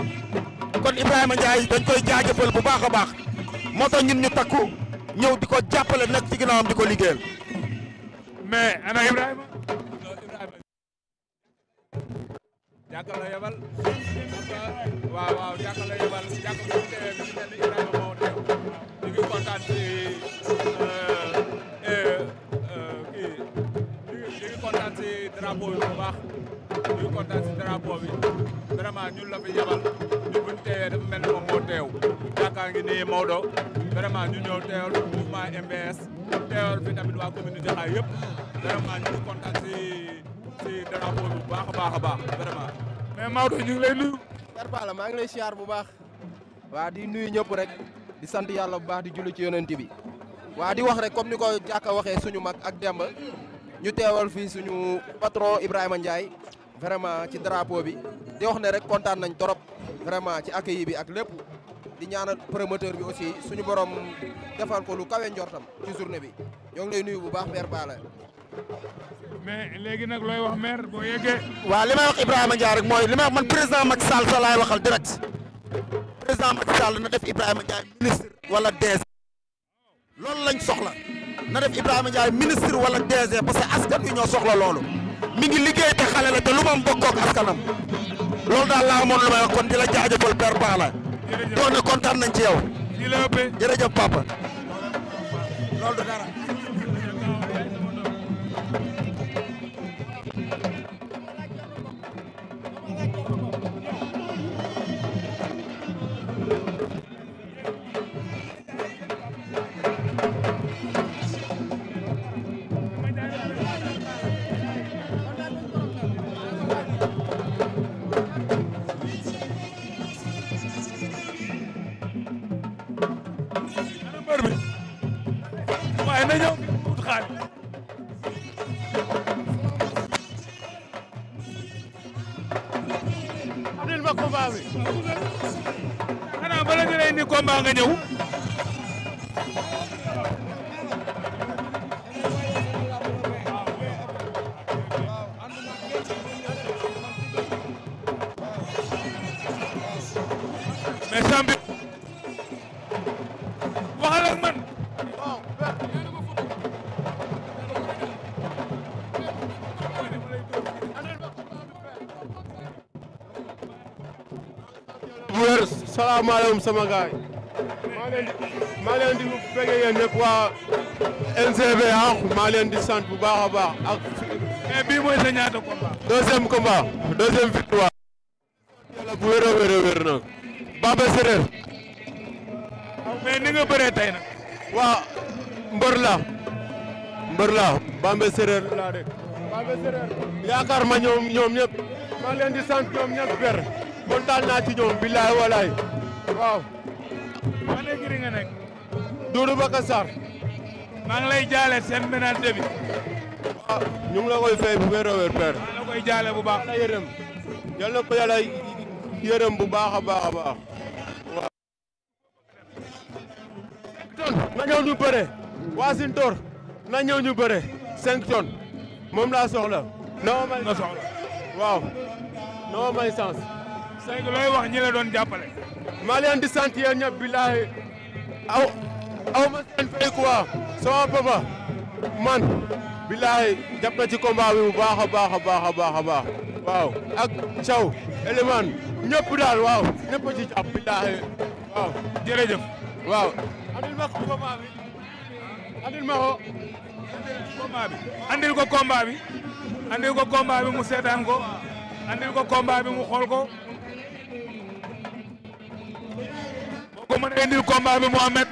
kon Ibrahima Ndiaye dañ koy jaajëfal bu baax a baax moo tax ñun ñu takku ñëw di ko jàppale nag ci ginnaawam di ko liggéeyal. mais ana Ibrahima. jàkkal la yebal waaw waaw drapeau bi baax ñu kontaan si drapeau bi vraiment ñun la fi yebal ñu teewee dafa mel ni moom moo teew yaakaar ngi nii Maodo vraiment ñu ñëw teewal mouvement MBS teewal fi tamit waa commune Jaxaay yëpp vraiment ñu ngi si si drapeau bi bu baax a baax a baax vraiment. mais Maodo ñu lay nuyu. Père maa ngi lay siyaar bu baax. waa di nuy ñëpp rek di sant yàlla bu baax di julli ci yonent bi waa di wax rek comme ni ko jàkka waxee suñu mag ak Demba ñu teewal fii suñu patron Ibrahima Ndiaye vraiment ci drapeau bi di wax ne rek kontaan nañ trop vraiment ci accueil bi ak lépp di ñaanal promoteur bi aussi suñu borom defal ko lu kawe njortam ci journée bi ñoo ngi lay nuyu bu baax père Bala mais léegi nag looy wax maire boo yeggee. waaw li may wax Ibrahima Ndiaye rek mooy li may wax man président Macky Sall sa laay waxal direct président Macky Sall na def Ibrahima Ndiaye ministre wala DG. loolu lañ soxla na def Ibrahima Ndiaye ministre wala DG parce que askan wi ñoo soxla loolu mi ngi liggéey te xale la te lu ma bokkoo ak askanam loolu daal laa amoon lu may wax kon di la jaajëfal père Ba la. jërëjëf doon na kontaan nañ ci yow. jërëjëf papa. loolu du salaamaaleykum sama gaay maa leen di maa leen waa NGV ah maa di sant bu baax a baax ak. mais bii mooy sa ñaata combat. deuxième combat deuxième victoire. yàlla bu wér a wér a wér nag. Baba Séréer. nga bëree tey nag. la. mbër la Bamba Séréer laa yaakaar ma ñoom ñoom ñëpp. maa leen di sant naa ci ñoom billaay walaay. waaw. man écurie nga nekk. Doudou Bakassar. maa ngi lay jaale seen ah, ñu la koy fay bu wér a wér père. la koy jaale bu baax. yal na ko yàlla yërëm bu baax a baax a baax. waaw. na ñëw ñu bëre. Wassintor na ñëw ñu bëre. 5 tonnes moom laa soxla. na ma may nga waaw na ma may sens. Seydou looy wax ñi la doon jàppale. maa di sant yéen ñëpp billaahi aw aw ma seen fay quoi sama papa man billaahi jàpp na ci combat bi bu baax a baax a baax a baax a baax waaw ak Thiaw Elimane ñëpp daal waaw ñëpp ci jàpp billaahi waaw jërëjëf waaw. andil ma ko combat bi andil ko. combat bi andil ko ko combat mu seetaan ko andil ko combat bi mu xool ko. moo ko mën a indil combat bi Mohamed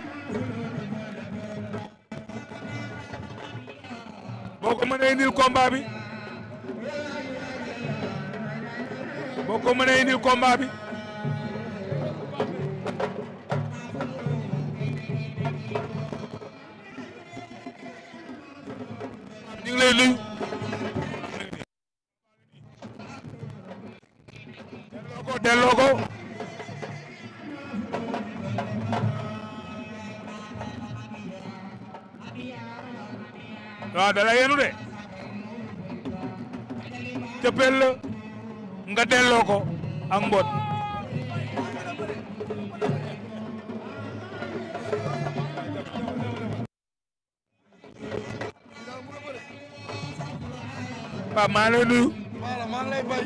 moo mën a indil combat bi moo ko mën a indil combat bi ñu ngi lay nuyu delloo waaw ah, da la yenu de cëppeel nga delloo ko ak mboot waaw maa ngi lay nuyu. voilà maa ngi lay bay.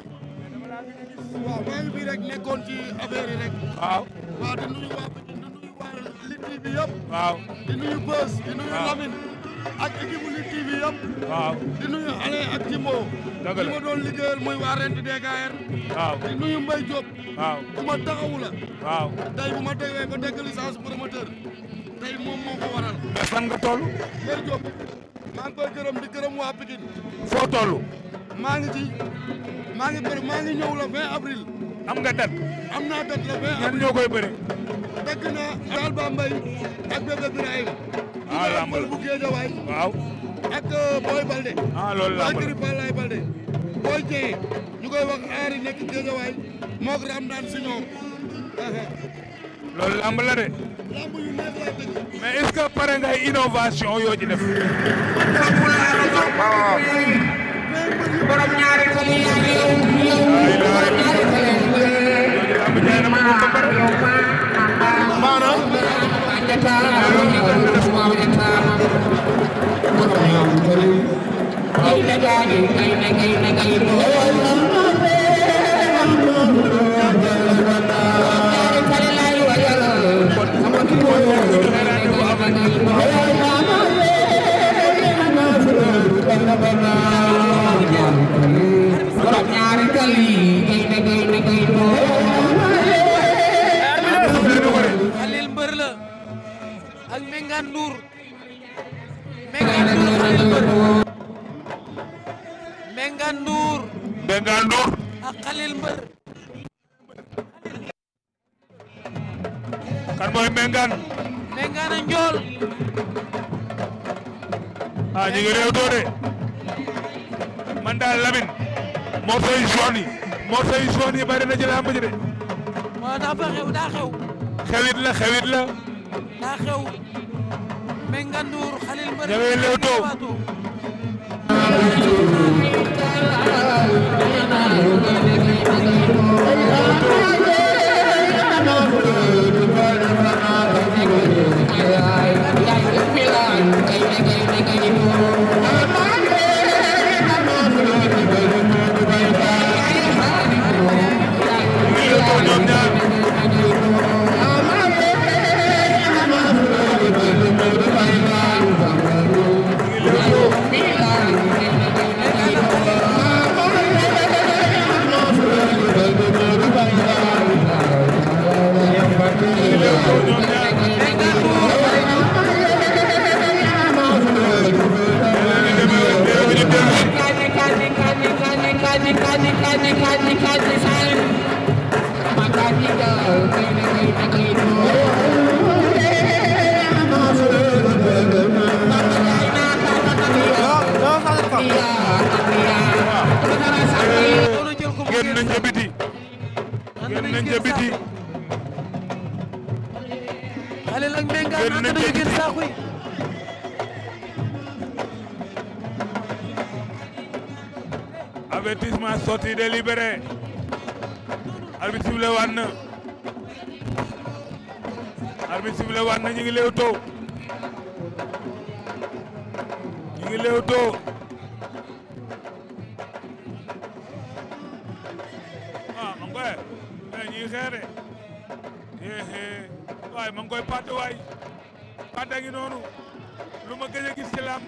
waaw ci affaire rek. waaw. waa di nuyu waa di nuyu Beuz ak équipe bu Lutte TV yëpp. waaw di nuyu ale ak Jimbo. dëgg ma doon liggéeyal muy waa Rent DKR. waaw di nuyu Mbaye Diop. waaw ku ma taxawu waaw tey bu ma déggee ba dégg licence promoteur tey moom moo ko waral. mais fan nga toll. Mbaye Diop maa ngi koy gërëm di gërëm waa Pikine. foo toll. maa ngi ci maa ngi bëri maa ngi ñëw la 20 avril. am nga date. am naa date la 20 avril ñoo koy bëri. dëgg naa Daal Ba Mbaye ak bébé Birahim ah lamb la bu géej waay waaw ak euh, Boy Balde ah loolu lamb la Balaye Balde Boy Dieng ñu koy wax aari nekk géej waay moog Ramdaan si ñoom loolu lamb la de lamb yu neex la dëgg mais est-ce que pare ngay innovation yoo ci def waaw borom ñaari ko mu ñaari maana Kali Mégane Ndour Mégane Ndour ak xalil mbër kan mooy Mégane Mégane a njool a ah, ñu ngi réew doo man daal Lamine morceau yu jaune yi morceau yu jaune yi bari na daa fa xew daa xew xewit la xewit la daa xew ñawee lewtoo lewtoo ca biti. xale la ak Mbengue ànd ak dañuy génn saako yi. avertissement sortie délibéré. arbitre sifflé waat na. arbitre sifflé waat na ñu ngi léewtoo. ñu ma ngi koy pàtte ngi noonu lu ma gëj a gis ci làmb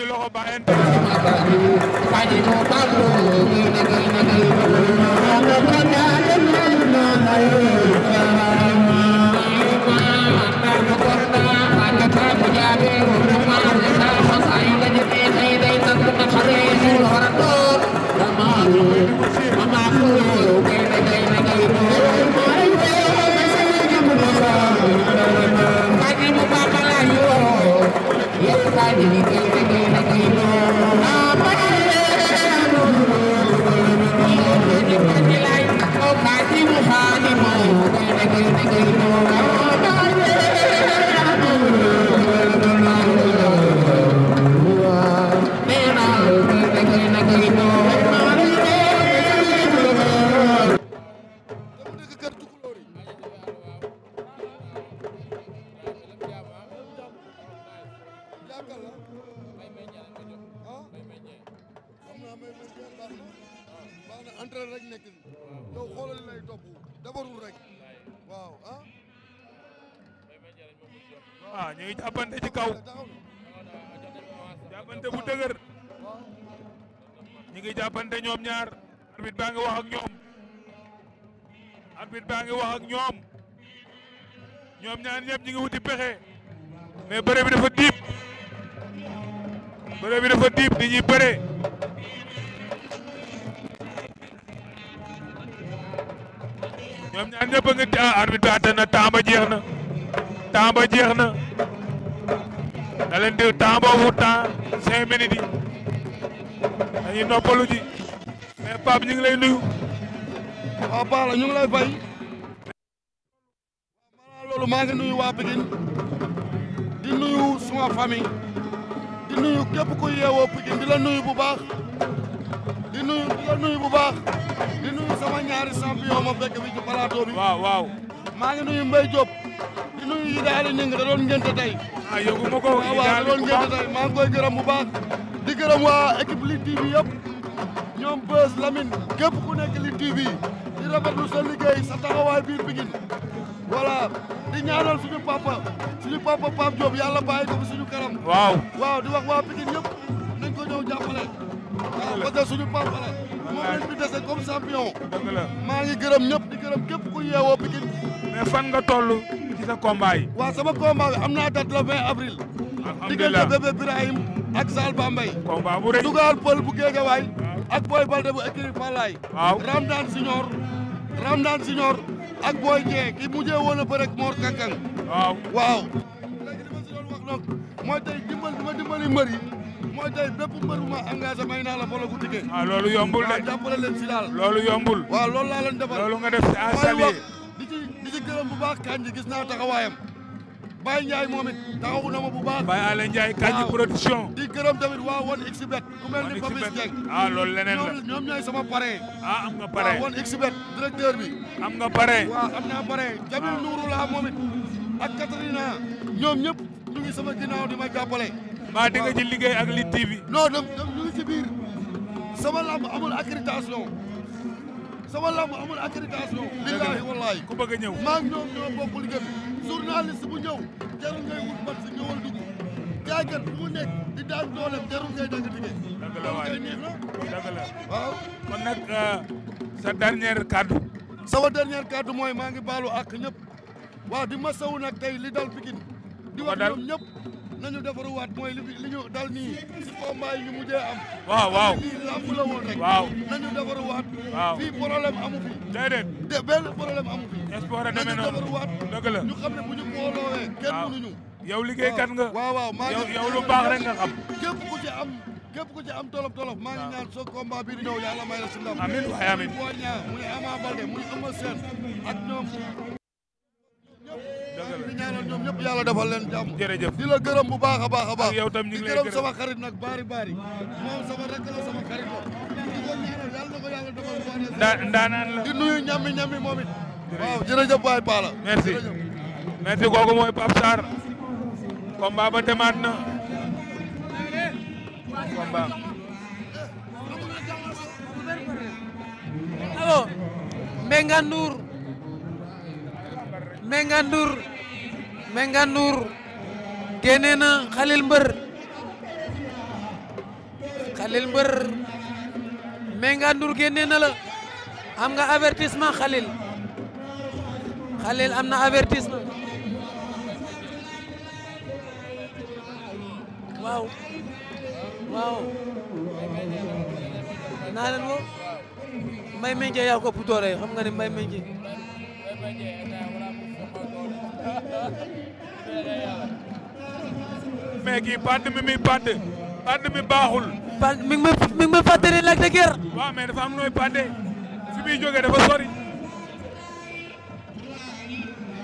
du loxo ba yaa ngi wax ak ñoom ñoom ñaar ñëpp ñi wuti pexe mais bëre bi dafa diib bëre bi dafa diib di ñuy bëre ñoom ñaar ñëpp a ngi ah, arbitre bi àtte na temps ba jeex na temps ba jeex na da di temps boobu temps cinq minutes yi noppalu ji mais Pape ñu lay nuyu waaw ah, Pape la ñu lay fay loolu maa ngi nuyu waa Pikine di nuyu suma famille di nuyu képp ku yeewoo Pikine di la nuyu bu baax di nuyu di nuyu bu baax di nuyu sama ñaari champion ma fekk bi ci plateau bi. waaw waaw maa ngi nuyu Mbaye Diop di nuyu yi daal ni nga da doon ngénte tey. ah yëgu ma ko yi daal doon ngénte ah. tey maa ngi koy gërëm bu baax di gërëm waa équipe Lutte TV yëpp ñoom Beuz Lamine képp ku nekk Lutte TV di rafetlu sa liggéey sa taxawaay biir voilà di ñaanal suñu papa suñu papa Pape Diop yàlla bàyyi ko fi suñu kanam. waaw waaw di wax waa Pikine ñëpp nañ ko ñëw jàppale. waaw parce que suñu papa la. moom lañ fi dese maa ngi gërëm ñëpp di gërëm képp ku yeewoo Pikine. mais fan nga toll ci sa combat yi. waaw sama combat bi am naa date le 20 avril. alhamdulilah diggante bébé Birahim ak Sall Bambey. combat bu rëy dugal pël bu Géejawaay. ak Boy Balde bu écrit Falaye. waaw Ramdan Signor Ramdan Signor. ak Boy Dieng ki mujjee woon a bëre ak Mor Kankang. waaw waaw. léegi li ma si doon wax donc mooy tey dimbal dama mbër yi ma engagé may naa la bolo gu ticket. waaw ah, loolu yombul de waaw jàppale leen si daal. loolu yombul. waaw loolu laa leen defal loolu nga def si en di ci di ci gërëm bu baax Kandji gis naa taxawaayam. Baye Ndiaye moom it taxawu na ma bu baax. Baye Alé Ndiaye kañ production. di gërëm tamit waa woon Xbet. ku mel ni Papis Dieng. ah loolu leneen la ñoom ñooy sama pare. ah am nga pare waaw woon Xbet directeur bi. am nga pare. waaw am naa pare. Jamil ah. Nourula moom it ak Katrina ñoom ñëpp ñu ngi sama ginnaaw di ma jàppale. maa di nga ci liggéey ak li TV. non dem dem ñu ngi ci biir amul accréditation. sama lamb amul accréditation. billaahi wallaahi ku bëgg ñëw maa journaliste bu ñëw jarul ngay wut man si ñëwal dugg jaaykat mu nekk di daan dooleem jarul ngay dagg dige koy neex na waaw kon nag euh, sa dernière kaddu sama dernière kaddu mooy maa ngi baalu ak ñëpp waaw di masawu nag tey li dal Pikine di wax ñoom ñëpp nañu defaruwaat mooy li ñu dal nii ci combat yi ñu mujjee am waaw waaw lii lamb la woon rek waaw nañu defaruwaat waaw fii problème amu fi déedéet de benn problème amu fi sport a demee noonu nañu defaruwaat dëgg la ñu xam ne bu ñu booloowee kenn mënuñu yow liggéeykat nga waaw waaw maa ngi yow lu baax rek nga xam képp ku ci am képp ku ci am tolof tolof maa ngi ñaan sa combat bi di ñëw yàlla may la si ndam amiin waay amiin boo ñaa muy Ama Baldé muy Eumeu Sène ak ñoom di ñaanal ñoom ñëpp yàlla defal leen jàmm jërëjëf di la gërëm bu baax a baax a baax yow tam ñu ngi lay gërëm sama xarit nag a baari moom sama rek la sama xarit la di ko ñaanal yàlla na ko yàlla defal ndaanaan la di nuyu ñammi ñammi moom it waaw jërëjëf waay Paala merci merci kooku mooy Pape Sarr combat ba demaat na combat allo Mbengue Ndour Mbengue Ndour Mbengue Ndour génne na Khalil Mbër Khalil Mbër nga Ndour génne na la am nga avertissement Khalil Khalil am na avertissement waaw waaw naa leen woo Mbaye Mengue yaa ko ëpp doole xam nga ne Mbaye Mengue mais kii pat mi muy pàdd pàdd mi baaxul. pàdd mi ngi ma mi ngi ma fàttali Lac de Guiers. waaw mais dafa am nooy pàdde fi muy jógee dafa sori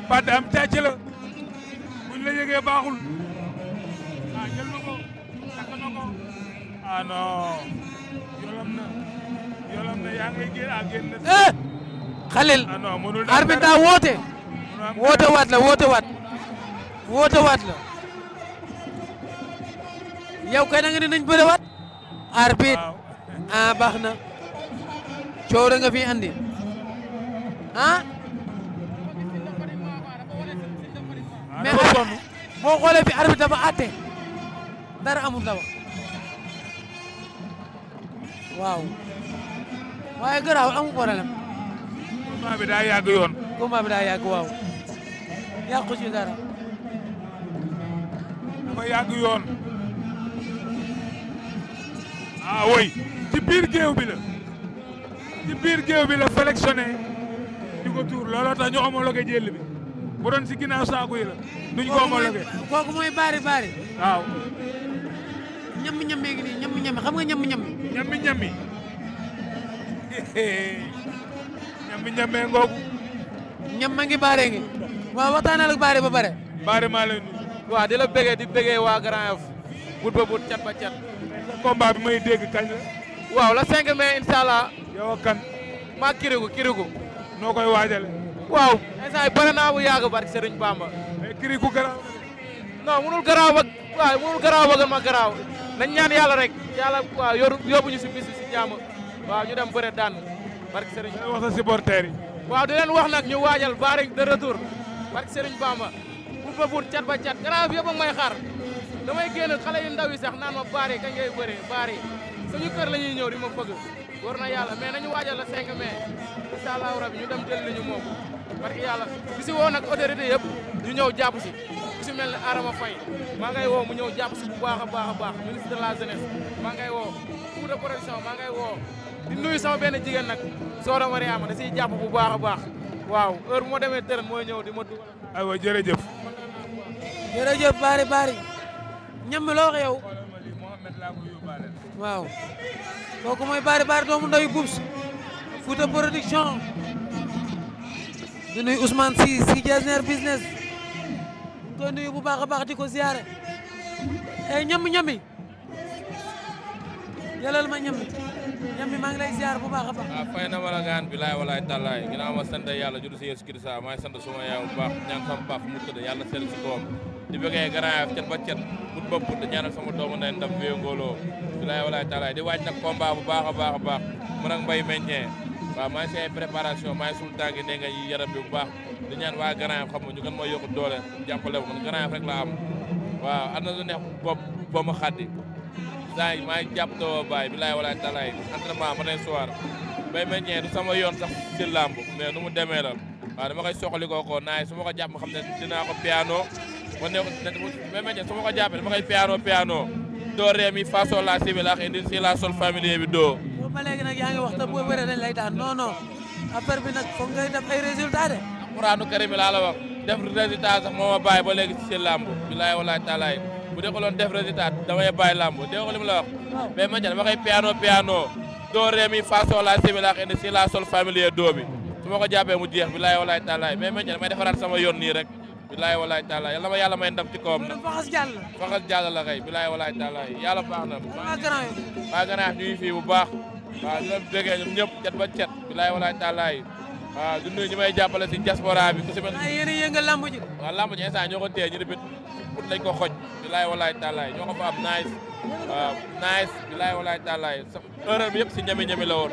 pàdd am càcc la buñ la yëgee baaxul ah jël na ko takk ah, na eh! ko ah, woote. woote waat la woote waat woote waat la yow kay na nga ne nañ bëre waat arbitre ah baax na coow da nga fi andi ah mais ah, boo xoolee fi arbitre dafa àtte dara amul la wax waaw waaye garaaw amul problème combat bi daa yàgg yoon combat bi daa yàgg waaw yàqu ci dara. dama yàgg yoon. ah oui ci biir géew bi la. biir géew bi la sélectionné di ko tuur looloo tax ñu homologué jël bi bu doon si ginnaaw yi la duñ ko homologué. mooy baari baari. waaw. ñammi ñammi ngi nii ñammi ñammi xam nga ñammi ñammi. ñam ma ngi baare ngi waaw waxtaanal ak baare ba pare. baare maa lay nuyu. waaw di la bëggee di bëggee waa Grand Yoff. but ba but cat ba cat. combat bi may dégg kañ waaw la 5 mai incha allah. yow kan. maa kirigu kirigu. noo koy waajale waaw instant yii pare naa bu yàgg barke Serigne Bamba. mais kirigu garaaw. non munul garaaw ba waaw munul garaaw ba ma garaaw. nañ ñaan yàlla rek yàlla waaw yóbbu ñu si bis si ñu dem bëre daan barke Serigne. wax sa supporter yi. waaw di leen wax nag ñu waajal barik de retour barke Serigne Bamba pour ba pour cat ba cat garaaw yëpp ak may xaar damay génn xale yu ndaw yi sax naan ma baari kañ ngay bëree baari suñu kër la ñuy ñëw di ma fëgg war na yàlla mais nañu waajal la 5 mai incha allahu rabi ñu dem jël nañu moom barke yàlla bi si woo nag autorité yëpp ñu ñëw jàpp si bi si mel ne Arama Faye maa ngay woo mu ñëw jàpp si bu baax a baax a baax ministre de la maa ngay woo cour de production woo di nuyu sama benn jigéen nag Soxna Mariama da siy bu baax baax waaw heure bu ma demee tërën mooy ñëw di ma dugal. aywa jërëjëf. jërëjëf Bari Bari. ñam loo wax yow. waaw. kooku mooy Bari Bari doomu ndoyu Boubs. Fouta production. di nuyu Ousmane si si Jasner business. di ko nuyu bu baax a baax di ko ziare. Eh, ñam ñami. jëlal ma ñam. ñam bi maa ngi lay ziar bu baax a baax. waaw ah, fay na ma la gaan bilaay walaay tallaay ginnaaw ma sant yàlla juddu si Yeesu Kirista maa ngi sant suma yaay bu baax ñaan sama baax mu tëdd yàlla sell si koom di bëggee garaaf cet ba cet but ba but ñaanal sama doomu ndey ndam wéy ngóoloo bilaay walaay tallaay di waaj nag combat bu baax a baax a baax man ak mbay meññee waaw maa ngi si ay préparation maa ngi sul tànk ne nga yaram bi bu baax ñaan waa garaaf xam nga ñu gën ma yokk doole jàppale man garaaf rek la am waaw am saa yi maa ngi jàpp tawa baay bi laay walaay talaay entraînement matin soir bay meññee du sama yoon sax ci làmb mais nu mu demee la waaw dama koy soxali koo ko naay su ma ko jàpp ma xam ne dinaa ko piano ma ne ko jàppee dama koy piano la civile ak la sol familier bi doo ba léegi nag yaa ngi wax ta boo wéree dañ lay daan non non bi nag foog ngay def ay résultat de Alxuraanu karim laa la wax def résultat sax moo ma bàyyi ba léegi ci làmb bi laay bu dee ko doon def résultat damay bàyyi làmb dégg nga li mu la wax. mais piano piano. doo réew mi la similaire indi si sol familier doo bi su ma ko jàppee mu jeex bilaay walaay taalaay mais man damay defaraat sama yoon nii rek. bilaay walaay taalaay yal na ma yàlla may ndam ci kawam nag. faxas jàll la faxas jàll la kay bilaay walaay yàlla baax na. waa grand yi waa grand bu baax. waaw ñu doon déggee ñoom ñëpp cet ba cet bilaay walaay taalaay a du nuyu ñi may jàppale si diaspora bi ku si mel. waaw yéen a yëngal lamb ji. waaw ñoo ko téye ñu répét pour lañ ko xoj. bilaay walaay tàllaay ñoo ko fa am waaw nice bilaay walaay tàllaay sa erreur bi yëpp si ñami la woon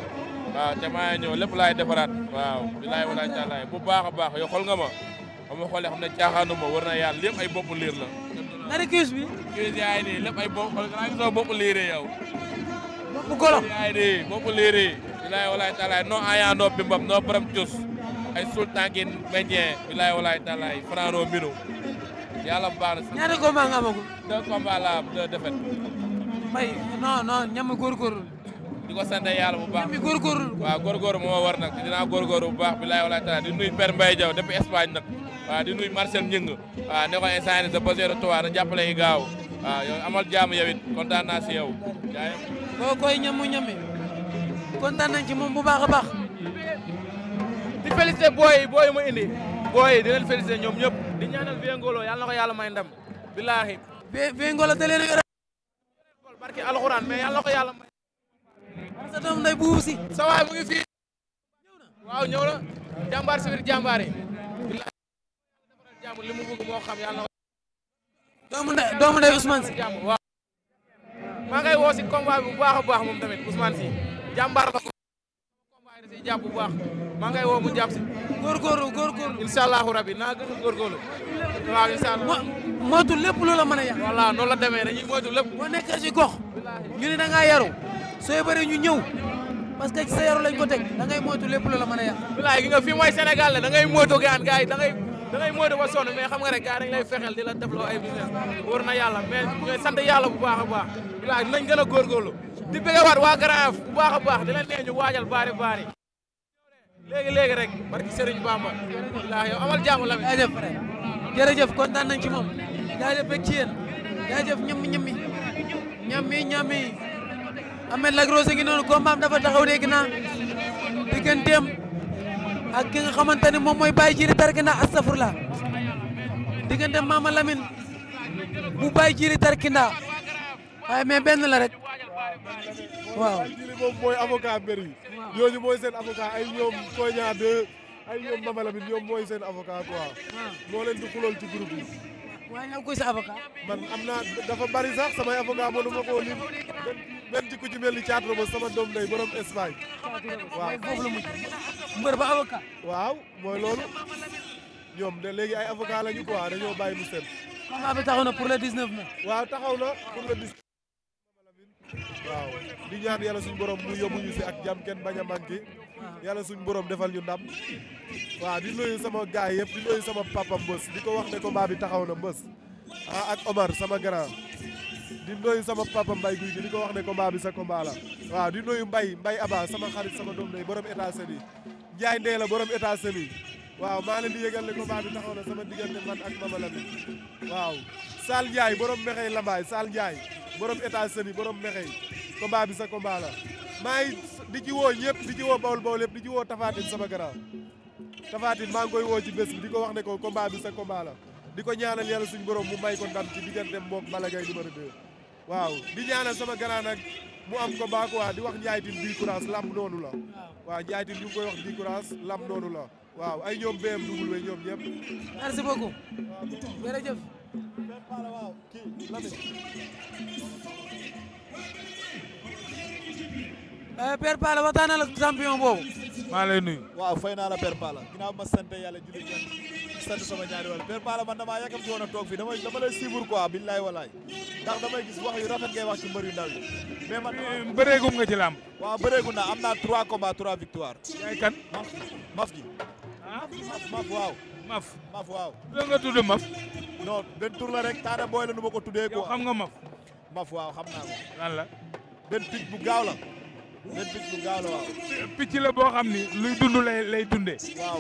waaw te maa ngi ñëw lépp laay defaraat waaw bilaay walaay tàllaay bu baax a baax yow ma ba ma xoolee xam ne caaxaanu ma war na yàlla lépp ay bopp liir la. nari kiis bi. kiis yaay nii lépp ay bopp xool nga naa gisoo bopp liiree yow. bopp golo yaay nii bopp liiree. bilaay walaay talaay no ayando bimbam no borom cus ay sultan gi médien bilaay talaay frano minu yàlla bu baax na. ñaari combat nga amagum. deux combats la am deux défaites. mbay non non ñam góorgóorlu. di ko sant bu baax ñam góorgóorlu. waaw góorgóorlu moo war nag dinaa góorgóorlu bu baax bilaay walaay talaay di nuy Père Mbaye Diaw depuis Espagne nag di nuy Marcel Ngingue waaw ne ko instant yii de Basiir Touba na jàppale gaaw waaw yow amal jaamu yow it kontaan naa si koy ñamu ñami kontaan nañ ci moom bu baax a baax. di félicité booy yi mu indi. booy yi di leen félicité ñoom ñëpp. di ñaanal Vieux Ngolo yàlla na ko yàlla may ndam. billaahi. Vieux Ngolo da leen a yore. barki alxuraan mais yàlla na ko yàlla may. sa nday bu sa waay mu ngi fii. waaw ñëw na. jàmbaar si yi. billaahi. li mu bëgg moo xam yàlla na ko. doomu ndey doomu maa ngay woo si combat bi a baax moom tamit Ousmane jàmbaar la ko combat si jàpp bu baax maa ngay woo mu jàpp si góorgóorlu góorgóorlu incha allahu rabi naa gën a góorgóorlu waaw incha allah moytu lépp lu la mën a yàq voilà la demee dañuy moytu lépp boo nekk si gox ñu ne da ngaa yaru sooy bëri ñu ñëw parce que ci sa lañ ko teg da ngay moytu lépp la mën a yàq bilaay gi nga fii mooy Sénégal la da ngay moytu gaan gars yi da ngay da ngay moytu ba sonn mais xam nga rek gars dañ lay fexeel di la defloo ay business wóor na yàlla mais ñooy sant yàlla bu baax a baax bilaay dinañ gën a góorgóorlu di bëggewaat waa Garaaf bu baax a baax di leen nee ñu waajal baari baari léegi léegi rek barki Serigne Bamba bilaay yow amal jaamu la jaajëf jërëjëf kontaan nañ ci moom jaajëf bég ci yéen jaajëf ñammi ñammi ñammi ñammi Ahmed Lac dafa taxaw léegi naa digganteem ak ki nga xamante ne moom mooy Baye Jiri Tarkina astafurla digganteem Mama Lamine bu Baye Jiri Tarkina waaye mais benn la rek waaw jili boobu mooy avocat mbir yi ñooñu mooy seen avocat ay ñoom koña de ay ñoom Mama Lamine mooy seen avocat quoi moo leen di xulool ci groupe yi waaye nag koy sa avocat man am na dafa bari sax samay avocat mënuma koo lim benn ci ku ci mel ni Thiat Robes sama doom day borom Espagne waaw foofu la mujj mbër ba mooy loolu ñoom de léegi ay avocat lañu quoi dañoo bàyyi mu seen na pour le waaw taxaw na waaw di ñaan yàlla suñu borom mu yóbbuñu si ak jàmm bañ a manqué ah. yàlla suñ borom defal ñu ndam waaw di nuyu sama gaay yëpp di nuyu sama papa mbës di ko wax ne ko combat bi taxaw na mbës ah ak Omar sama grand di nuyu sama papa mbay Guy gi di ko wax ne combat bi sa combat la waaw di nuyu Mbaye Mbaye Aba sama xarit sama doom day borom États-Unis Ndiaye Ndeye la borom États-Unis waaw maa leen di yëgal ne combat bi taxaw na sama diggante man ak Mama Lamine waaw Sall Ndiaye borom mexey lambaay Sall Ndiaye borom États-Unis borom mexey combat bi sa combat la maa ngi di ji woo ñëpp di ci woo bawol bawol yëpp di ci woo Tafatine sama grand Tafatine maa ngi koy woo ci bés bi di ko wax ne ko combat bi sa combat la di ko ñaanal yàlla suñu borom mu may ko ndam ci diggante mook Balla Gaye numéro 2 waaw di ñaanal sama grand nag mu am ko combat waa di wax Ndiaye Tine bii courage lam noonu la waaw Ndiaye Tine ñu ngi koy wax bii courage lamb noonu ñoom BMW ñoom ñëpp. merci beaucoup benn eh, paala waaw kii Lamine. Père Palla waxtaanal ak champion boobu. maa lay nuyu. la Père Palla yàlla julli sant sama ñaari wàll Père Palla man damaa yàkkam ci a toog fii dama dama lay suivre quoi billaay walaay ndax damay gis wax yu rafet ngay mais man bëreegum nga ci làmb. am naa 3 combats 3 victoires. maf gi ah? maf gi. maf waaw. maf maf waaw. tuddee nga tudd maf. non benn tur la rek Tata Boy la nu ma ko tuddee. yow xam nga maf. maf waaw xam naa ko. la. benn picc bu gaaw la. benn picc bu gaaw la waaw. picc la boo xam ni luy dund lay lay dundee. waaw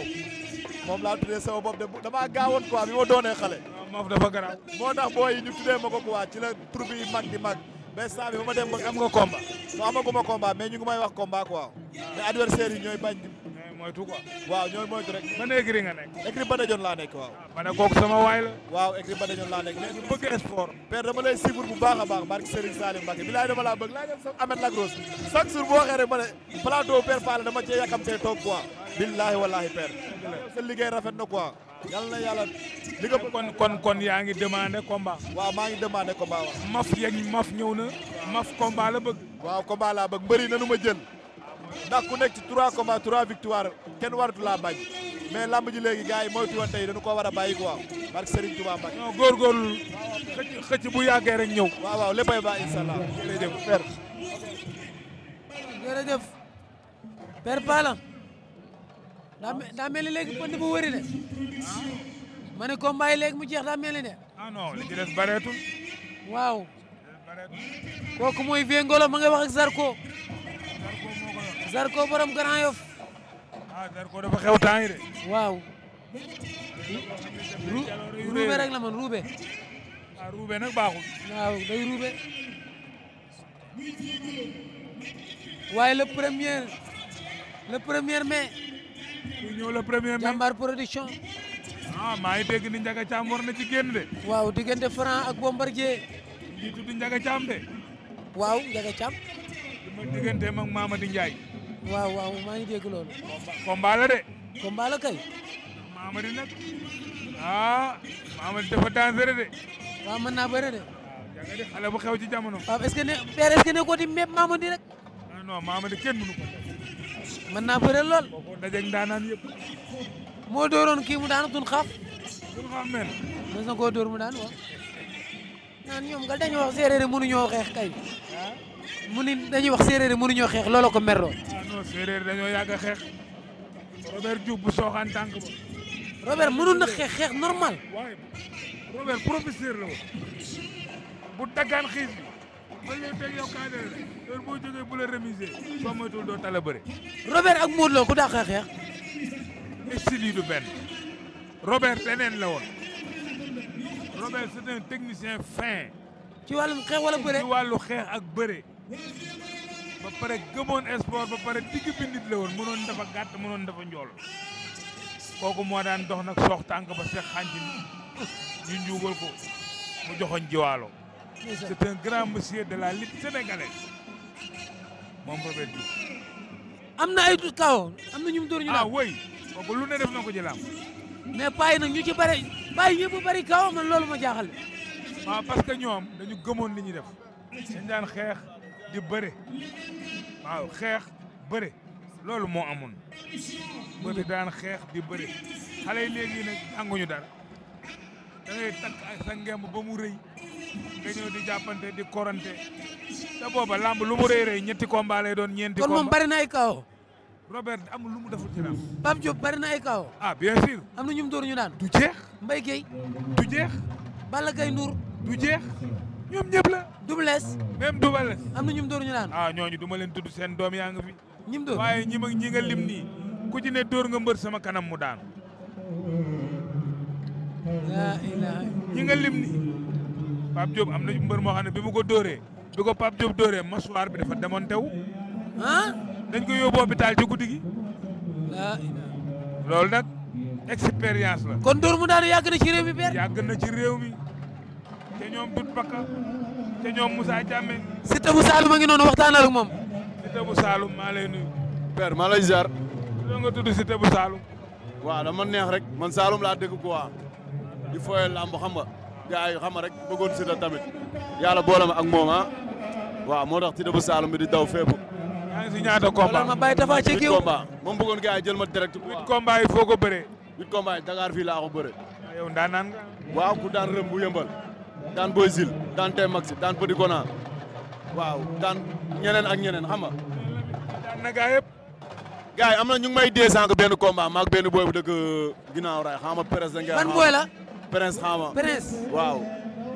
moom laa tuddee sama bopp de damaa gaawoon quoi bi ma doonee xale. waaw maf dafa garaaw. moo tax booy yi ñu tuddee ma ko ci la tur bi mag di mag. mais saa bi ba ma dem ba am nga combat. non amaguma combat mais ñu ngi may wax komba quoi. mais adversaire ñooy bañ. moytu quoi. waaw ñooy moytu rek. ban écrit nga nekk. écrit Badajon laa nekk waaw. ma ne kooku sama waay la. waaw écrit Badajon laa nekk mais ñu bëgg sport. père dama lay suivre bu baax a baax barke Serigne Salim Mbacke bilaay dama laa bëgg laa Lagros chaque jour boo waxee rek ma ne plateau dama cee yàkkamtee toog quoi. billaahi wallaahi père. sa liggéey rafet na quoi. yàlla na yàlla li nga kon kon kon yaa ngi demandé ndax ku nekk ci victoire kenn waratu laa bañ mais lamb ji léegi gars yi moytu woon tey dañu ko war a bàyyi quoi parce que Serigne Touba Mbacke. non góorgóorlu xëcc xëcc bu yàggee rek ñëw. waaw waaw léppay baax incha allah bu wëri de. ma ne combat mu jeex daa mel ni de. ah non li ci des bareetul. waaw. kooku ma nga wax Zarko borom Grand Yoff. ah Zarko dafa xew temps yi de. waaw. ruube rek la man ruube. ah ruube nag waaw day ruube. waaye le premier le premier mai. premier mai jàmbaar production. ah maa ngi dégg ni Ndiaga Thiam war na ci génn de. waaw diggante Franc ak Bombardier. njiitu di Ndiaga Thiam de. waaw Ndiaga Thiam. li ma digganteem ak Mamady waaw waaw maa ngi dégg loolu. combat la de. combat kay. Mamadi ah, mën naa bëre de. waaw ah, bu xew ci jamono. waaw est que ne père est-ce que ne di méb Mamadi ah, mën naa bëre lool. boo ko moo dooroon kii mu daan tun na koo door mu daan waaw. naan ñoom nga dañoo wax séeréer mënuñoo xeex kay. mu ni dañuy wax séeréer yi mënuñoo xeex looloo ko merloo. ah dañoo yàgg a xeex Robert Diouf bu sooxaan tànk ba. Robert mënul na xeex xeex normal. bu daggaan xiis bi. ba léegi teg yow kaane boo jógee bu la remiser soo moytuwul doo tala bëre. Robert ak Modou Lo ku daa xeex xeex. style benn. Robert leneen la woon. Robert c'est un technicien fin. ci wàllum xeex wala bëre ci ak bëre. ba pare gëmoon sport ba pare digg bi nit la woon mënoon dafa gàtt mënoon dafa njool kooku moo daan dox nag soox tànk ba seq xànc ñu njuugal ko mu joxoñ jiwaalo c'est grand monsieur de la lutte sénégalaise moom Robert Diouf am na ay kaw am na ñu mu dóor ñu ah oui lu ne def na ko ci làmb mais bàyyi ñu ci bëri bàyyi ñëpp bëri kaw man loolu ma jaaxal waaw ah, parce que ñoom dañu gëmoon li ñuy def dañ xeex di bëre waaw xeex bëre loolu moo amoon bëri daan xeex di bëre xale yi léegi nag jànguñu dara da ngay takk ak ba mu rëy nga di jàppante di korante te booba lamb lu mu rëy rëy ñetti combat lay doon ñeenti combat kon moom bari na ay kaw Robert amul lu mu deful ci lamb bari na ay kaw ah bien sûr am na ñum dóor ñu daan du jeex Mbaye Guèye du jeex bala Gaye Ndour du jeex ñoom ñëpp la Double Less. même Double Less. am na ñum dóor ñu naan. ah ñooñu du ma leen tudd seen doom yaa nga fi. ñim dóor ñi mag ñi nga lim nii ku ci ne dóor nga mbër sama kanam mu daan. ñi nga lim nii. Pape Diop am na mbër moo xam ne bi mu ko dóoree. bi ko Pape Diop dóoree masuwaar bi dafa démonté wu. ah. dañ ko yóbbu hôpital ci guddi gi. laa ilaaha. la. kon dóor mu daanu yàgg na ci réew mi benn. yàgg na ci réew mi. te ñoom dut bakka te ñoom Moussa Diame. Siteu bu Saloum a ngi noonu waxtaanal ak moom. Siteu bu Saloum maa lay nuyu. père maa lay ziar. dina nga tudd Siteu bu Saloum. waaw dama neex rek man Saloum laa dëkk quoi di foyee làmb xam nga gars yi xam nga rek bëggoon Siteu tamit yàlla la ma ak moom ah waaw moo tax Siteu bu Saloum bi di daw feebu. maa ngi si ñaata combat ma bàyyi tafa ci kiw combat moom jël ma direct. quoi huit combat yi foo ko bëree. fii laa ko bëree. ku daan rëm bu daan Boy Zil daan Tey Maxi daan Petit Gona waaw daan ñeneen ak ñeneen xam nga. daan na gaa yëpp. gars yi am na ñu ngi may dee sànq benn combat maag benn boy bu dëkk ginnaaw raay xam nga Prince Ndeye. man booy la Prince xam waaw.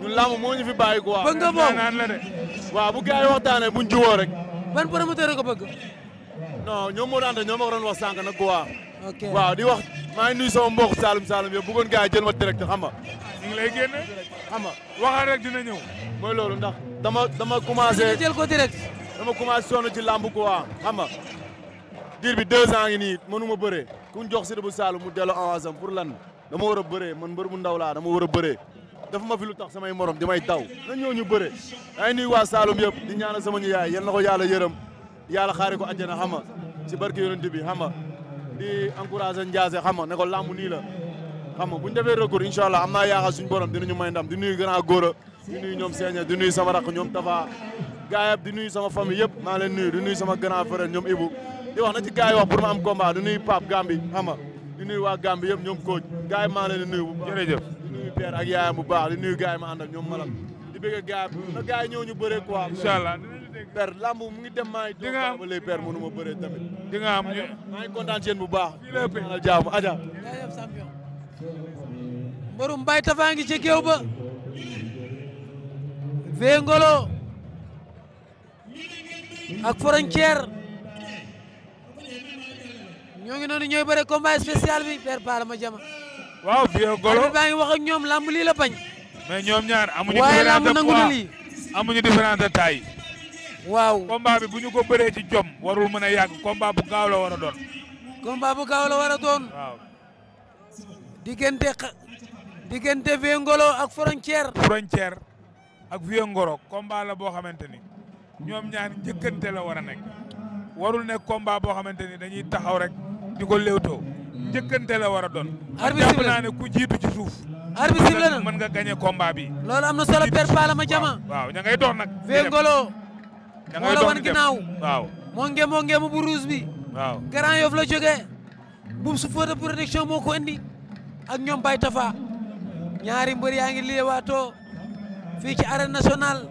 ñun làmb moo ñu fi bàyyi quoi. bëgg nga boobu naan la de. waaw bu gars yi waxtaanee buñ jiwoo rek. ban promoteur ko bëgg. non ñoo moo daan ñoo ñoom ma ko doon wax sànq nag quoi. ok waaw di wax maa ngi nuyu mbok mbokk Saloum Saloum yëpp bëggoon gars yi jël ma direct xam nga. ñu ngi lay génne xam nga ñëw mooy loolu ndax dama dama commencé jël ko direct dama commencé sonn ci làmb quoi xam nga diir bi deux ans ngi nii mënu ma bëree ku ñu jox Siteu bu Saloum mu dello avance am pour lan dama war a bëree man mbër mu ndaw laa dama war a bëree dafa ma fi lu tax samay morom di may daw na ñëw ñu bëre ay nuyu waa Saloum yëpp di ñaana sama ñu yaay yal na ko yàlla yërëm yàlla xaari ko àjjana xam nga ci barke yonent bi xam nga di encouragé Ndiassé xam nga ne ko làmb nii la xam nga bu ñu defee recours incha allah am naa yaakaar suñu borom dinañu may ndam di nuyu grand góora di nuyu ñoom Seeña di nuyu sama rakk ñoom Tafa gaay yëpp di nuyu sama famille yëpp maa leen nuyu di nuyu sama grand frère ñoom Ibou di wax na ci gaay yi wax pour ma am combat di nuyu Pape Gambi xam nga di nuyu waa Gambi yëpp ñoom Kooc gaay yi maa leen di nuyu bu baax jërëjëf di nuyu père ak yaayam bu baax di nuyu gaay ma ànd ak ñoom di bëgg gaay yi na gaay yi ñëw ñu bëree quoi incha allah mu ngi dem maa ngi di nga am ba léegi père am maa ngi bu baax jàmm mborum Mbaye Tapha ngi ci géew ba ak frontière ñoo ngi noonu ñooy bëre combat spécial bi père Pala ma jama waaw Vengolo ak baa ngi wax ak ñoom lamb lii la bañ. mais ñoom ñaar amuñu. waaye lamb nangu na waaw combat bi bu ñu ko bëree jom warul mën a yàgg combat bu gaaw la war a doon. combat bu gaaw la war doon. waaw diggante diggante Vieux Ngolo ak frontière. frontière ak Vieux Ngolo combat la boo xamante ni ñoom ñaar njëkkante la war a nekk warul nekk combat boo xamante ni dañuy taxaw rek di ko léewtoo njëkkante la war a doon. arbitre naa ne ku jiitu ci suuf. arbitre sifflé na mën nga gagné combat bi. loolu am na solo père Palama Jama. waaw ña ngay dox nag. Vieux Ngolo. ña ngay dox wan ginnaaw. waaw moo nge moo nge bu rouge bi. waaw Grand Yoff la jógee. su fóota production moo ak ñoom Baye Tafa. ñaari mbër yaa ngi leewaatoo fii ci arène nationale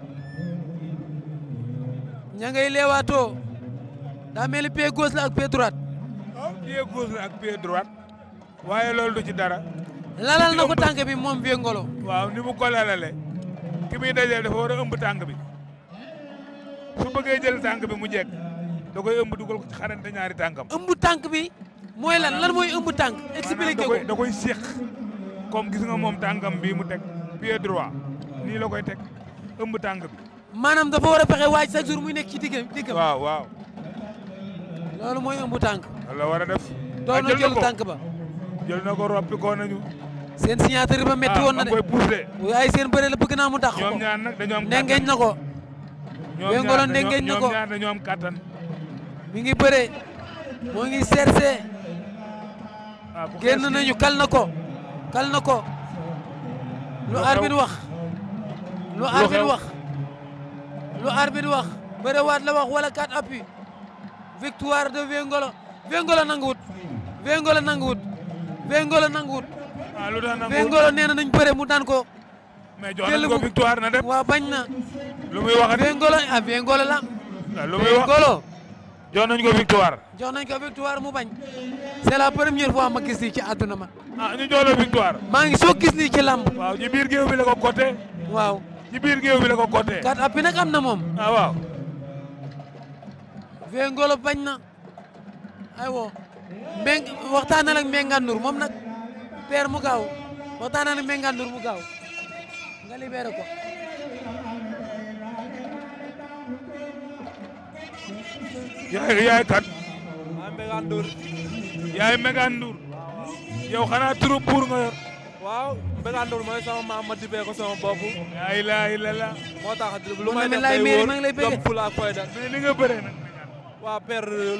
ña ngay leewaatoo daa mel ni pied gauche la ak pied droite. waaw pied gauche ak pied droite waaye loolu du ci dara. lalal na ko bi moom Vieux Ngolo. waaw ni mu ko ki muy dajeel dafa war a ëmb tànk bi su bëggee jël tànk bi mu jekk da koy ëmb dugal ko ci ñaari tànkam. ëmb tànk bi mooy lan lan mooy ëmb tànk. expliqué ko koy séq. kom gis nga moom tànkam bii mu teg pied nii la koy teg ëmb tànk bi. maanaam dafa war a fexe waaj chaque jour muy nekk ci digg diggam. waaw waaw. loolu mooy ëmb tànk. la war a def. doon ah, na jël tànk ba jël na ko roppi ko nañu. seen signature ba metti woon na de ah, waaye seen bëre la bëgg naa mu tax ko ñoom ñaar nag dañoo am kattan ndengeñ na ko. ñoom ñaar ñoom ñaar dañoo am kattan. mi ngi bëre moo ngi serse. Ah, génn nañu kal na ko. kal na ko lu arbitre wax lu arbitre wax lu arbitre wax bëre waat la wax wala quatre appui victoire de Vengolo Vengolo nanguwut Vengolo nanguwut Vengolo nanguwut waaw ah, lu tax nanguwut Vengolo nee na nañ mu daan ko mais jox nañ ko na dem waaw bañ na lu muy wax Vengolo ah Vengolo la Vengolo jox nañ ko victoire. jox nañ ko victoire mu bañ. c'est la première fois ma gis nii ci àdduna ma. ah ñu jox victoire. maa ngi soo gis nii ci lamb. waaw ci biir géew bi la ko côté. waaw ci biir géew bi la ko côté. kat appi nag am na moom. ah waaw. Vieux Ngolo bañ na. aywa mbeng waxtaanal ak Mbengue Ndour moom nag père mu gaaw waxtaanal ak Mbengue Ndour mu gaaw nga libéré ko. yaay yaay kat. maa Mbegaan yaay Mbegaan Ndour. yow xanaa turu buur nga yor. waaw Mbegaan Ndour sama maam ma dibee ko sama bopp. laa ilaaha illallaah. moo tax lu may def day wóor jom fula ak fayda. mais ni nga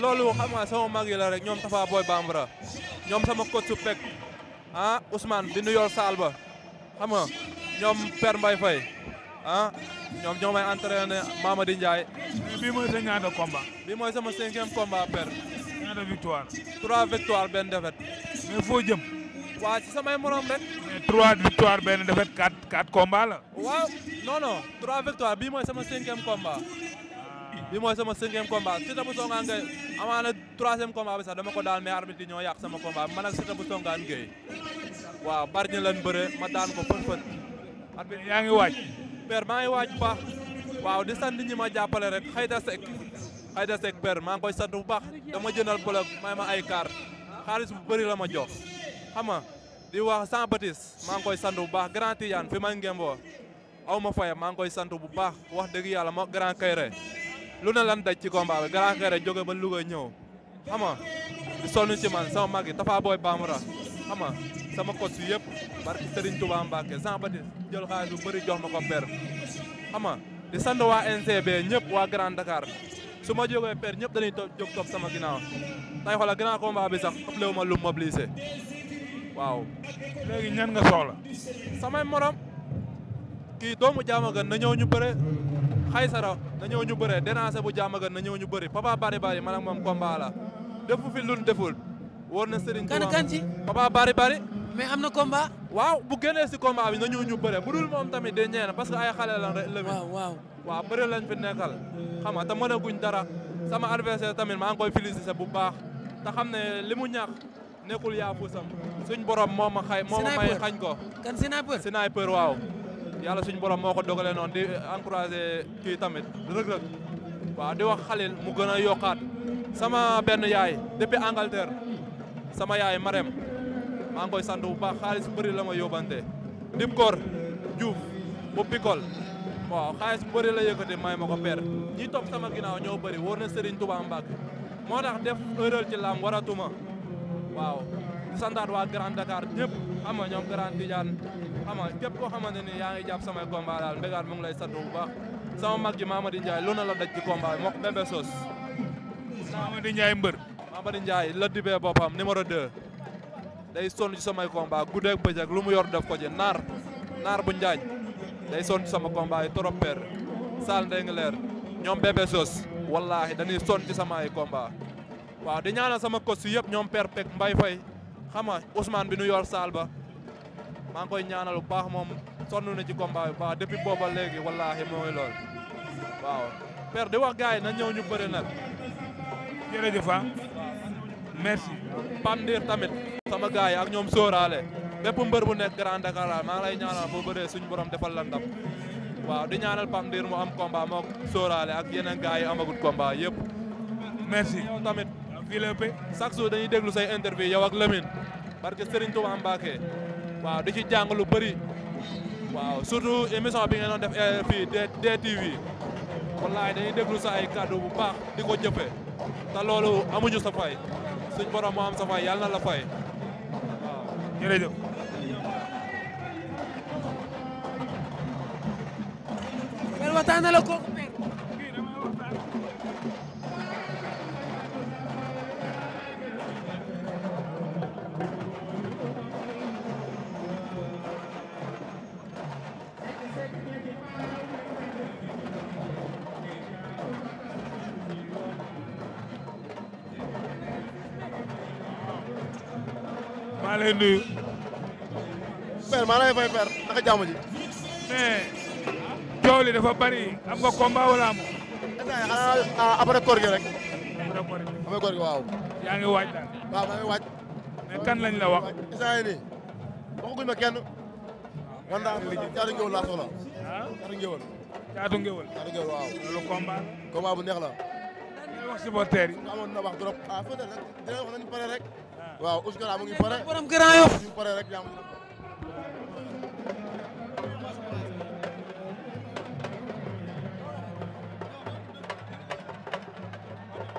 loolu xam nga sama mag yi la rek ñoom Tafa Boy Bambara ñoom sama coach su ah Ousmane bi nu yor saal ba xam nga ñoom père Mbaye Faye. ah ñoom ñoo may entraîné Mamady Ndiaye. bii mooy sa ñaata combat. bii mooy sama cinquième combat père. ñaata victoire. trois victoire benn défaite. mais foo jëm. waa ci samay morom rek. mais trois victoire benn défaite quatre quatre combats la. waaw non non trois victoire bii mooy sama cinquième combat. Ah. bi mooy sama cinquième combat Siteu bu Songaan Gueye amaana troisième combat bi sax dama ko daal mais arbitre yi ñoo yàq sama combat man ak Siteu bu Songaan Gueye waaw bari ñu leen bëre ma daan ko fën fën. arbitre yaa ngi waaj. père maa ngi waaj bu waaw di sant ñi ma jàppale rek Xayda Seck Xayda Seck père maa ngi koy sant bu baax dama jëndal bloc may ma ay carte xaalis bu bëri la ma jox xam di wax Jean Baptiste maa ngi koy sant bu baax grand Tidiane fi ma ngemboo aw ma fayam maa ngi koy sant bu baax wax dëgg yàlla ma grand Kayre lu ne lan daj ci combat bi grand jóge ba Louga ñëw xam nga di sonn ci man sama mag yi Tafa Boy Bamara sama coach yëpp barki Serigne Touba Mbacke Jean Baptiste jël xaalis bu bëri jox ma ko per xam nga di sant waa NCB ñëpp waa Grand Dakar su ma jógee per ñëpp dañuy jóg topp sama ginnaaw tay xoolal grand combat bi sax ëpplewu ma lu mobilisé waaw. léegi ñan nga soxla. samay morom kii doomu jaamagan na ñëw ñu bëre xay sara na ñëw ñu bëre déranger bu jaamagan na ñëw ñu bëri papa bari bari ma ak moom combat la defu fi lu deful. wóor na Serigne Touba kan mais am na combat. waaw bu génnee si combat bi na ñëw ñu bëre bu dul moom tamit day ñeena parce que ay xale lan rek. waaw waaw waaw bëre lañ fi nekkal. xam nga te mënaguñ dara sama adversaire tamit maa ngi koy félicité bu baax te xam ne li mu ñàkk nekkul yaa fuusam suñ borom moo ma xay moo ma may xañ ko. kan sniper sniper waaw. yàlla suñ borom moo ko dogalee noonu di encouragé kii tamit Reug Reug waaw di wax xalil mu gën a yokkaat sama benn yaay depuis Angleterre sama yaay Marème. maa ngi koy sant bu baax xaalis bu bëri la ma yóbbante dim koor Diouf bu Pikol waaw xaalis bëri la yëkkati may ma per ñi topp sama ginaaw ñoo bëri wóor na Serigne Touba Mbacke moo tax def erreur ci lam waratuma waaw di santaat waa Grand Dakar ñëpp xam ñoom Grand Tidiane xam nga képp koo xamante ni yaa ngi jàpp samay combat daal mbégaat mu ngi lay sant bu baax sama mag ji Mamadi Ndiaye lu na la daj ci combat bi mook Bébé Sos Mamadi Ndiaye mbër Mamadi Ndiaye day sonn ci samay combat guddeeg bëccëg lu mu yor def ko ci naar naar bu njaañ day sonn ci sama combat yi trop père Sall Ndeye Ngler ñoom bébé sos wallaahi dañuy sonn ci sama ay combat waaw di ñaanal sama coach yëpp ñoom père mbay Mbaye Faye xam nga bi nu yor Sall ba maa ngi koy ñaanal bu baax moom sonn na ci combat bi baax depuis booba léegi wallaahi mooy lool waaw père di wax na ñëw ñu bëri nag jërëjëf ah. merci Pam tamit sama gars yi ak ñoom sóoraale bépp mbër bu nekk Grand Dakar laa maa ngi lay ñaanal boo bëree suñu borom defal la waaw di ñaanal Pam mu am combat moo sóoraale ak yeneen gars yi amagut combat yëpp. merci yow tamit Philippe chaque jour dañuy déglu say interview yow ak Lamine parce que Serigne Touba Mbacké waaw di ci jàng lu bëri waaw surtout émission bi ngeen doon def eh, fii DTV wallaay dañuy déglu sa ay kàddu bu baax di ko jëfee te loolu amuñu sa suñ borom moo am sa fay yàlla na la fay waaw jërëjëf waxtaan na la kooku lay nuyu. père maa lay fay père naka jàmm ji. mais eh, coow li dafa bari am nga combat wala amoo. xanaa ah, après koor gi rek. après koor gi après koor gi waaw. yaa ngi waaj daal. waaw maa ngi waaj. mais kan lañ la wax. instant yii nii waxaguñ ma kenn. man daal ah. caatu ngéwël laa soxla. ah caatu ngéwël. caatu ngéwël. caatu ngéwël waaw. loolu combat. combat bu neex la. li wax supporter yi. amoon na wax trop. ah foofu rek dinañ wax nañu pare rek. waaw Ouskara mu ngi pare borom Grand rek jàmm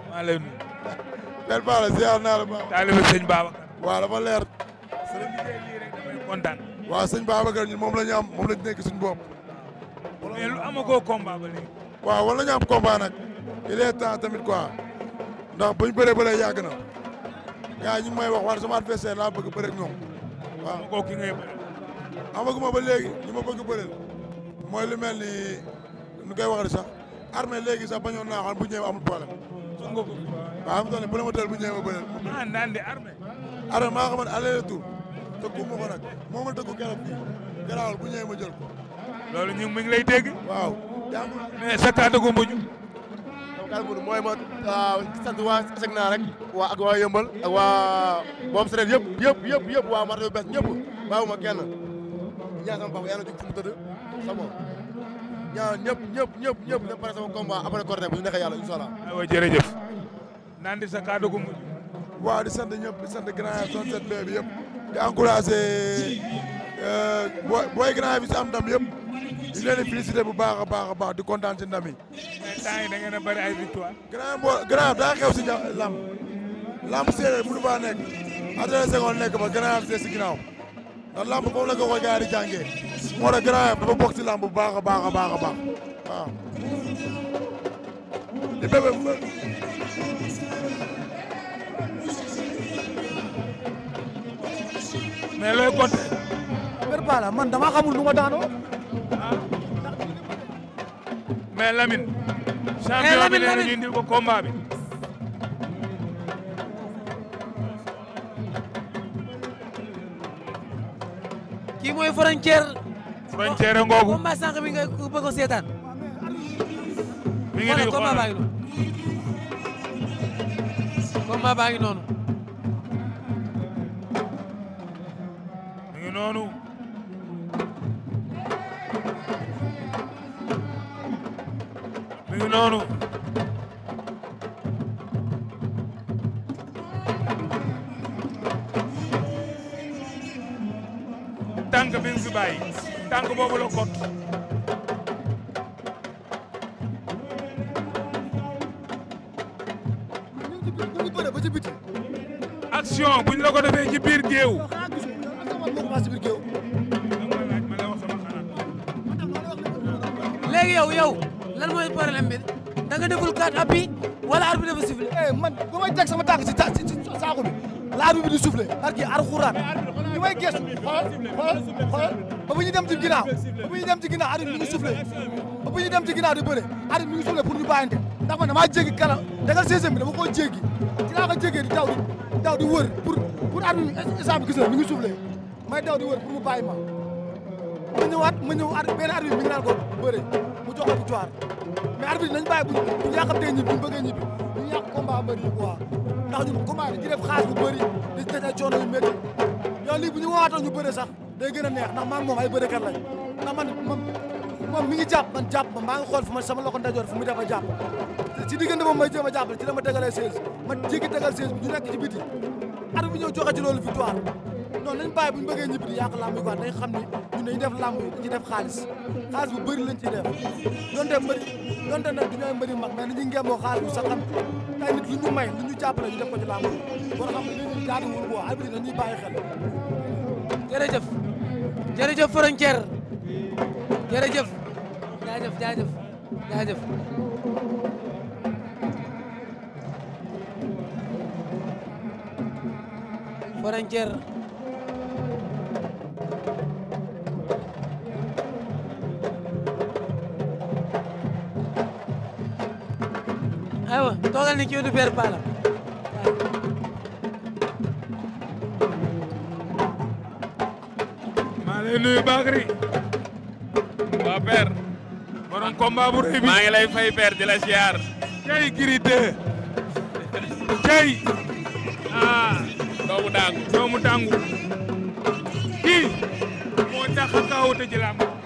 maa lay nuyu. Père Balla ziar leer. sëriñ bi sëñ Babacar ñun moom la ñu la ñu nekk suñu bopp. mais lu amagoo combat ba léegi. tamit quoi ndax buñ bëree bëlee gars yi ñu may wax war sama adversaire laa bëgg bëre ak waaw. Ah ma kooku ba léegi ñu bëgg bëreel mooy lu mel ni nu koy waxee sax armée léegi sax bañoon naa bu ñëwee amul problème. soog nga ko waaw am na bu ñëwee ma bëreel. Ah, maa xamante aller-retour tëkku ma ko nag moo ma tëkku keroog bi garaawal bu ñëwee ma loolu ñu mi lay dégg. waaw jàmm mais sa kàddu gu mbuñu Kalbour mooy ma sant waa Segna rek waa ak waa Yëmbal ak waa moom Sëreen yëpp yëpp yëpp yëpp waa marché bu bees ñëpp bàyyiwuma kenn ñaan sama papa yàlla jug fu mu tëdd sama ñaan ñëpp ñëpp ñëpp ñëpp dem pare sama combat après Korité bu ñu neexee yàlla incha allah. waaw jërëjëf. sa kaddu gu mujj. di sant ñëpp di sant grand yëpp sant set di encouragé euh, booy grand yi si am ñu leen di bu baax a baax a baax di kontaan ci ndam yi. mais temps da ay victoire. grand bo grand daa xew si ja lamb lamb séeréer mënu faa nekk adressé seconde nekk ba grand des si ginnaaw ndax lamb foofu la ko ko gars yi di jàngee moo tax grand dafa bu baax a baax baax a baax waaw. di bébé mbër. looy compter. Père Palla man dama xamul lu a daanoo. mais Lamine. champion bi nee na ñu indil ko combat bi. kii mooy frontière. frontière ngoogu combat sànq bi nga bëgg a seetaan. mi ngi dégg combat baa ngi noonu. combat baa ngi noonu. mi ngi noonu. ngi noonu tànk bi mu fi bàyyi tànk boobu la kot action buñ ko defee ci biir géew léegi yow lan mooy problème bi da nga deful quatre appuis wala arbitre bi dafa sifflé. Eh, man bu may teg sama tànk ci ta ci saako bi la arbitre bi di sifflé barki alxuraan ñu may gëstu xool xool xool ba bu ba bu ñu dem ci bi mu ba bu ñu dem ci ginnaaw di bëre arbitre bi mu ngi sifflé pour ñu bàyyante ndax man damaa jéggi kanam dagal seizième bi dama koo jéggi ci laa ko jéggee di daw di daw di wër pour pour bi instant bi gis na may daw di wër pour mu bàyyi ma ma ñëwaat ma a benn arbitre bi mi ngi naan ko jox ko victoire mais arbitre nañ bàyyi bu ñu yàqatee ñibbi bu ñu bëggee ñibbi ñu yàq combat bëri yi quoi ndax ñun combat di def xaalis bu bëri di teg ay coono yu métti yow lii bu ñu woowaatoon ñu bëre sax day gën a neex ndax maa ngi moom ay bërekat lañ ndax man moom moom mi ngi jàpp man jàpp ma maa ngi xool fu ma sama loxo ndajoor fu mu dafa jàpp ci diggante moom may jéem a jàppale ci la ma tegalee 16 ma jéggi tegal 16 bi ñu nekk ci biti arbitre bi ñëw joxe ci loolu victoire non nañ bàyyi bu ñu bëggee ñibbi di yàq làmb yi quoi dañ ni ñun dañuy def làmb yi ci def xaalis xaalis bu bëri lañ ciy def donte mbëri donte nag du ñooy mbëri mag mais nañu ngemboo xaalis bu sax xam tey nit lu ñu may lu ñu jàppale ñu def ko ci làmb yi war xam ne ñu jaaduwul boo abi dañuy bàyyi xel jërëjëf baba toogal ni kii du beer maa lay nuyu Bakary waa père borom combat bu rëy maa ngi lay fay père di la ziar cey Gris ah, doomu dangu doomu dangu kii moo tax a kaawute ji làmb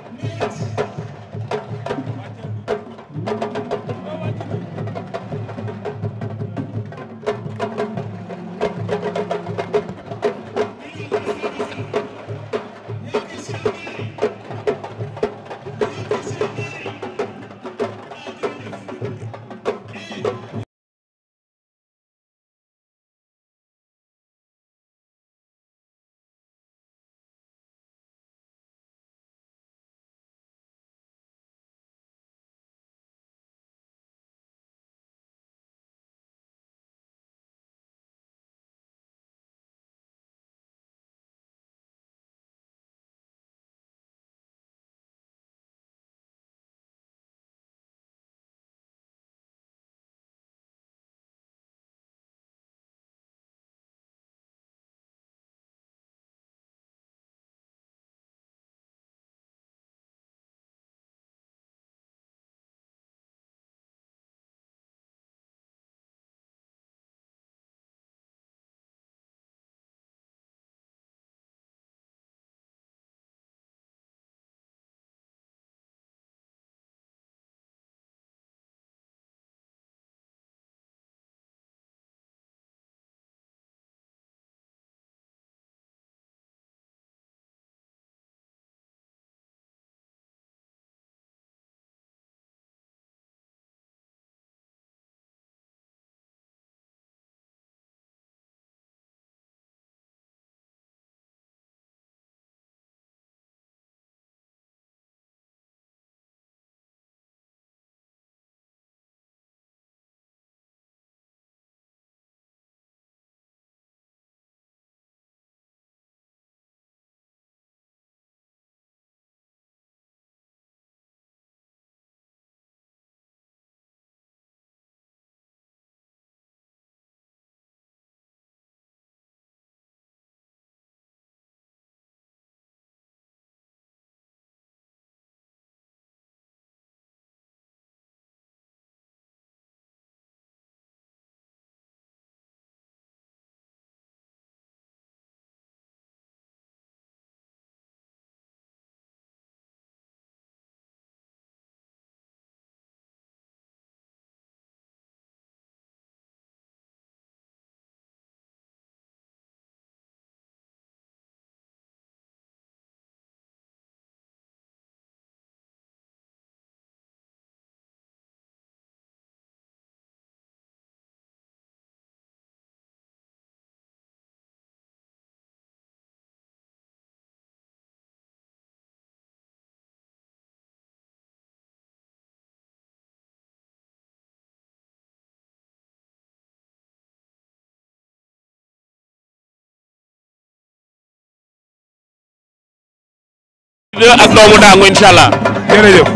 ak doomu daangu incha allah. jërëjëf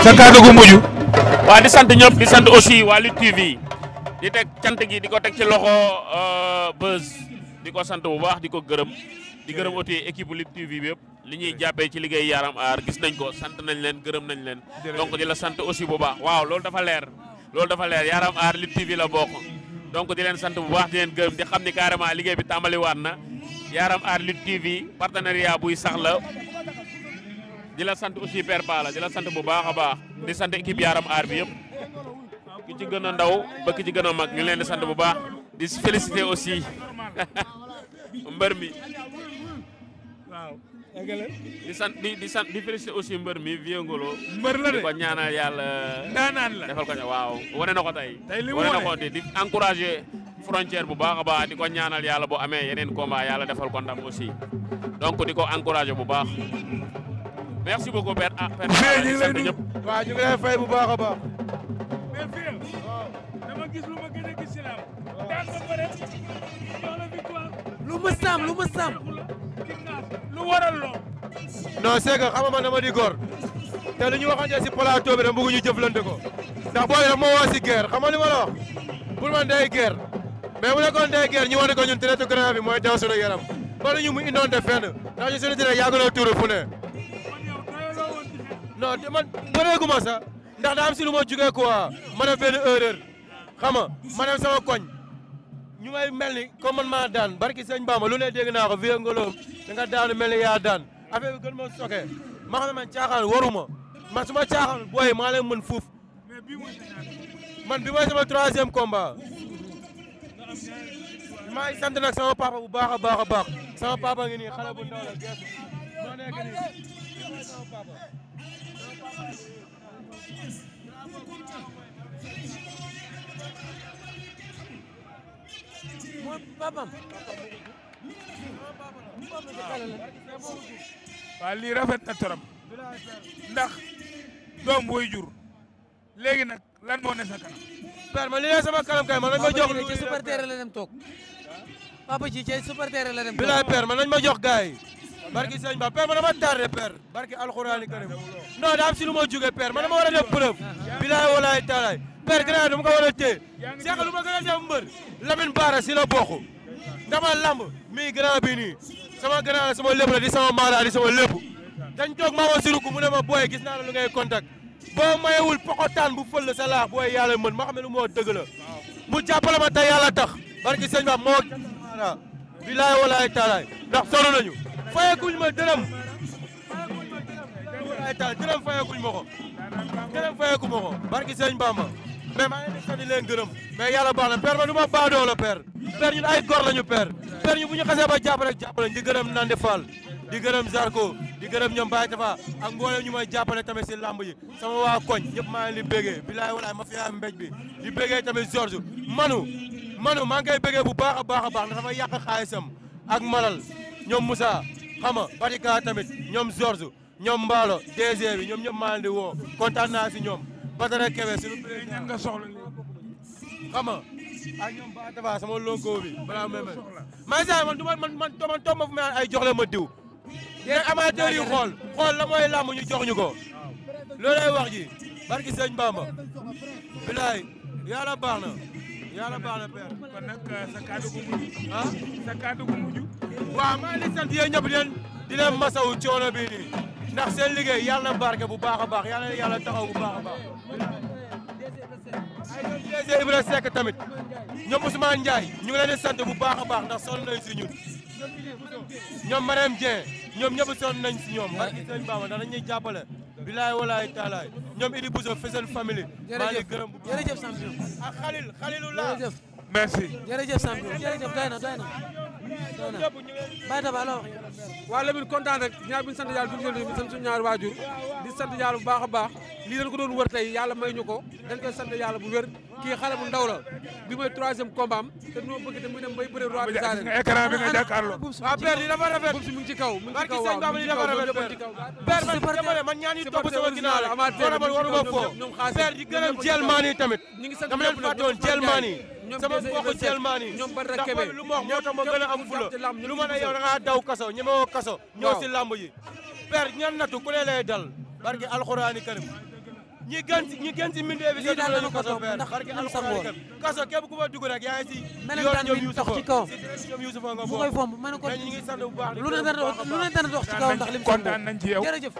sa kàddu gu mujj. waa di sant ñëpp di sant aussi waa Lutte TV di teg cant gi di ko teg ci loxo Beuz di ko sant bu baax di ko gërëm di gërëm aussi équipe bi yëpp li ñuy jàppee ci liggéey yaaram aar gis nañ ko sant nañ leen gërëm nañ leen. donc di la sant aussi bu baax waaw loolu dafa leer. loolu dafa leer yaram aar Lutte TV la bokk donc di leen sant bu baax di leen gërëm di xam ni carrément liggéey bi tàmbaliwaat na yaram aar Lutte TV partenariat buy sax la. di la sant aussi Père Pala di la sant bu baax a baax di sant équipe Yaram Aar bi yëpp ki ci gën a ndaw ba ki ci gën a mag ñu leen di sant bu baax di féliciter aussi mbër mi waaw di sant di di sant di aussi mbër mi Vieux Ngolo mbër ko ñaanal yàlla daanaan la defal ko ne waaw wane na ko tey wane na ko di encourager frontière bu baax a baax di ko ñaanal yàlla bu amee yeneen combat yàlla defal ko ndam aussi donc di ko encourager bu baax merci beaucoup Père ah Père. ñu ngi lay fay bu baax baax. mais gis lu ma gën gis si laam. daan ba pare lu ma saam lu ma saam. lu waral loo. non c'est que xam nga dama di góor. te lu ñu waxante si plateau bi dama bëgg ndax booy daf ma woo si guerre xam nga li ma la wax. pour man day guerre. mais bu nekkoon day ñu wane ko bi mooy daw suñu yaram. ba ñu mu indoon de fenn ndax ñu suñu dina yàgg ne. non man bëreegu ma ndax daa am si lu ma jugee quoi ma def benn erreur xam nga ma sama koñ ñu mel ni kom man maa daan barki sëñ Bamba lu ne dégg naa ko vieux ngoloom da nga daanu mel ni yaa daan affaire bi gën ma soke ma xam ne man caaxaan waruma man su ma caaxaan booy maa man bi mooy sama troisième combat maa ngi sant nag sama papa bu baax a baax a baax sama papa ngi nii xale bu ndaw la gerte moo nekk nii moom papam waaw lii rafet na torop ndax doom booy jur léegi nag lan moo ne sa kanam. ne sama kanam kay man nañ ma jox. papa ci supporter la dem toog papa ci ci supporter la dem toog. bilaay père man ma jox gars yi. barki sëñ Ba père man dama tardé père ma jugee père man dama war a père grand a ko war a téye lu ma gën a def mbër Lamine Bara si la bokk dama lamb mii grand bi nii sama grand sama lépp la di sama maara di sama lépp dañ toog maa ma siruku mu ne ma booy gis naa la contact boo mayewul poxotaan bu fël sa laax booy yàlla mën ma xam ne lu moo dëgg la mu jàppale ma tey tax barki sëñ ba moo maara bilaay taalaay ndax sonn nañu fayekuñ ma dërëm walaay dërëm fayekuñ ma ko dërëm fayekuñ ma ko barki mais maa ngi leen di sant di leen gërëm mais yàlla baax na père ma du ma baadoo la père père ñun ay gor lañu père père ñu bu ñu xasee ba jàpp rek jàpp lañ di gërëm Nandi Fall di gërëm Zarko di gërëm ñoom Baye Tafa ak mboolem ñu may jàppale tamit si lamb yi sama waa koñ ñëpp maa ngi leen di bégee bilaay walaay ma fiyaa mbéj bi di bégee tamit George Manu Manu maa ngi koy bégee bu baax a baax a baax ndax dafa yàq xaalisam ak Malal ñoom Moussa xama Batika tamit ñoom George ñoom Mbaalo DG bi ñoom ñëpp maa leen kontaan naa si ñoom Badara Kebe suñu président nga soxla xam nga ak ah, ñoom ba dafa sama lonko bi balaa may may saa man duma man man ay jox leen ma diw yéen amateur yi xool xool la mooy làmb ñu jox ñu ko loolu lay wax bilaay yàlla baax na yàlla baax na euh, sa kàddu gu mujj ah sa kàddu maa ngi leen sant yéen ñëpp di masawu coono bii ndax seen liggéey yàlla na barke bu baax a baax yàlla na yàlla taxaw bu baax a baax. ay ñoom DG Ibra Seck tamit ñoom Ousmane Ndiaye ñu ngi leen di bu baax a baax ndax na nañ si ñun. ñoom Marème Dieng ñoom ñëpp sonn nañ si ñoom. barke sëñ Bamba ndax dañ ñuy jàppale. bilaay walaay taalaay ñoom Idi Bousso Fesal famille. maa ngi gërëm bu jërëjëf champion. ak Khalil Khalilullah. jërëjëf merci. jërëjëf champion jërëjëf doy na doy na. Bayta Ba la waa Lamine kontaan rek ginnaaw bi ñu sant yàlla di leen sant ñaari waajur di sant yàlla bu baax a baax lii dañ ko wër tey yàlla may ñu ko dañ koy sant bu wér kii xale ndaw la bi mooy troisième combat am nu ma bëgg te muy dem bay bëre roi des arènes. écran bi nga jàkkaarloo. waaw père lii dafa rafet. mu ngi ci kaw mu ngi ci kaw waaw mu ngi ci kaw waaw mu xaasi. père di gërëm jël tamit. ñu ngi sant ñëpp nag sama mbokk jelmaan yi ñoom Badara lu ma wax moo tax ma gën a am lu ma ne yow da ngaa daw kaso ñemewoo kaso ñoo si làmb yi per ñan natu ku ne lay dal barki alxuraani karim ñi gën si bi. lii daal la ñu ko topp ndax ci kawam mu koy dox ci kawam ndax lim ci yow jërëjëf.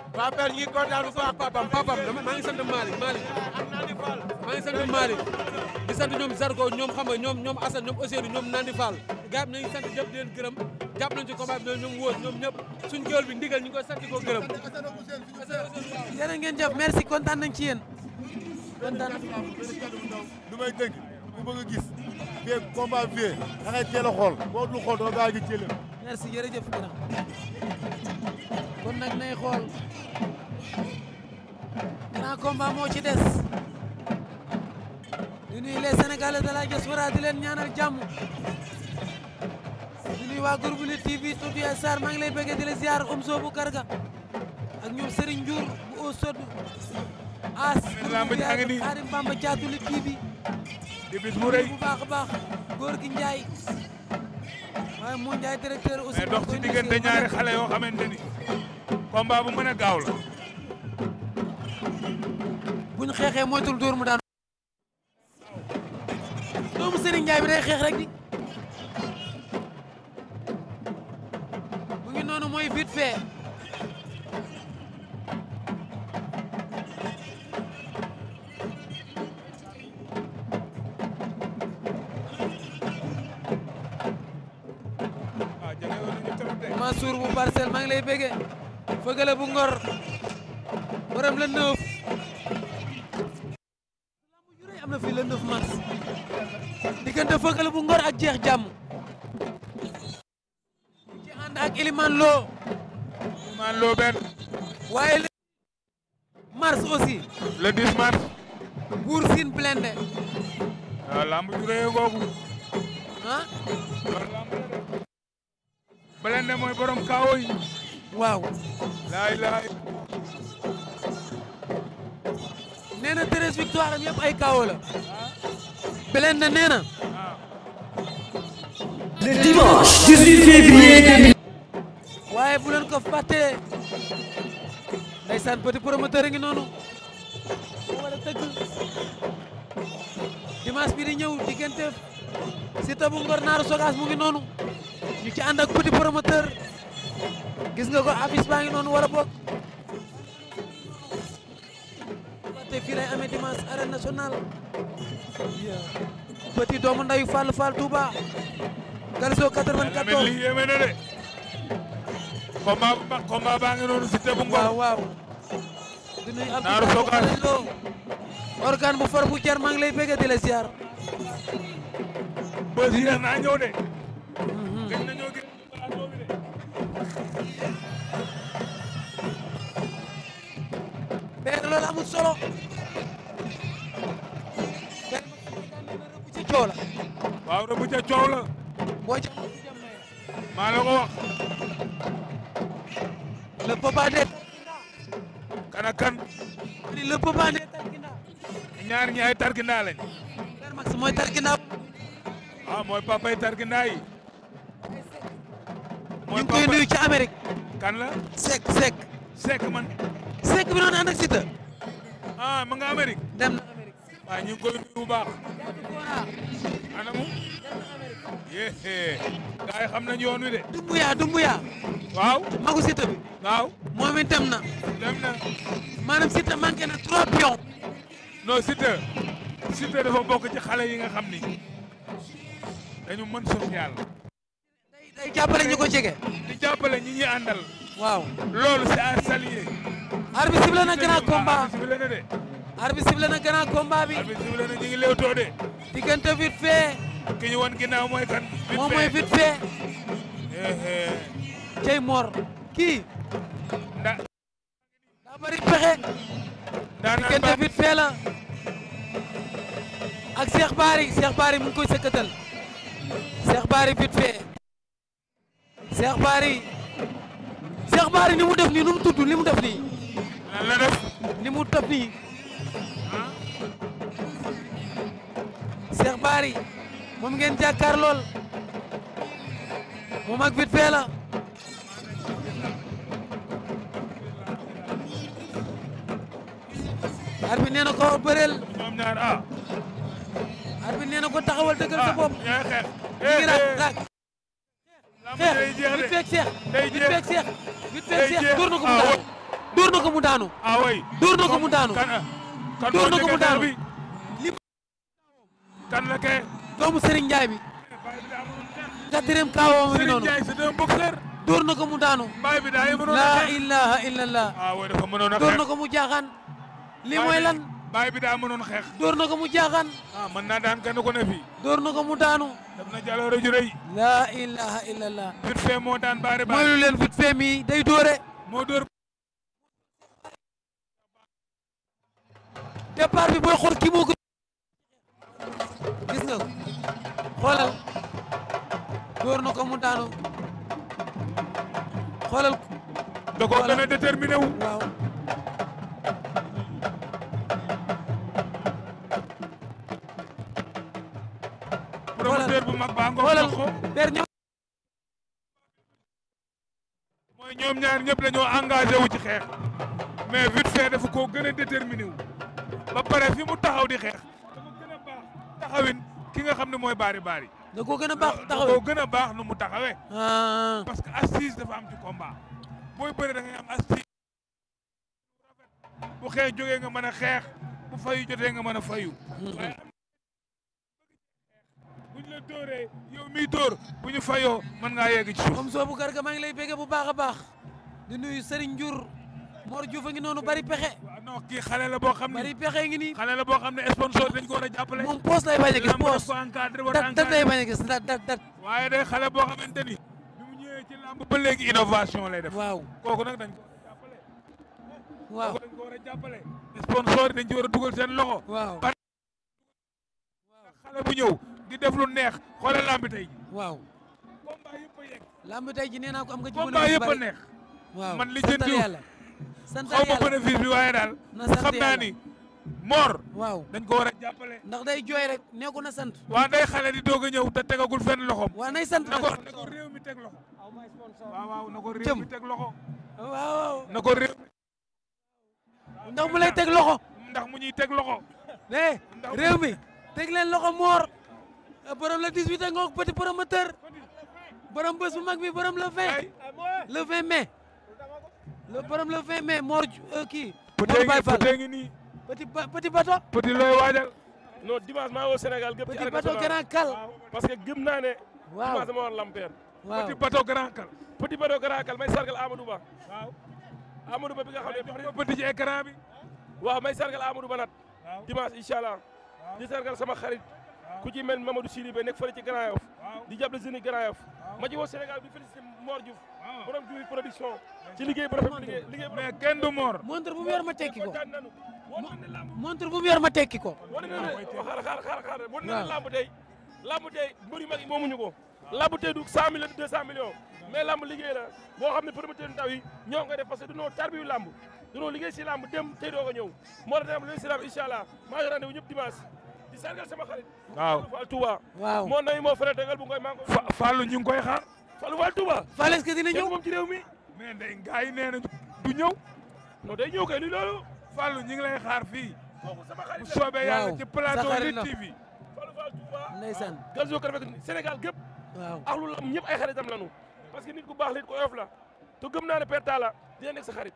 lu may dënk ku bëgg a gis fii combat fii da ngay teel a xool boo dul xool doo gaaw gi jëlee merci jërëjëf grand kon nag nay xool grand combat moo ci des di nuyu les sénégalais de la diaspora di leen ñaanal jàmm di nuyu waa groupe Lutte TV tudd yaay Sarr maa ngi lay bëggee di la ziar Omzo ak ñoom Serigne Ndiour bu Osod as Xaadim Bamba caatu li TV di bis mu rëy bu baax a baax góor gi Njaay waaye moo Njaay directeur aussi mais dox ci diggante ñaari xale yoo xamante ni combat bu mën a gaaw la buñ xeexee moytul dóor mu daan doomu Serigne Njaay bi day xeex rek di mu ngi noonu mooy vite fait Mansour bu parcelle maa ngi lay bége fëgale bu ngor borom le 9. lamb ju am na fii le mars diggante fëgale bu ngor ak jeex jàmm. ci ànd ak Elimane Lo. Elimane Lo benn. mars aussi. le mars. Bour Sine Blindé. waaw ah, lamb ju rëy googu. ah. Blindé mooy borom kaawo yi waaw laay laay nee na victoire am yëpp ay kaawo na le waaye bu leen ko fàttee ndeysaan petit promoteur a noonu wala tëgg dimanche bi di ñëw diggante Siteu bu Naaru Sogas mu ngi noonu ñu ci ànd ak petit gis nga ko affiche baa ngi noonu war a te fii lay amee dimanche arène nationale doomu ndayu Fall Fall Touba Galzo 94 yéeme na de combat baa ngi noonu Siteu bu Naaru Fokaas organe bu far bu jar maa ngi lay bëgg di la ziar. bës yéex naa ñëw de. gëj na ñoo gis plateau bi de. mais loolu amul solo. mais loolu waaw rëbb ca coow la. boo ca maa la ko wax. le papa de. kan kan. li le Papa ñaar ñi ay Tarkinda lañ. Père mooy Tarkinda. ah mooy papa nuyu ci Amérique. kan la. Seck Seck. man. Seck bi doon ànd ak Siteu. Ah, nga Amérique. waaw ñu ngi koy nuyu bu baax. anamu. yee gars yi xam nañu yoon wi de. Dumbuya Dumbuya. waaw magu Siteu bi. moom it dem na. dem na. maanaam Siteu manqué na trop pion. non Siteu. Siteu dafa bokk ci xale yi nga xam ni dañu mën social. day day jàppale ñu ko di jàppale ñi ñuy àndal. waaw loolu c'est à saluer. bi sifflé na grand combat arbitre bi de. arbitre sifflé na grand combat bi. arbitre sifflé na ñu ngi léewtoo de. ginnaaw mooy kan. vite fait moom mooy vite fait. cey eh, eh. Mor kii. nda. daa bëri pexe. daanaka diggante vite fait la. ak Cheikh Bary Cheikh Bary mu ngi koy sëkkatal. Cheikh Bary vite fait. Cheikh Bary. Cheikh Bary ni mu def nii nu mu tudd li mu def nii. ni mu def nii. Cheikh Bary moom ngeen jàkkaar lool moom ak Vite Paix la arbitre nee ko bëreel ñoom ñaar a ah. arbitre ko taxawal dëggal sa ah, bopp ñu ngi eh, raak eh. raak xeex Vite Paix Cheikh Vite Paix Cheikh Vite Paix Cheikh dóor na ko mu ah, daanu dóor na ko mu daanu dóor na ko mu daanu door na ko daal bi kan la kee doomu Serigne Ndiaye bi quatrième kaawoo ma noonu door na ko mu daanu laa ilaha illallah ah, door na ko mu jaaxaan lii mooy lan baay bi daa mënoon xeex door na ko mu jaaxaan ah mën naa daan kenn ko ne fii door na ko mu daanu def na jaloore ju rëy laa ilaha illallah vite moo daan baare baare mooy lu leen vite fait mi day doore moo door départ bi booy xool kii ko gis nga xoolal door na ko mu daanu xoolal. da ko gën a bu mag ba ngoog ko mooy ñoom ñaar ñëpp dañoo engagé wu ci xeex mais vite fait fu ko gën a ba pare fi mu taxaw di xeex dafa taxawin ki nga xam ne mooy baari baari. da koo gën a baax taxawee da koo gën a baax nu mu taxawee. Ah. parce que assise dafa am ci combat booy bëre da ngay am assise. bu xeex jógee nga mën a xeex bu fayu jotee nga mën a fayu. waaye bu ñu la dóoree yow miy toor bu ñu fayoo mën ngaa yegg ci suuf. comme soo bu garga maa ngi lay béggee bu baax a baax di nuyu Serigne jur Mor Diouf ngi noonu bari pexe. waaw non kii la boo xam ne bari pexe ngi ni xale la boo xam ne sponsor dañ ko war a jàppale. moom poos lay bañ a gis poos dat dat lay a gis dat dat dat. waaye day xale boo xamante ni. bi mu ñëwee ci làmb ba léegi innovation waaw kooku nag dañ ko war a jàppale. waaw kooku dañ jàppale. sponsor dañ ci a dugal seen loxo. waaw xale bu ñëw di def lu neex xoolal làmb tey. waaw. a yegg. tey ji nee naa ko am nga. jiw bu combat yëpp a neex. waaw sant yàlla man li sant yàlla xaw ma bénéfice bi waaye daal. xam naa ni Mor. waaw dañ ko war a ndax day jooy rek neeku na sant. waa day xale di doog a ñëw te tegagul fenn loxoom. waaw nay sant nag na ko réew mi teg loxo. waaw ko réew mi teg loxo. waaw na ko réew. ndax mu lay teg loxo. ndax mu ñuy teg loxo. mais réew mi teg leen loxo Mor. borom la 18 ngoog petit promoteur. borom bés bu mag bi borom le 20. le 20 mai. le borom le 20 mai Mor kii. Mor Baye Fall petit ngi petit petit bateau. petit looy waajal. non dimanche maa woo Sénégal gëpp ci. petit kal. parce que gëm naa ne. waaw dimanche dama war lampeer. waaw petit bateau kal. petit bateau grand kal may sargal Amadou Ba. waaw Amadou Ba bi nga xam ne jox bi. waaw may sargal Amadou Ba nat. dimanche incha allah. di sargal sama xarit. ku ci mel Mamadou Sidibé nekk fële ci di jàppale seen i Grand Yoff ci woo Sénégal bi félicité Mor Diouf borom Diouf production ci liggéey bu rafet liggéey liggéey mais kenn du bu mu yor ma tekki ko ko wane na xaar xaar xaar xaar wane na lamb tey lamb tey mbër yu mag yi moomuñu du cent millions deux cent millions mais liggéey la boo xam ne promoteur ndaw yi ñoo nga def parce que dunoo tarbiyu lamb dunoo liggéey si lamb dem tey doo ko ñëw moo tax dem liggéey si lamb incha allah maa ngi rendez di sargal sama xarit waaw Fallou Touba waaw moo nay moo fere tegal bu ngoy maa ngi koy Fallou ñu ngi koy xaar Fallou Fallou Touba Fallou est-ce que dina ñëw moom ci réew mi mais day gars yi nee na du ñëw non day ñëw kay li loolu Fallou ñu ngi lay xaar fii bu soobee yàlla ci plateau Lutte TV Fallou Fallou Touba ndeysaan gazo karafet Sénégal gépp ak lu lam ay xaritam lañu parce que nit ku baax nit ko yof la te gëm naa ne perta la dina nekk sa xarit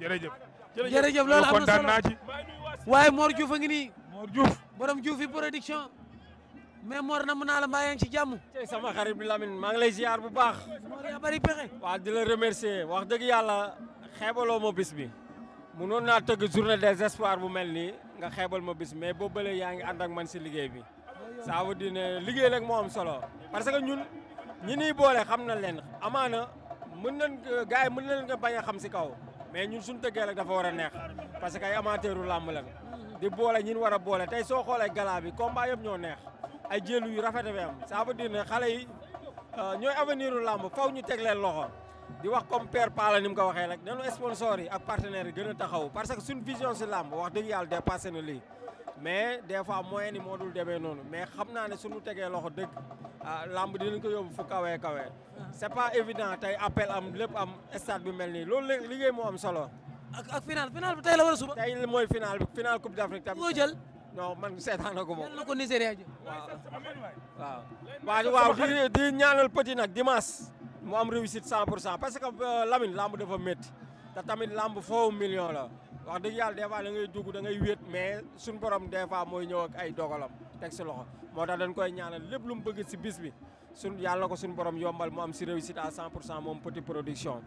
jërëjëf loolu am solo waaye Mor Diouf a ngi nii Mor Diouf borom Diouf yi production mais Mor na mu naa la mbaa yaa ngi ci jàmm. tey sama xarit bi Lamine maa ngi lay ziar bu baax. Mor yaa bari pexe. waa di la remercier wax dëgg yàlla xeebaloo ma bis bi munoon naa tëgg journée des espoirs bu mel ni nga xeebal ma bis mais boo bële yaa ngi ànd ak man si liggéey bi ça veut dire ne liggéey rek moo am solo parce que ñun ñi ñuy boole xam na leen amaana. mën nañ gars yi mën nañ nga bañ a xam si kaw mais ñun suñu tëggee rek dafa war a neex parce que ay amateuru di boole ñin war a boole tey soo xoolee gala bi combat yëpp ñoo neex ay jéelu yu rafet a am ça veut xale yi euh, ñooy avenir u làmb faw ñu teg leen loxo di wax comme per Pala ni mu ko waxee rek nanu sponsors yi ak partenaire yi gën a taxaw parce que suñ vision si làmb wax dëgg yàlla dépassé na lii mais des fois moyen yi moo dul demee noonu mais xam naa ne suñu tegee loxo dëgg ah, làmb dinañ ko yóbbu fu kawee kawee c'est pas évident tey appel am lépp am stade bi mel nii loolu liggéey moo am solo ak ak final bi tey la wala suba. tey mooy final bi final coupe d'Afrique tamit. boo jël non man seetaan na ko moom. na ko Nigéria ji. waaw waaw. waaw di ñaanal petit nag dimanche. mu am réussite 100 pour cent parce que euh, Lamine lamb dafa métti te tamit lamb foofu million la wax dëgg yàlla des fois da ngay dugg da ngay wéet mais suñ borom des fois mooy ñëw ak ay dogalam teg si loxo moo tax dañ koy ñaanal lépp lu mu bëgg si bis bi suñ yàlla ko suñu borom yombal mu am si réussite à 100 pour cent moom petit production.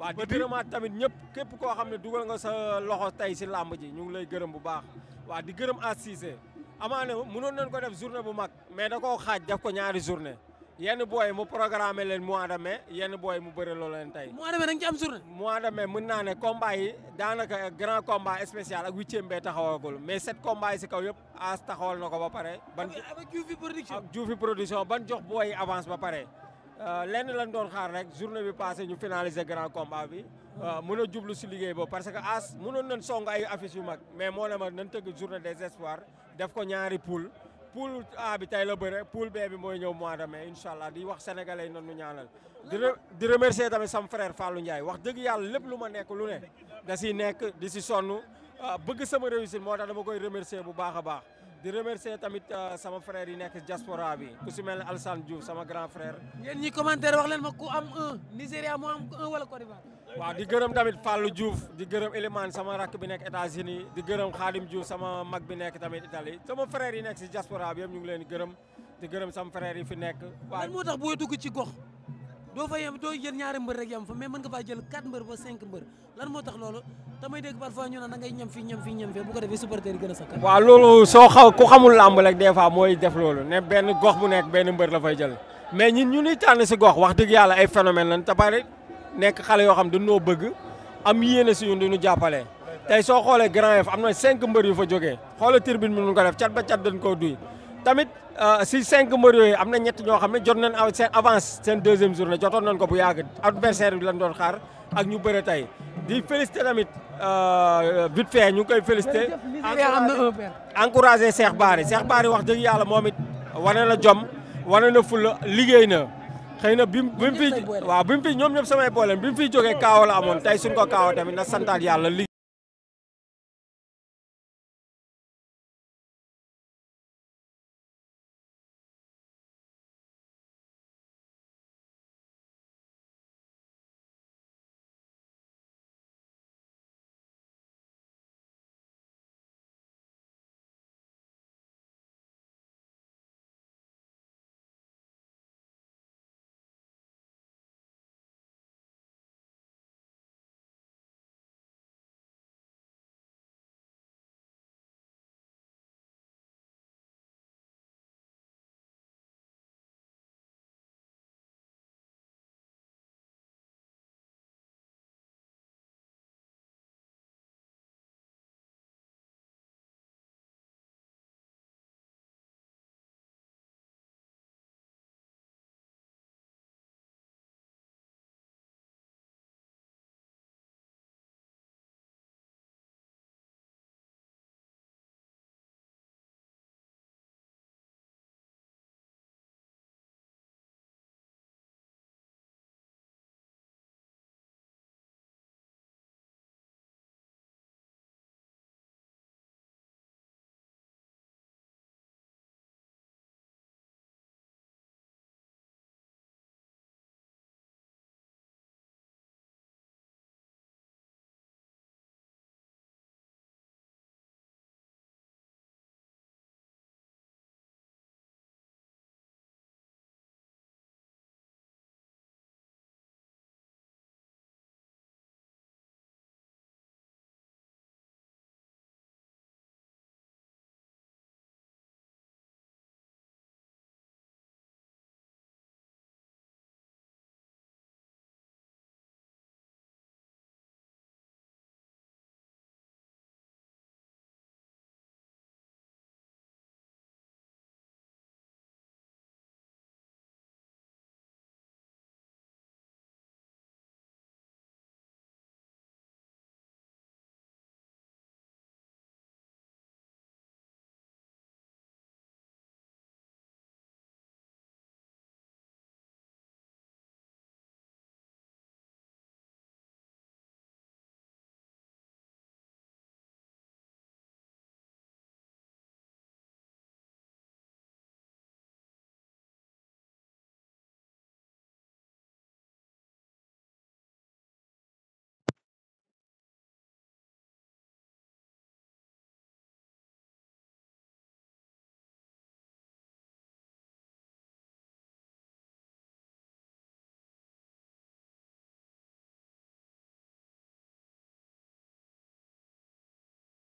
waaw di gërëmaat tamit ñëpp képp koo xam ne dugal nga sa loxo tey si làmb ji ñu ngi lay gërëm bu baax waaw di gërëm As Cissé amaane mënoon nañ ko def journée bu mag mais da koo xaaj def ko ñaari journée yenn booy mu programmé leen mois de mai yenn booy mu bëri loolu leen tey. mois de mai da journée. mois de mai mën naa ne combat yi daanaka grand combat spécial ak huitième bee taxawagul mais sept combat yi si kaw yëpp as taxawal na ko ba pare. ban ak Juufi production ak Juufi production ban jox booy avance ba pare. Euh, lenn lañ doon xaar rek journée bi passé ñu finaliser grand combat bi euh, mën a jublu si liggéey boobu parce que as mënoon na song ay affiches yu mag mais moo ne ma nan tëgg journée des espoirs def ko ñaari poule poule A bi tey la bëre poule B bi mooy ñëw mois de mais incha allah di wax sénégalais yi ñu ñaanal. di di remercier tamit sam frère Fallou Ndiaye wax dëgg yàlla lépp lu ma nekk lu ne da siy nekk di si sonn euh, bëgg sama réussite moo tax dama koy remercier bu baax a baax. di remercier tamit euh, sama frère yi nekk jaspora bi ku si mel ne Alassane Diouf sama grand frère. yéen ñi commentaire wax leen ma ku am un Nigéria mu am un wala Côte d'Ivoire. waaw di gërëm tamit Fallou Diouf di gërëm Elimane sama rakk bi nekk États-Unis di gërëm Khadim Diouf sama mag bi nekk tamit Italie sama frère yi nekk si diaspora bi yëpp ñu ngi leen di gërëm di gërëm sama frère yi fi nekk. waaw lan moo tax booy dugg ci gox. doo fa yem doo jël ñaari mbër rek yem fa mais mën nga faa jël 4 mbër ba 5 mbër lan moo tax loolu damay dégg parfois ñu naan da ngay ñem fii ñem fii ñem fee bu ko defee supporter yi gën a sakkan. waaw loolu soo xaw xamul làmb rek des fois mooy def loolu ne benn gox bu nekk benn mbër la fay jël mais ñun ñu ni tànn si gox wax dëgg yàlla ay phénomène lañ te pare nekk xale yoo xam dañoo bëgg am yéene si ñun duñu jàppale tey soo xoolee Grand Yoff am na 5 mbër yu fa jógee xoolee tribune bi ñu ko def cat ba cat dañ koo duy tamit euh, si cinq mbër yi am na ñett ñoo xam ne jot nañ seen avance seen deuxième journée jotoon nañ ko bu yàgg adversaire bi lañ doon xaar ak ñu bëre tey di félicité tamit euh, vite fait ñu ngi koy félicité encouragé Cheikh baari Cheikh baari wax dëgg yàlla moom it wane na jom wane na fulla liggéey na xëy na bi mu mu fi waaw bi mu fi ñoom ñëpp samay boolem bi mu fiy kaawa la amoon tey suñ ko kaawa tamit na santaat yàlla liggéey